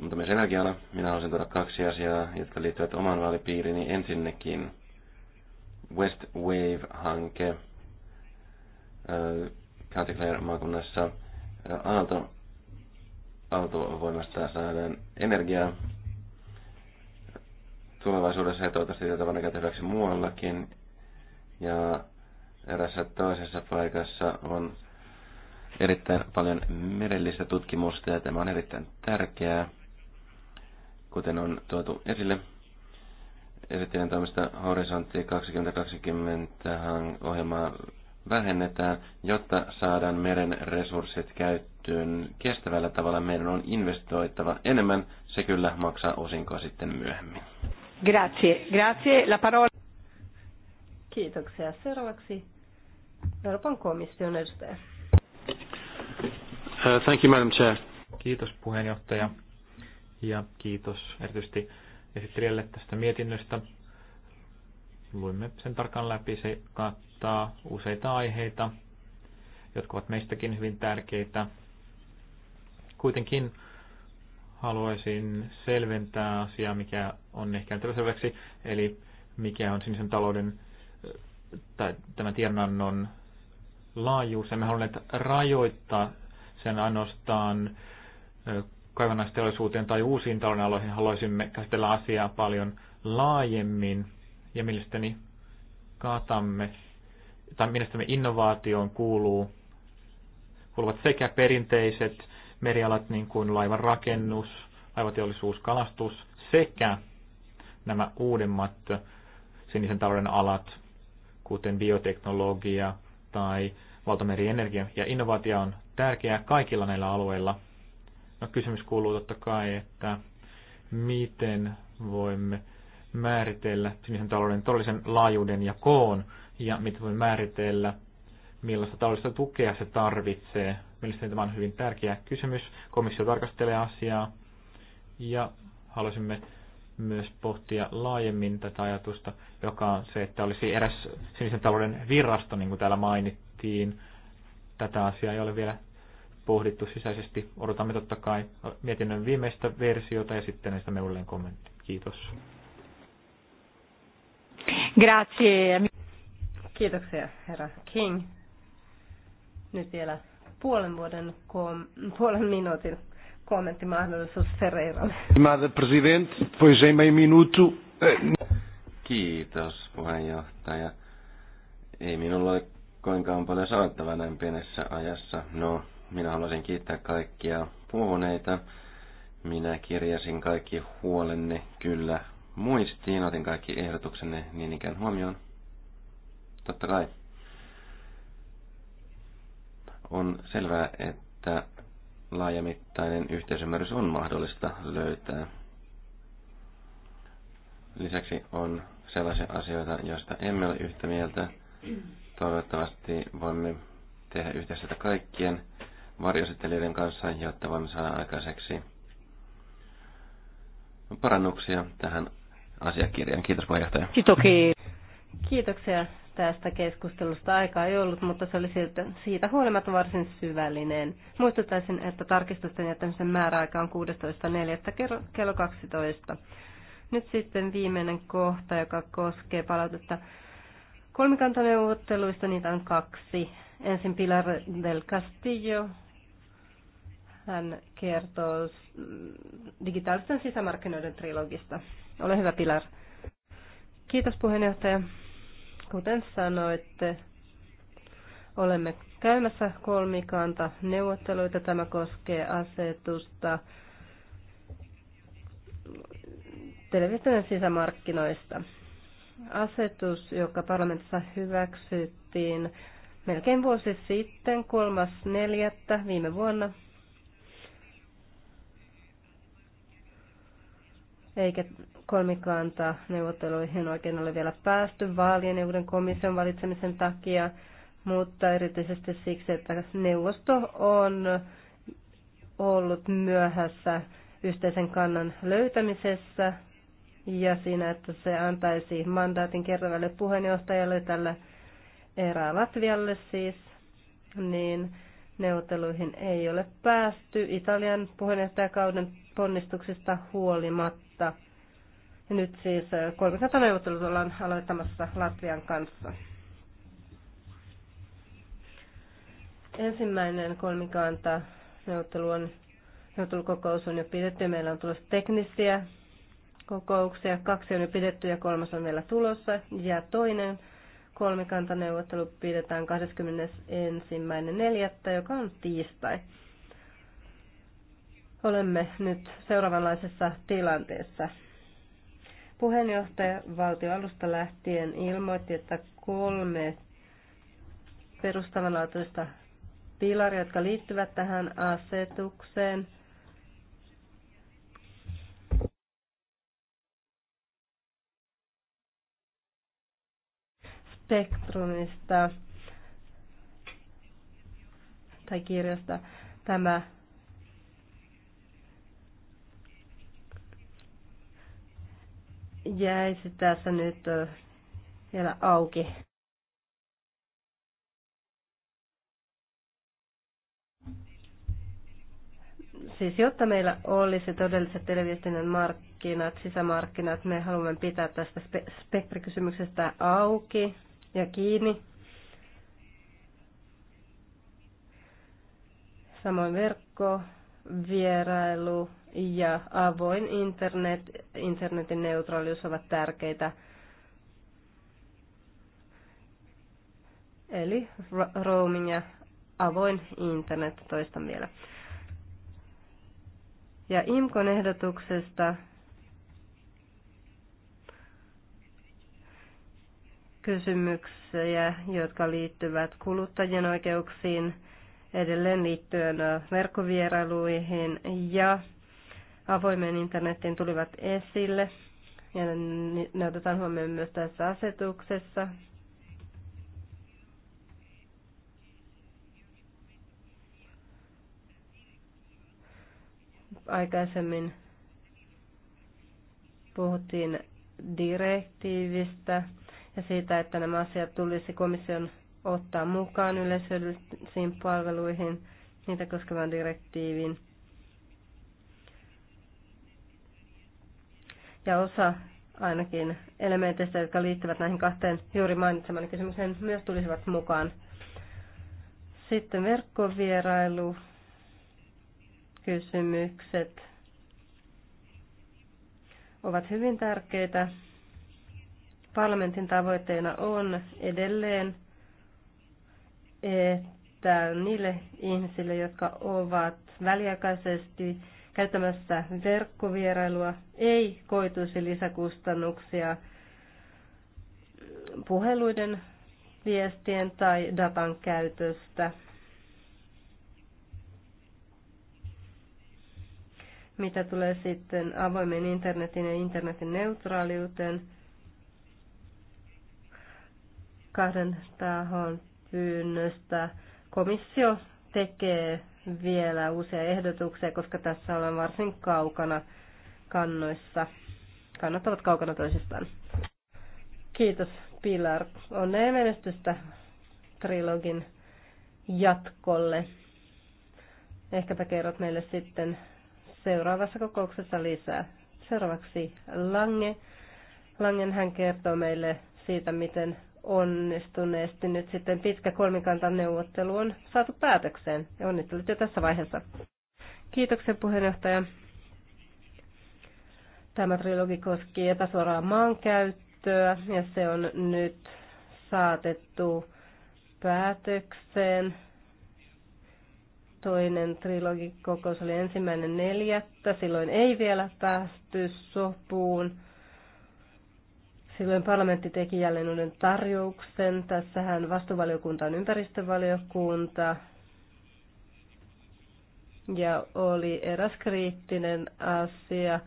Speaker 4: mutta myös energiala. Minä haluaisin tuoda kaksi asiaa, jotka liittyvät oman vaalipiirini. Ensinnäkin West Wave-hanke County Clare-maakunnassa. Aalto, aaltovoimasta saadaan energiaa tulevaisuudessa ja toivottavasti tätä voidaan käyttää hyväksi muuallakin. Ja erässä toisessa paikassa on erittäin paljon merellistä tutkimusta ja tämä on erittäin tärkeää, kuten on tuotu esille. Esittelen toimista Horisontti 2020 ohjelmaa vähennetään, jotta saadaan meren resurssit käyttöön kestävällä tavalla. Meidän on investoitava enemmän, se kyllä maksaa osinkoa sitten myöhemmin.
Speaker 3: Grazie, grazie. La parola... Kiitoksia. Seuraavaksi Euroopan komission edustaja.
Speaker 4: Uh, thank you, Madam Chair. Kiitos
Speaker 1: puheenjohtaja ja kiitos erityisesti esittelijälle tästä mietinnöstä. Luimme sen tarkan läpi. Se kattaa useita aiheita, jotka ovat meistäkin hyvin tärkeitä. Kuitenkin haluaisin selventää asiaa, mikä on ehkä nyt selväksi, eli mikä on sinisen talouden tai tämän tiedonannon laajuus. Me haluamme rajoittaa sen ainoastaan kaivannaisteollisuuteen tai uusiin talouden aloihin. Haluaisimme käsitellä asiaa paljon laajemmin ja mielestäni kaatamme, tai mielestäni innovaatioon kuuluu, kuuluvat sekä perinteiset merialat, niin kuin laivan rakennus, laivateollisuus, kalastus sekä nämä uudemmat sinisen talouden alat, kuten bioteknologia tai valtamerienergia. Ja innovaatio on tärkeää kaikilla näillä alueilla. No, kysymys kuuluu totta kai, että miten voimme määritellä sinisen talouden todellisen laajuuden ja koon, ja miten voimme määritellä, millaista taloudellista tukea se tarvitsee Mielestäni tämä on hyvin tärkeä kysymys. Komissio tarkastelee asiaa ja haluaisimme myös pohtia laajemmin tätä ajatusta, joka on se, että olisi eräs sinisen talouden virasto, niin kuin täällä mainittiin. Tätä asiaa ei ole vielä pohdittu sisäisesti. Odotamme totta kai mietinnön viimeistä versiota ja sitten näistä uudelleen kommentti. Kiitos.
Speaker 3: Grazie. Kiitoksia, herra King. Nyt vielä puolen, vuoden kom, puolen minuutin kommenttimahdollisuus Ferreiralle.
Speaker 4: Madam President, pois ei mei minuutu. Kiitos puheenjohtaja. Ei minulla ole koinkaan paljon sanottavaa näin pienessä ajassa. No, minä haluaisin kiittää kaikkia puhuneita. Minä kirjasin kaikki huolenne kyllä muistiin, otin kaikki ehdotuksenne niin ikään huomioon. Totta kai on selvää, että laajamittainen yhteisymmärrys on mahdollista löytää. Lisäksi on sellaisia asioita, joista emme ole yhtä mieltä. Toivottavasti voimme tehdä yhteistyötä kaikkien varjoesittelijöiden kanssa, jotta voimme saada aikaiseksi parannuksia tähän asiakirjaan. Kiitos
Speaker 3: puheenjohtaja. Kiitoksia. Kiitoksia tästä keskustelusta. Aikaa ei ollut, mutta se oli silti siitä huolimatta varsin syvällinen. Muistuttaisin, että tarkistusten jättämisen määräaika on 16.4. kello 12. Nyt sitten viimeinen kohta, joka koskee palautetta kolmikantaneuvotteluista. Niitä on kaksi. Ensin Pilar del Castillo. Hän kertoo mm, digitaalisten sisämarkkinoiden trilogista. Ole hyvä, Pilar. Kiitos puheenjohtaja. Kuten sanoitte, olemme käymässä kolmikanta neuvotteluita. Tämä koskee asetusta television sisämarkkinoista. Asetus, joka parlamentissa hyväksyttiin melkein vuosi sitten, 3.4. viime vuonna, eikä kolmikanta neuvotteluihin oikein ole vielä päästy vaalien ja uuden komission valitsemisen takia, mutta erityisesti siksi, että neuvosto on ollut myöhässä yhteisen kannan löytämisessä ja siinä, että se antaisi mandaatin kertovalle puheenjohtajalle tällä erää Latvialle siis, niin neuvotteluihin ei ole päästy Italian puheenjohtajakauden ponnistuksista huolimatta. Ja nyt siis äh, neuvottelut ollaan aloittamassa Latvian kanssa. Ensimmäinen kolmikanta neuvottelu on, neuvottelukokous on jo pidetty. Meillä on tulossa teknisiä kokouksia. Kaksi on jo pidetty ja kolmas on vielä tulossa. Ja toinen kolmikantaneuvottelu pidetään 21.4., joka on tiistai. Olemme nyt seuraavanlaisessa tilanteessa puheenjohtaja valtioalusta lähtien ilmoitti, että kolme perustavanlaatuista pilaria, jotka liittyvät tähän asetukseen, spektrumista tai kirjasta tämä se tässä nyt vielä auki. Siis jotta meillä olisi todelliset televiestinnän markkinat, sisämarkkinat, me haluamme pitää tästä spektrikysymyksestä auki ja kiinni. Samoin verkko, vierailu, ja avoin internet, internetin neutraalius ovat tärkeitä. Eli roaming ja avoin internet toista vielä. Ja IMKON ehdotuksesta kysymyksiä, jotka liittyvät kuluttajien oikeuksiin, edelleen liittyen verkkovierailuihin ja avoimeen internettiin tulivat esille ja ne otetaan huomioon myös tässä asetuksessa. Aikaisemmin puhuttiin direktiivistä ja siitä, että nämä asiat tulisi komission ottaa mukaan yleisöllisiin palveluihin niitä koskevan direktiivin. ja osa ainakin elementeistä, jotka liittyvät näihin kahteen juuri mainitsemani kysymykseen, myös tulisivat mukaan. Sitten verkkovierailu, kysymykset ovat hyvin tärkeitä. Parlamentin tavoitteena on edelleen, että niille ihmisille, jotka ovat väliaikaisesti Käytämästä verkkovierailua ei koituisi lisäkustannuksia puheluiden, viestien tai datan käytöstä. Mitä tulee sitten avoimen internetin ja internetin neutraaliuteen, kahden tahon pyynnöstä komissio tekee vielä uusia ehdotuksia, koska tässä ollaan varsin kaukana kannoissa. Kannat ovat kaukana toisistaan. Kiitos Pilar. Onnea menestystä trilogin jatkolle. Ehkäpä kerrot meille sitten seuraavassa kokouksessa lisää. Seuraavaksi Lange. Langen hän kertoo meille siitä, miten onnistuneesti nyt sitten pitkä kolmikantaneuvottelu on saatu päätökseen. Ja onnittelut jo tässä vaiheessa. Kiitoksia puheenjohtaja. Tämä trilogi koskee epäsuoraa maankäyttöä ja se on nyt saatettu päätökseen. Toinen trilogikokous oli ensimmäinen neljättä. Silloin ei vielä päästy sopuun Silloin parlamentti teki jälleen uuden tarjouksen. Tässähän vastuvaliokunta on ympäristövaliokunta. Ja oli eräs kriittinen asia,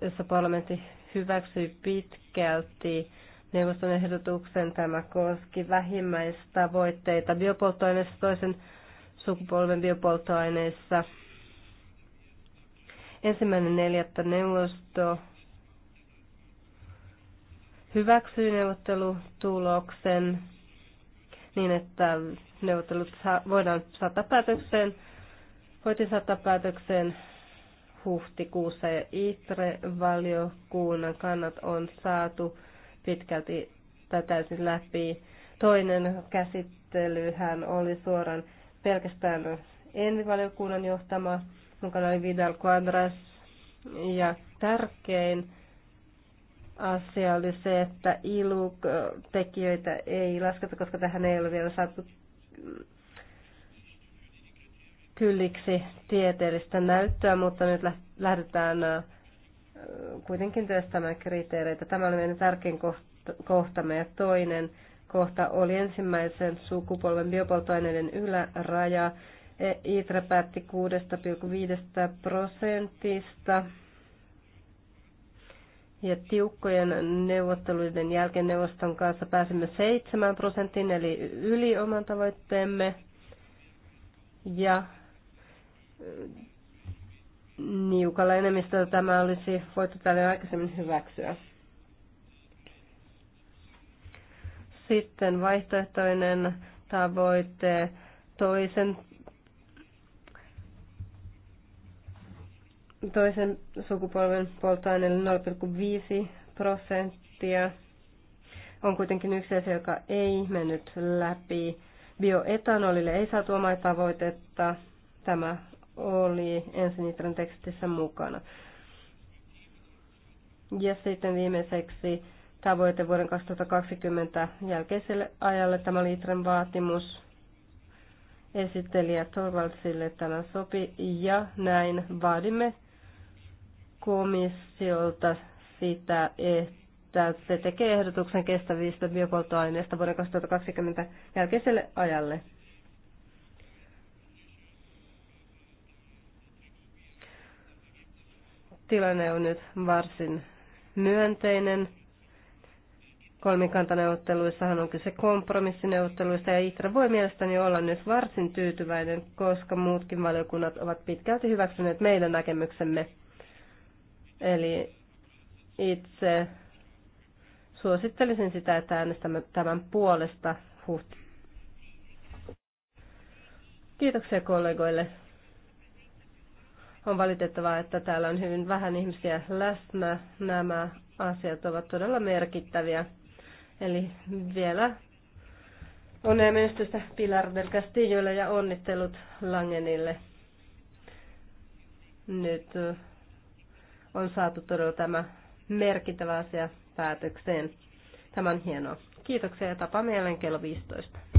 Speaker 3: jossa parlamentti hyväksyi pitkälti neuvoston ehdotuksen. Tämä koski vähimmäistavoitteita biopolttoaineissa, toisen sukupolven biopolttoaineissa. Ensimmäinen neljättä neuvosto hyväksyi neuvottelutuloksen niin, että neuvottelut voidaan saattaa päätökseen, voitiin saattaa päätökseen huhtikuussa ja ITRE-valiokunnan kannat on saatu pitkälti tai täysin läpi. Toinen käsittelyhän oli suoraan pelkästään envivaliokunnan johtama, mukana oli Vidal Quadras ja tärkein asia oli se, että ILUK-tekijöitä ei lasketa, koska tähän ei ole vielä saatu kylliksi tieteellistä näyttöä, mutta nyt lähdetään kuitenkin työstämään kriteereitä. Tämä oli meidän tärkein kohta, ja toinen kohta oli ensimmäisen sukupolven biopolttoaineiden yläraja. E- ITRE päätti 6,5 prosentista ja tiukkojen neuvotteluiden jälkeen neuvoston kanssa pääsimme 7 prosenttiin, eli yli oman tavoitteemme. Ja mm, niukalla enemmistöllä tämä olisi voitu tälle aikaisemmin hyväksyä. Sitten vaihtoehtoinen tavoite toisen toisen sukupolven polttoaineelle 0,5 prosenttia. On kuitenkin yksi asia, joka ei mennyt läpi. Bioetanolille ei saatu omaa tavoitetta. Tämä oli ensin Itran tekstissä mukana. Ja sitten viimeiseksi tavoite vuoden 2020 jälkeiselle ajalle. Tämä oli Itran vaatimus esittelijä Torvaldsille tämä sopi ja näin vaadimme komissiolta sitä, että se tekee ehdotuksen kestävistä biopolttoaineista vuoden 2020 jälkeiselle ajalle. Tilanne on nyt varsin myönteinen. Kolmikantaneuvotteluissahan on kyse kompromissineuvotteluista ja ITRA voi mielestäni olla nyt varsin tyytyväinen, koska muutkin valiokunnat ovat pitkälti hyväksyneet meidän näkemyksemme. Eli itse suosittelisin sitä, että äänestämme tämän puolesta huhti. Kiitoksia kollegoille. On valitettavaa, että täällä on hyvin vähän ihmisiä läsnä. Nämä asiat ovat todella merkittäviä. Eli vielä onnea menestystä Pilar del Castillolle ja onnittelut Langenille. Nyt on saatu todella tämä merkittävä asia päätökseen. Tämä on hienoa. Kiitoksia ja tapaamme jälleen kello 15.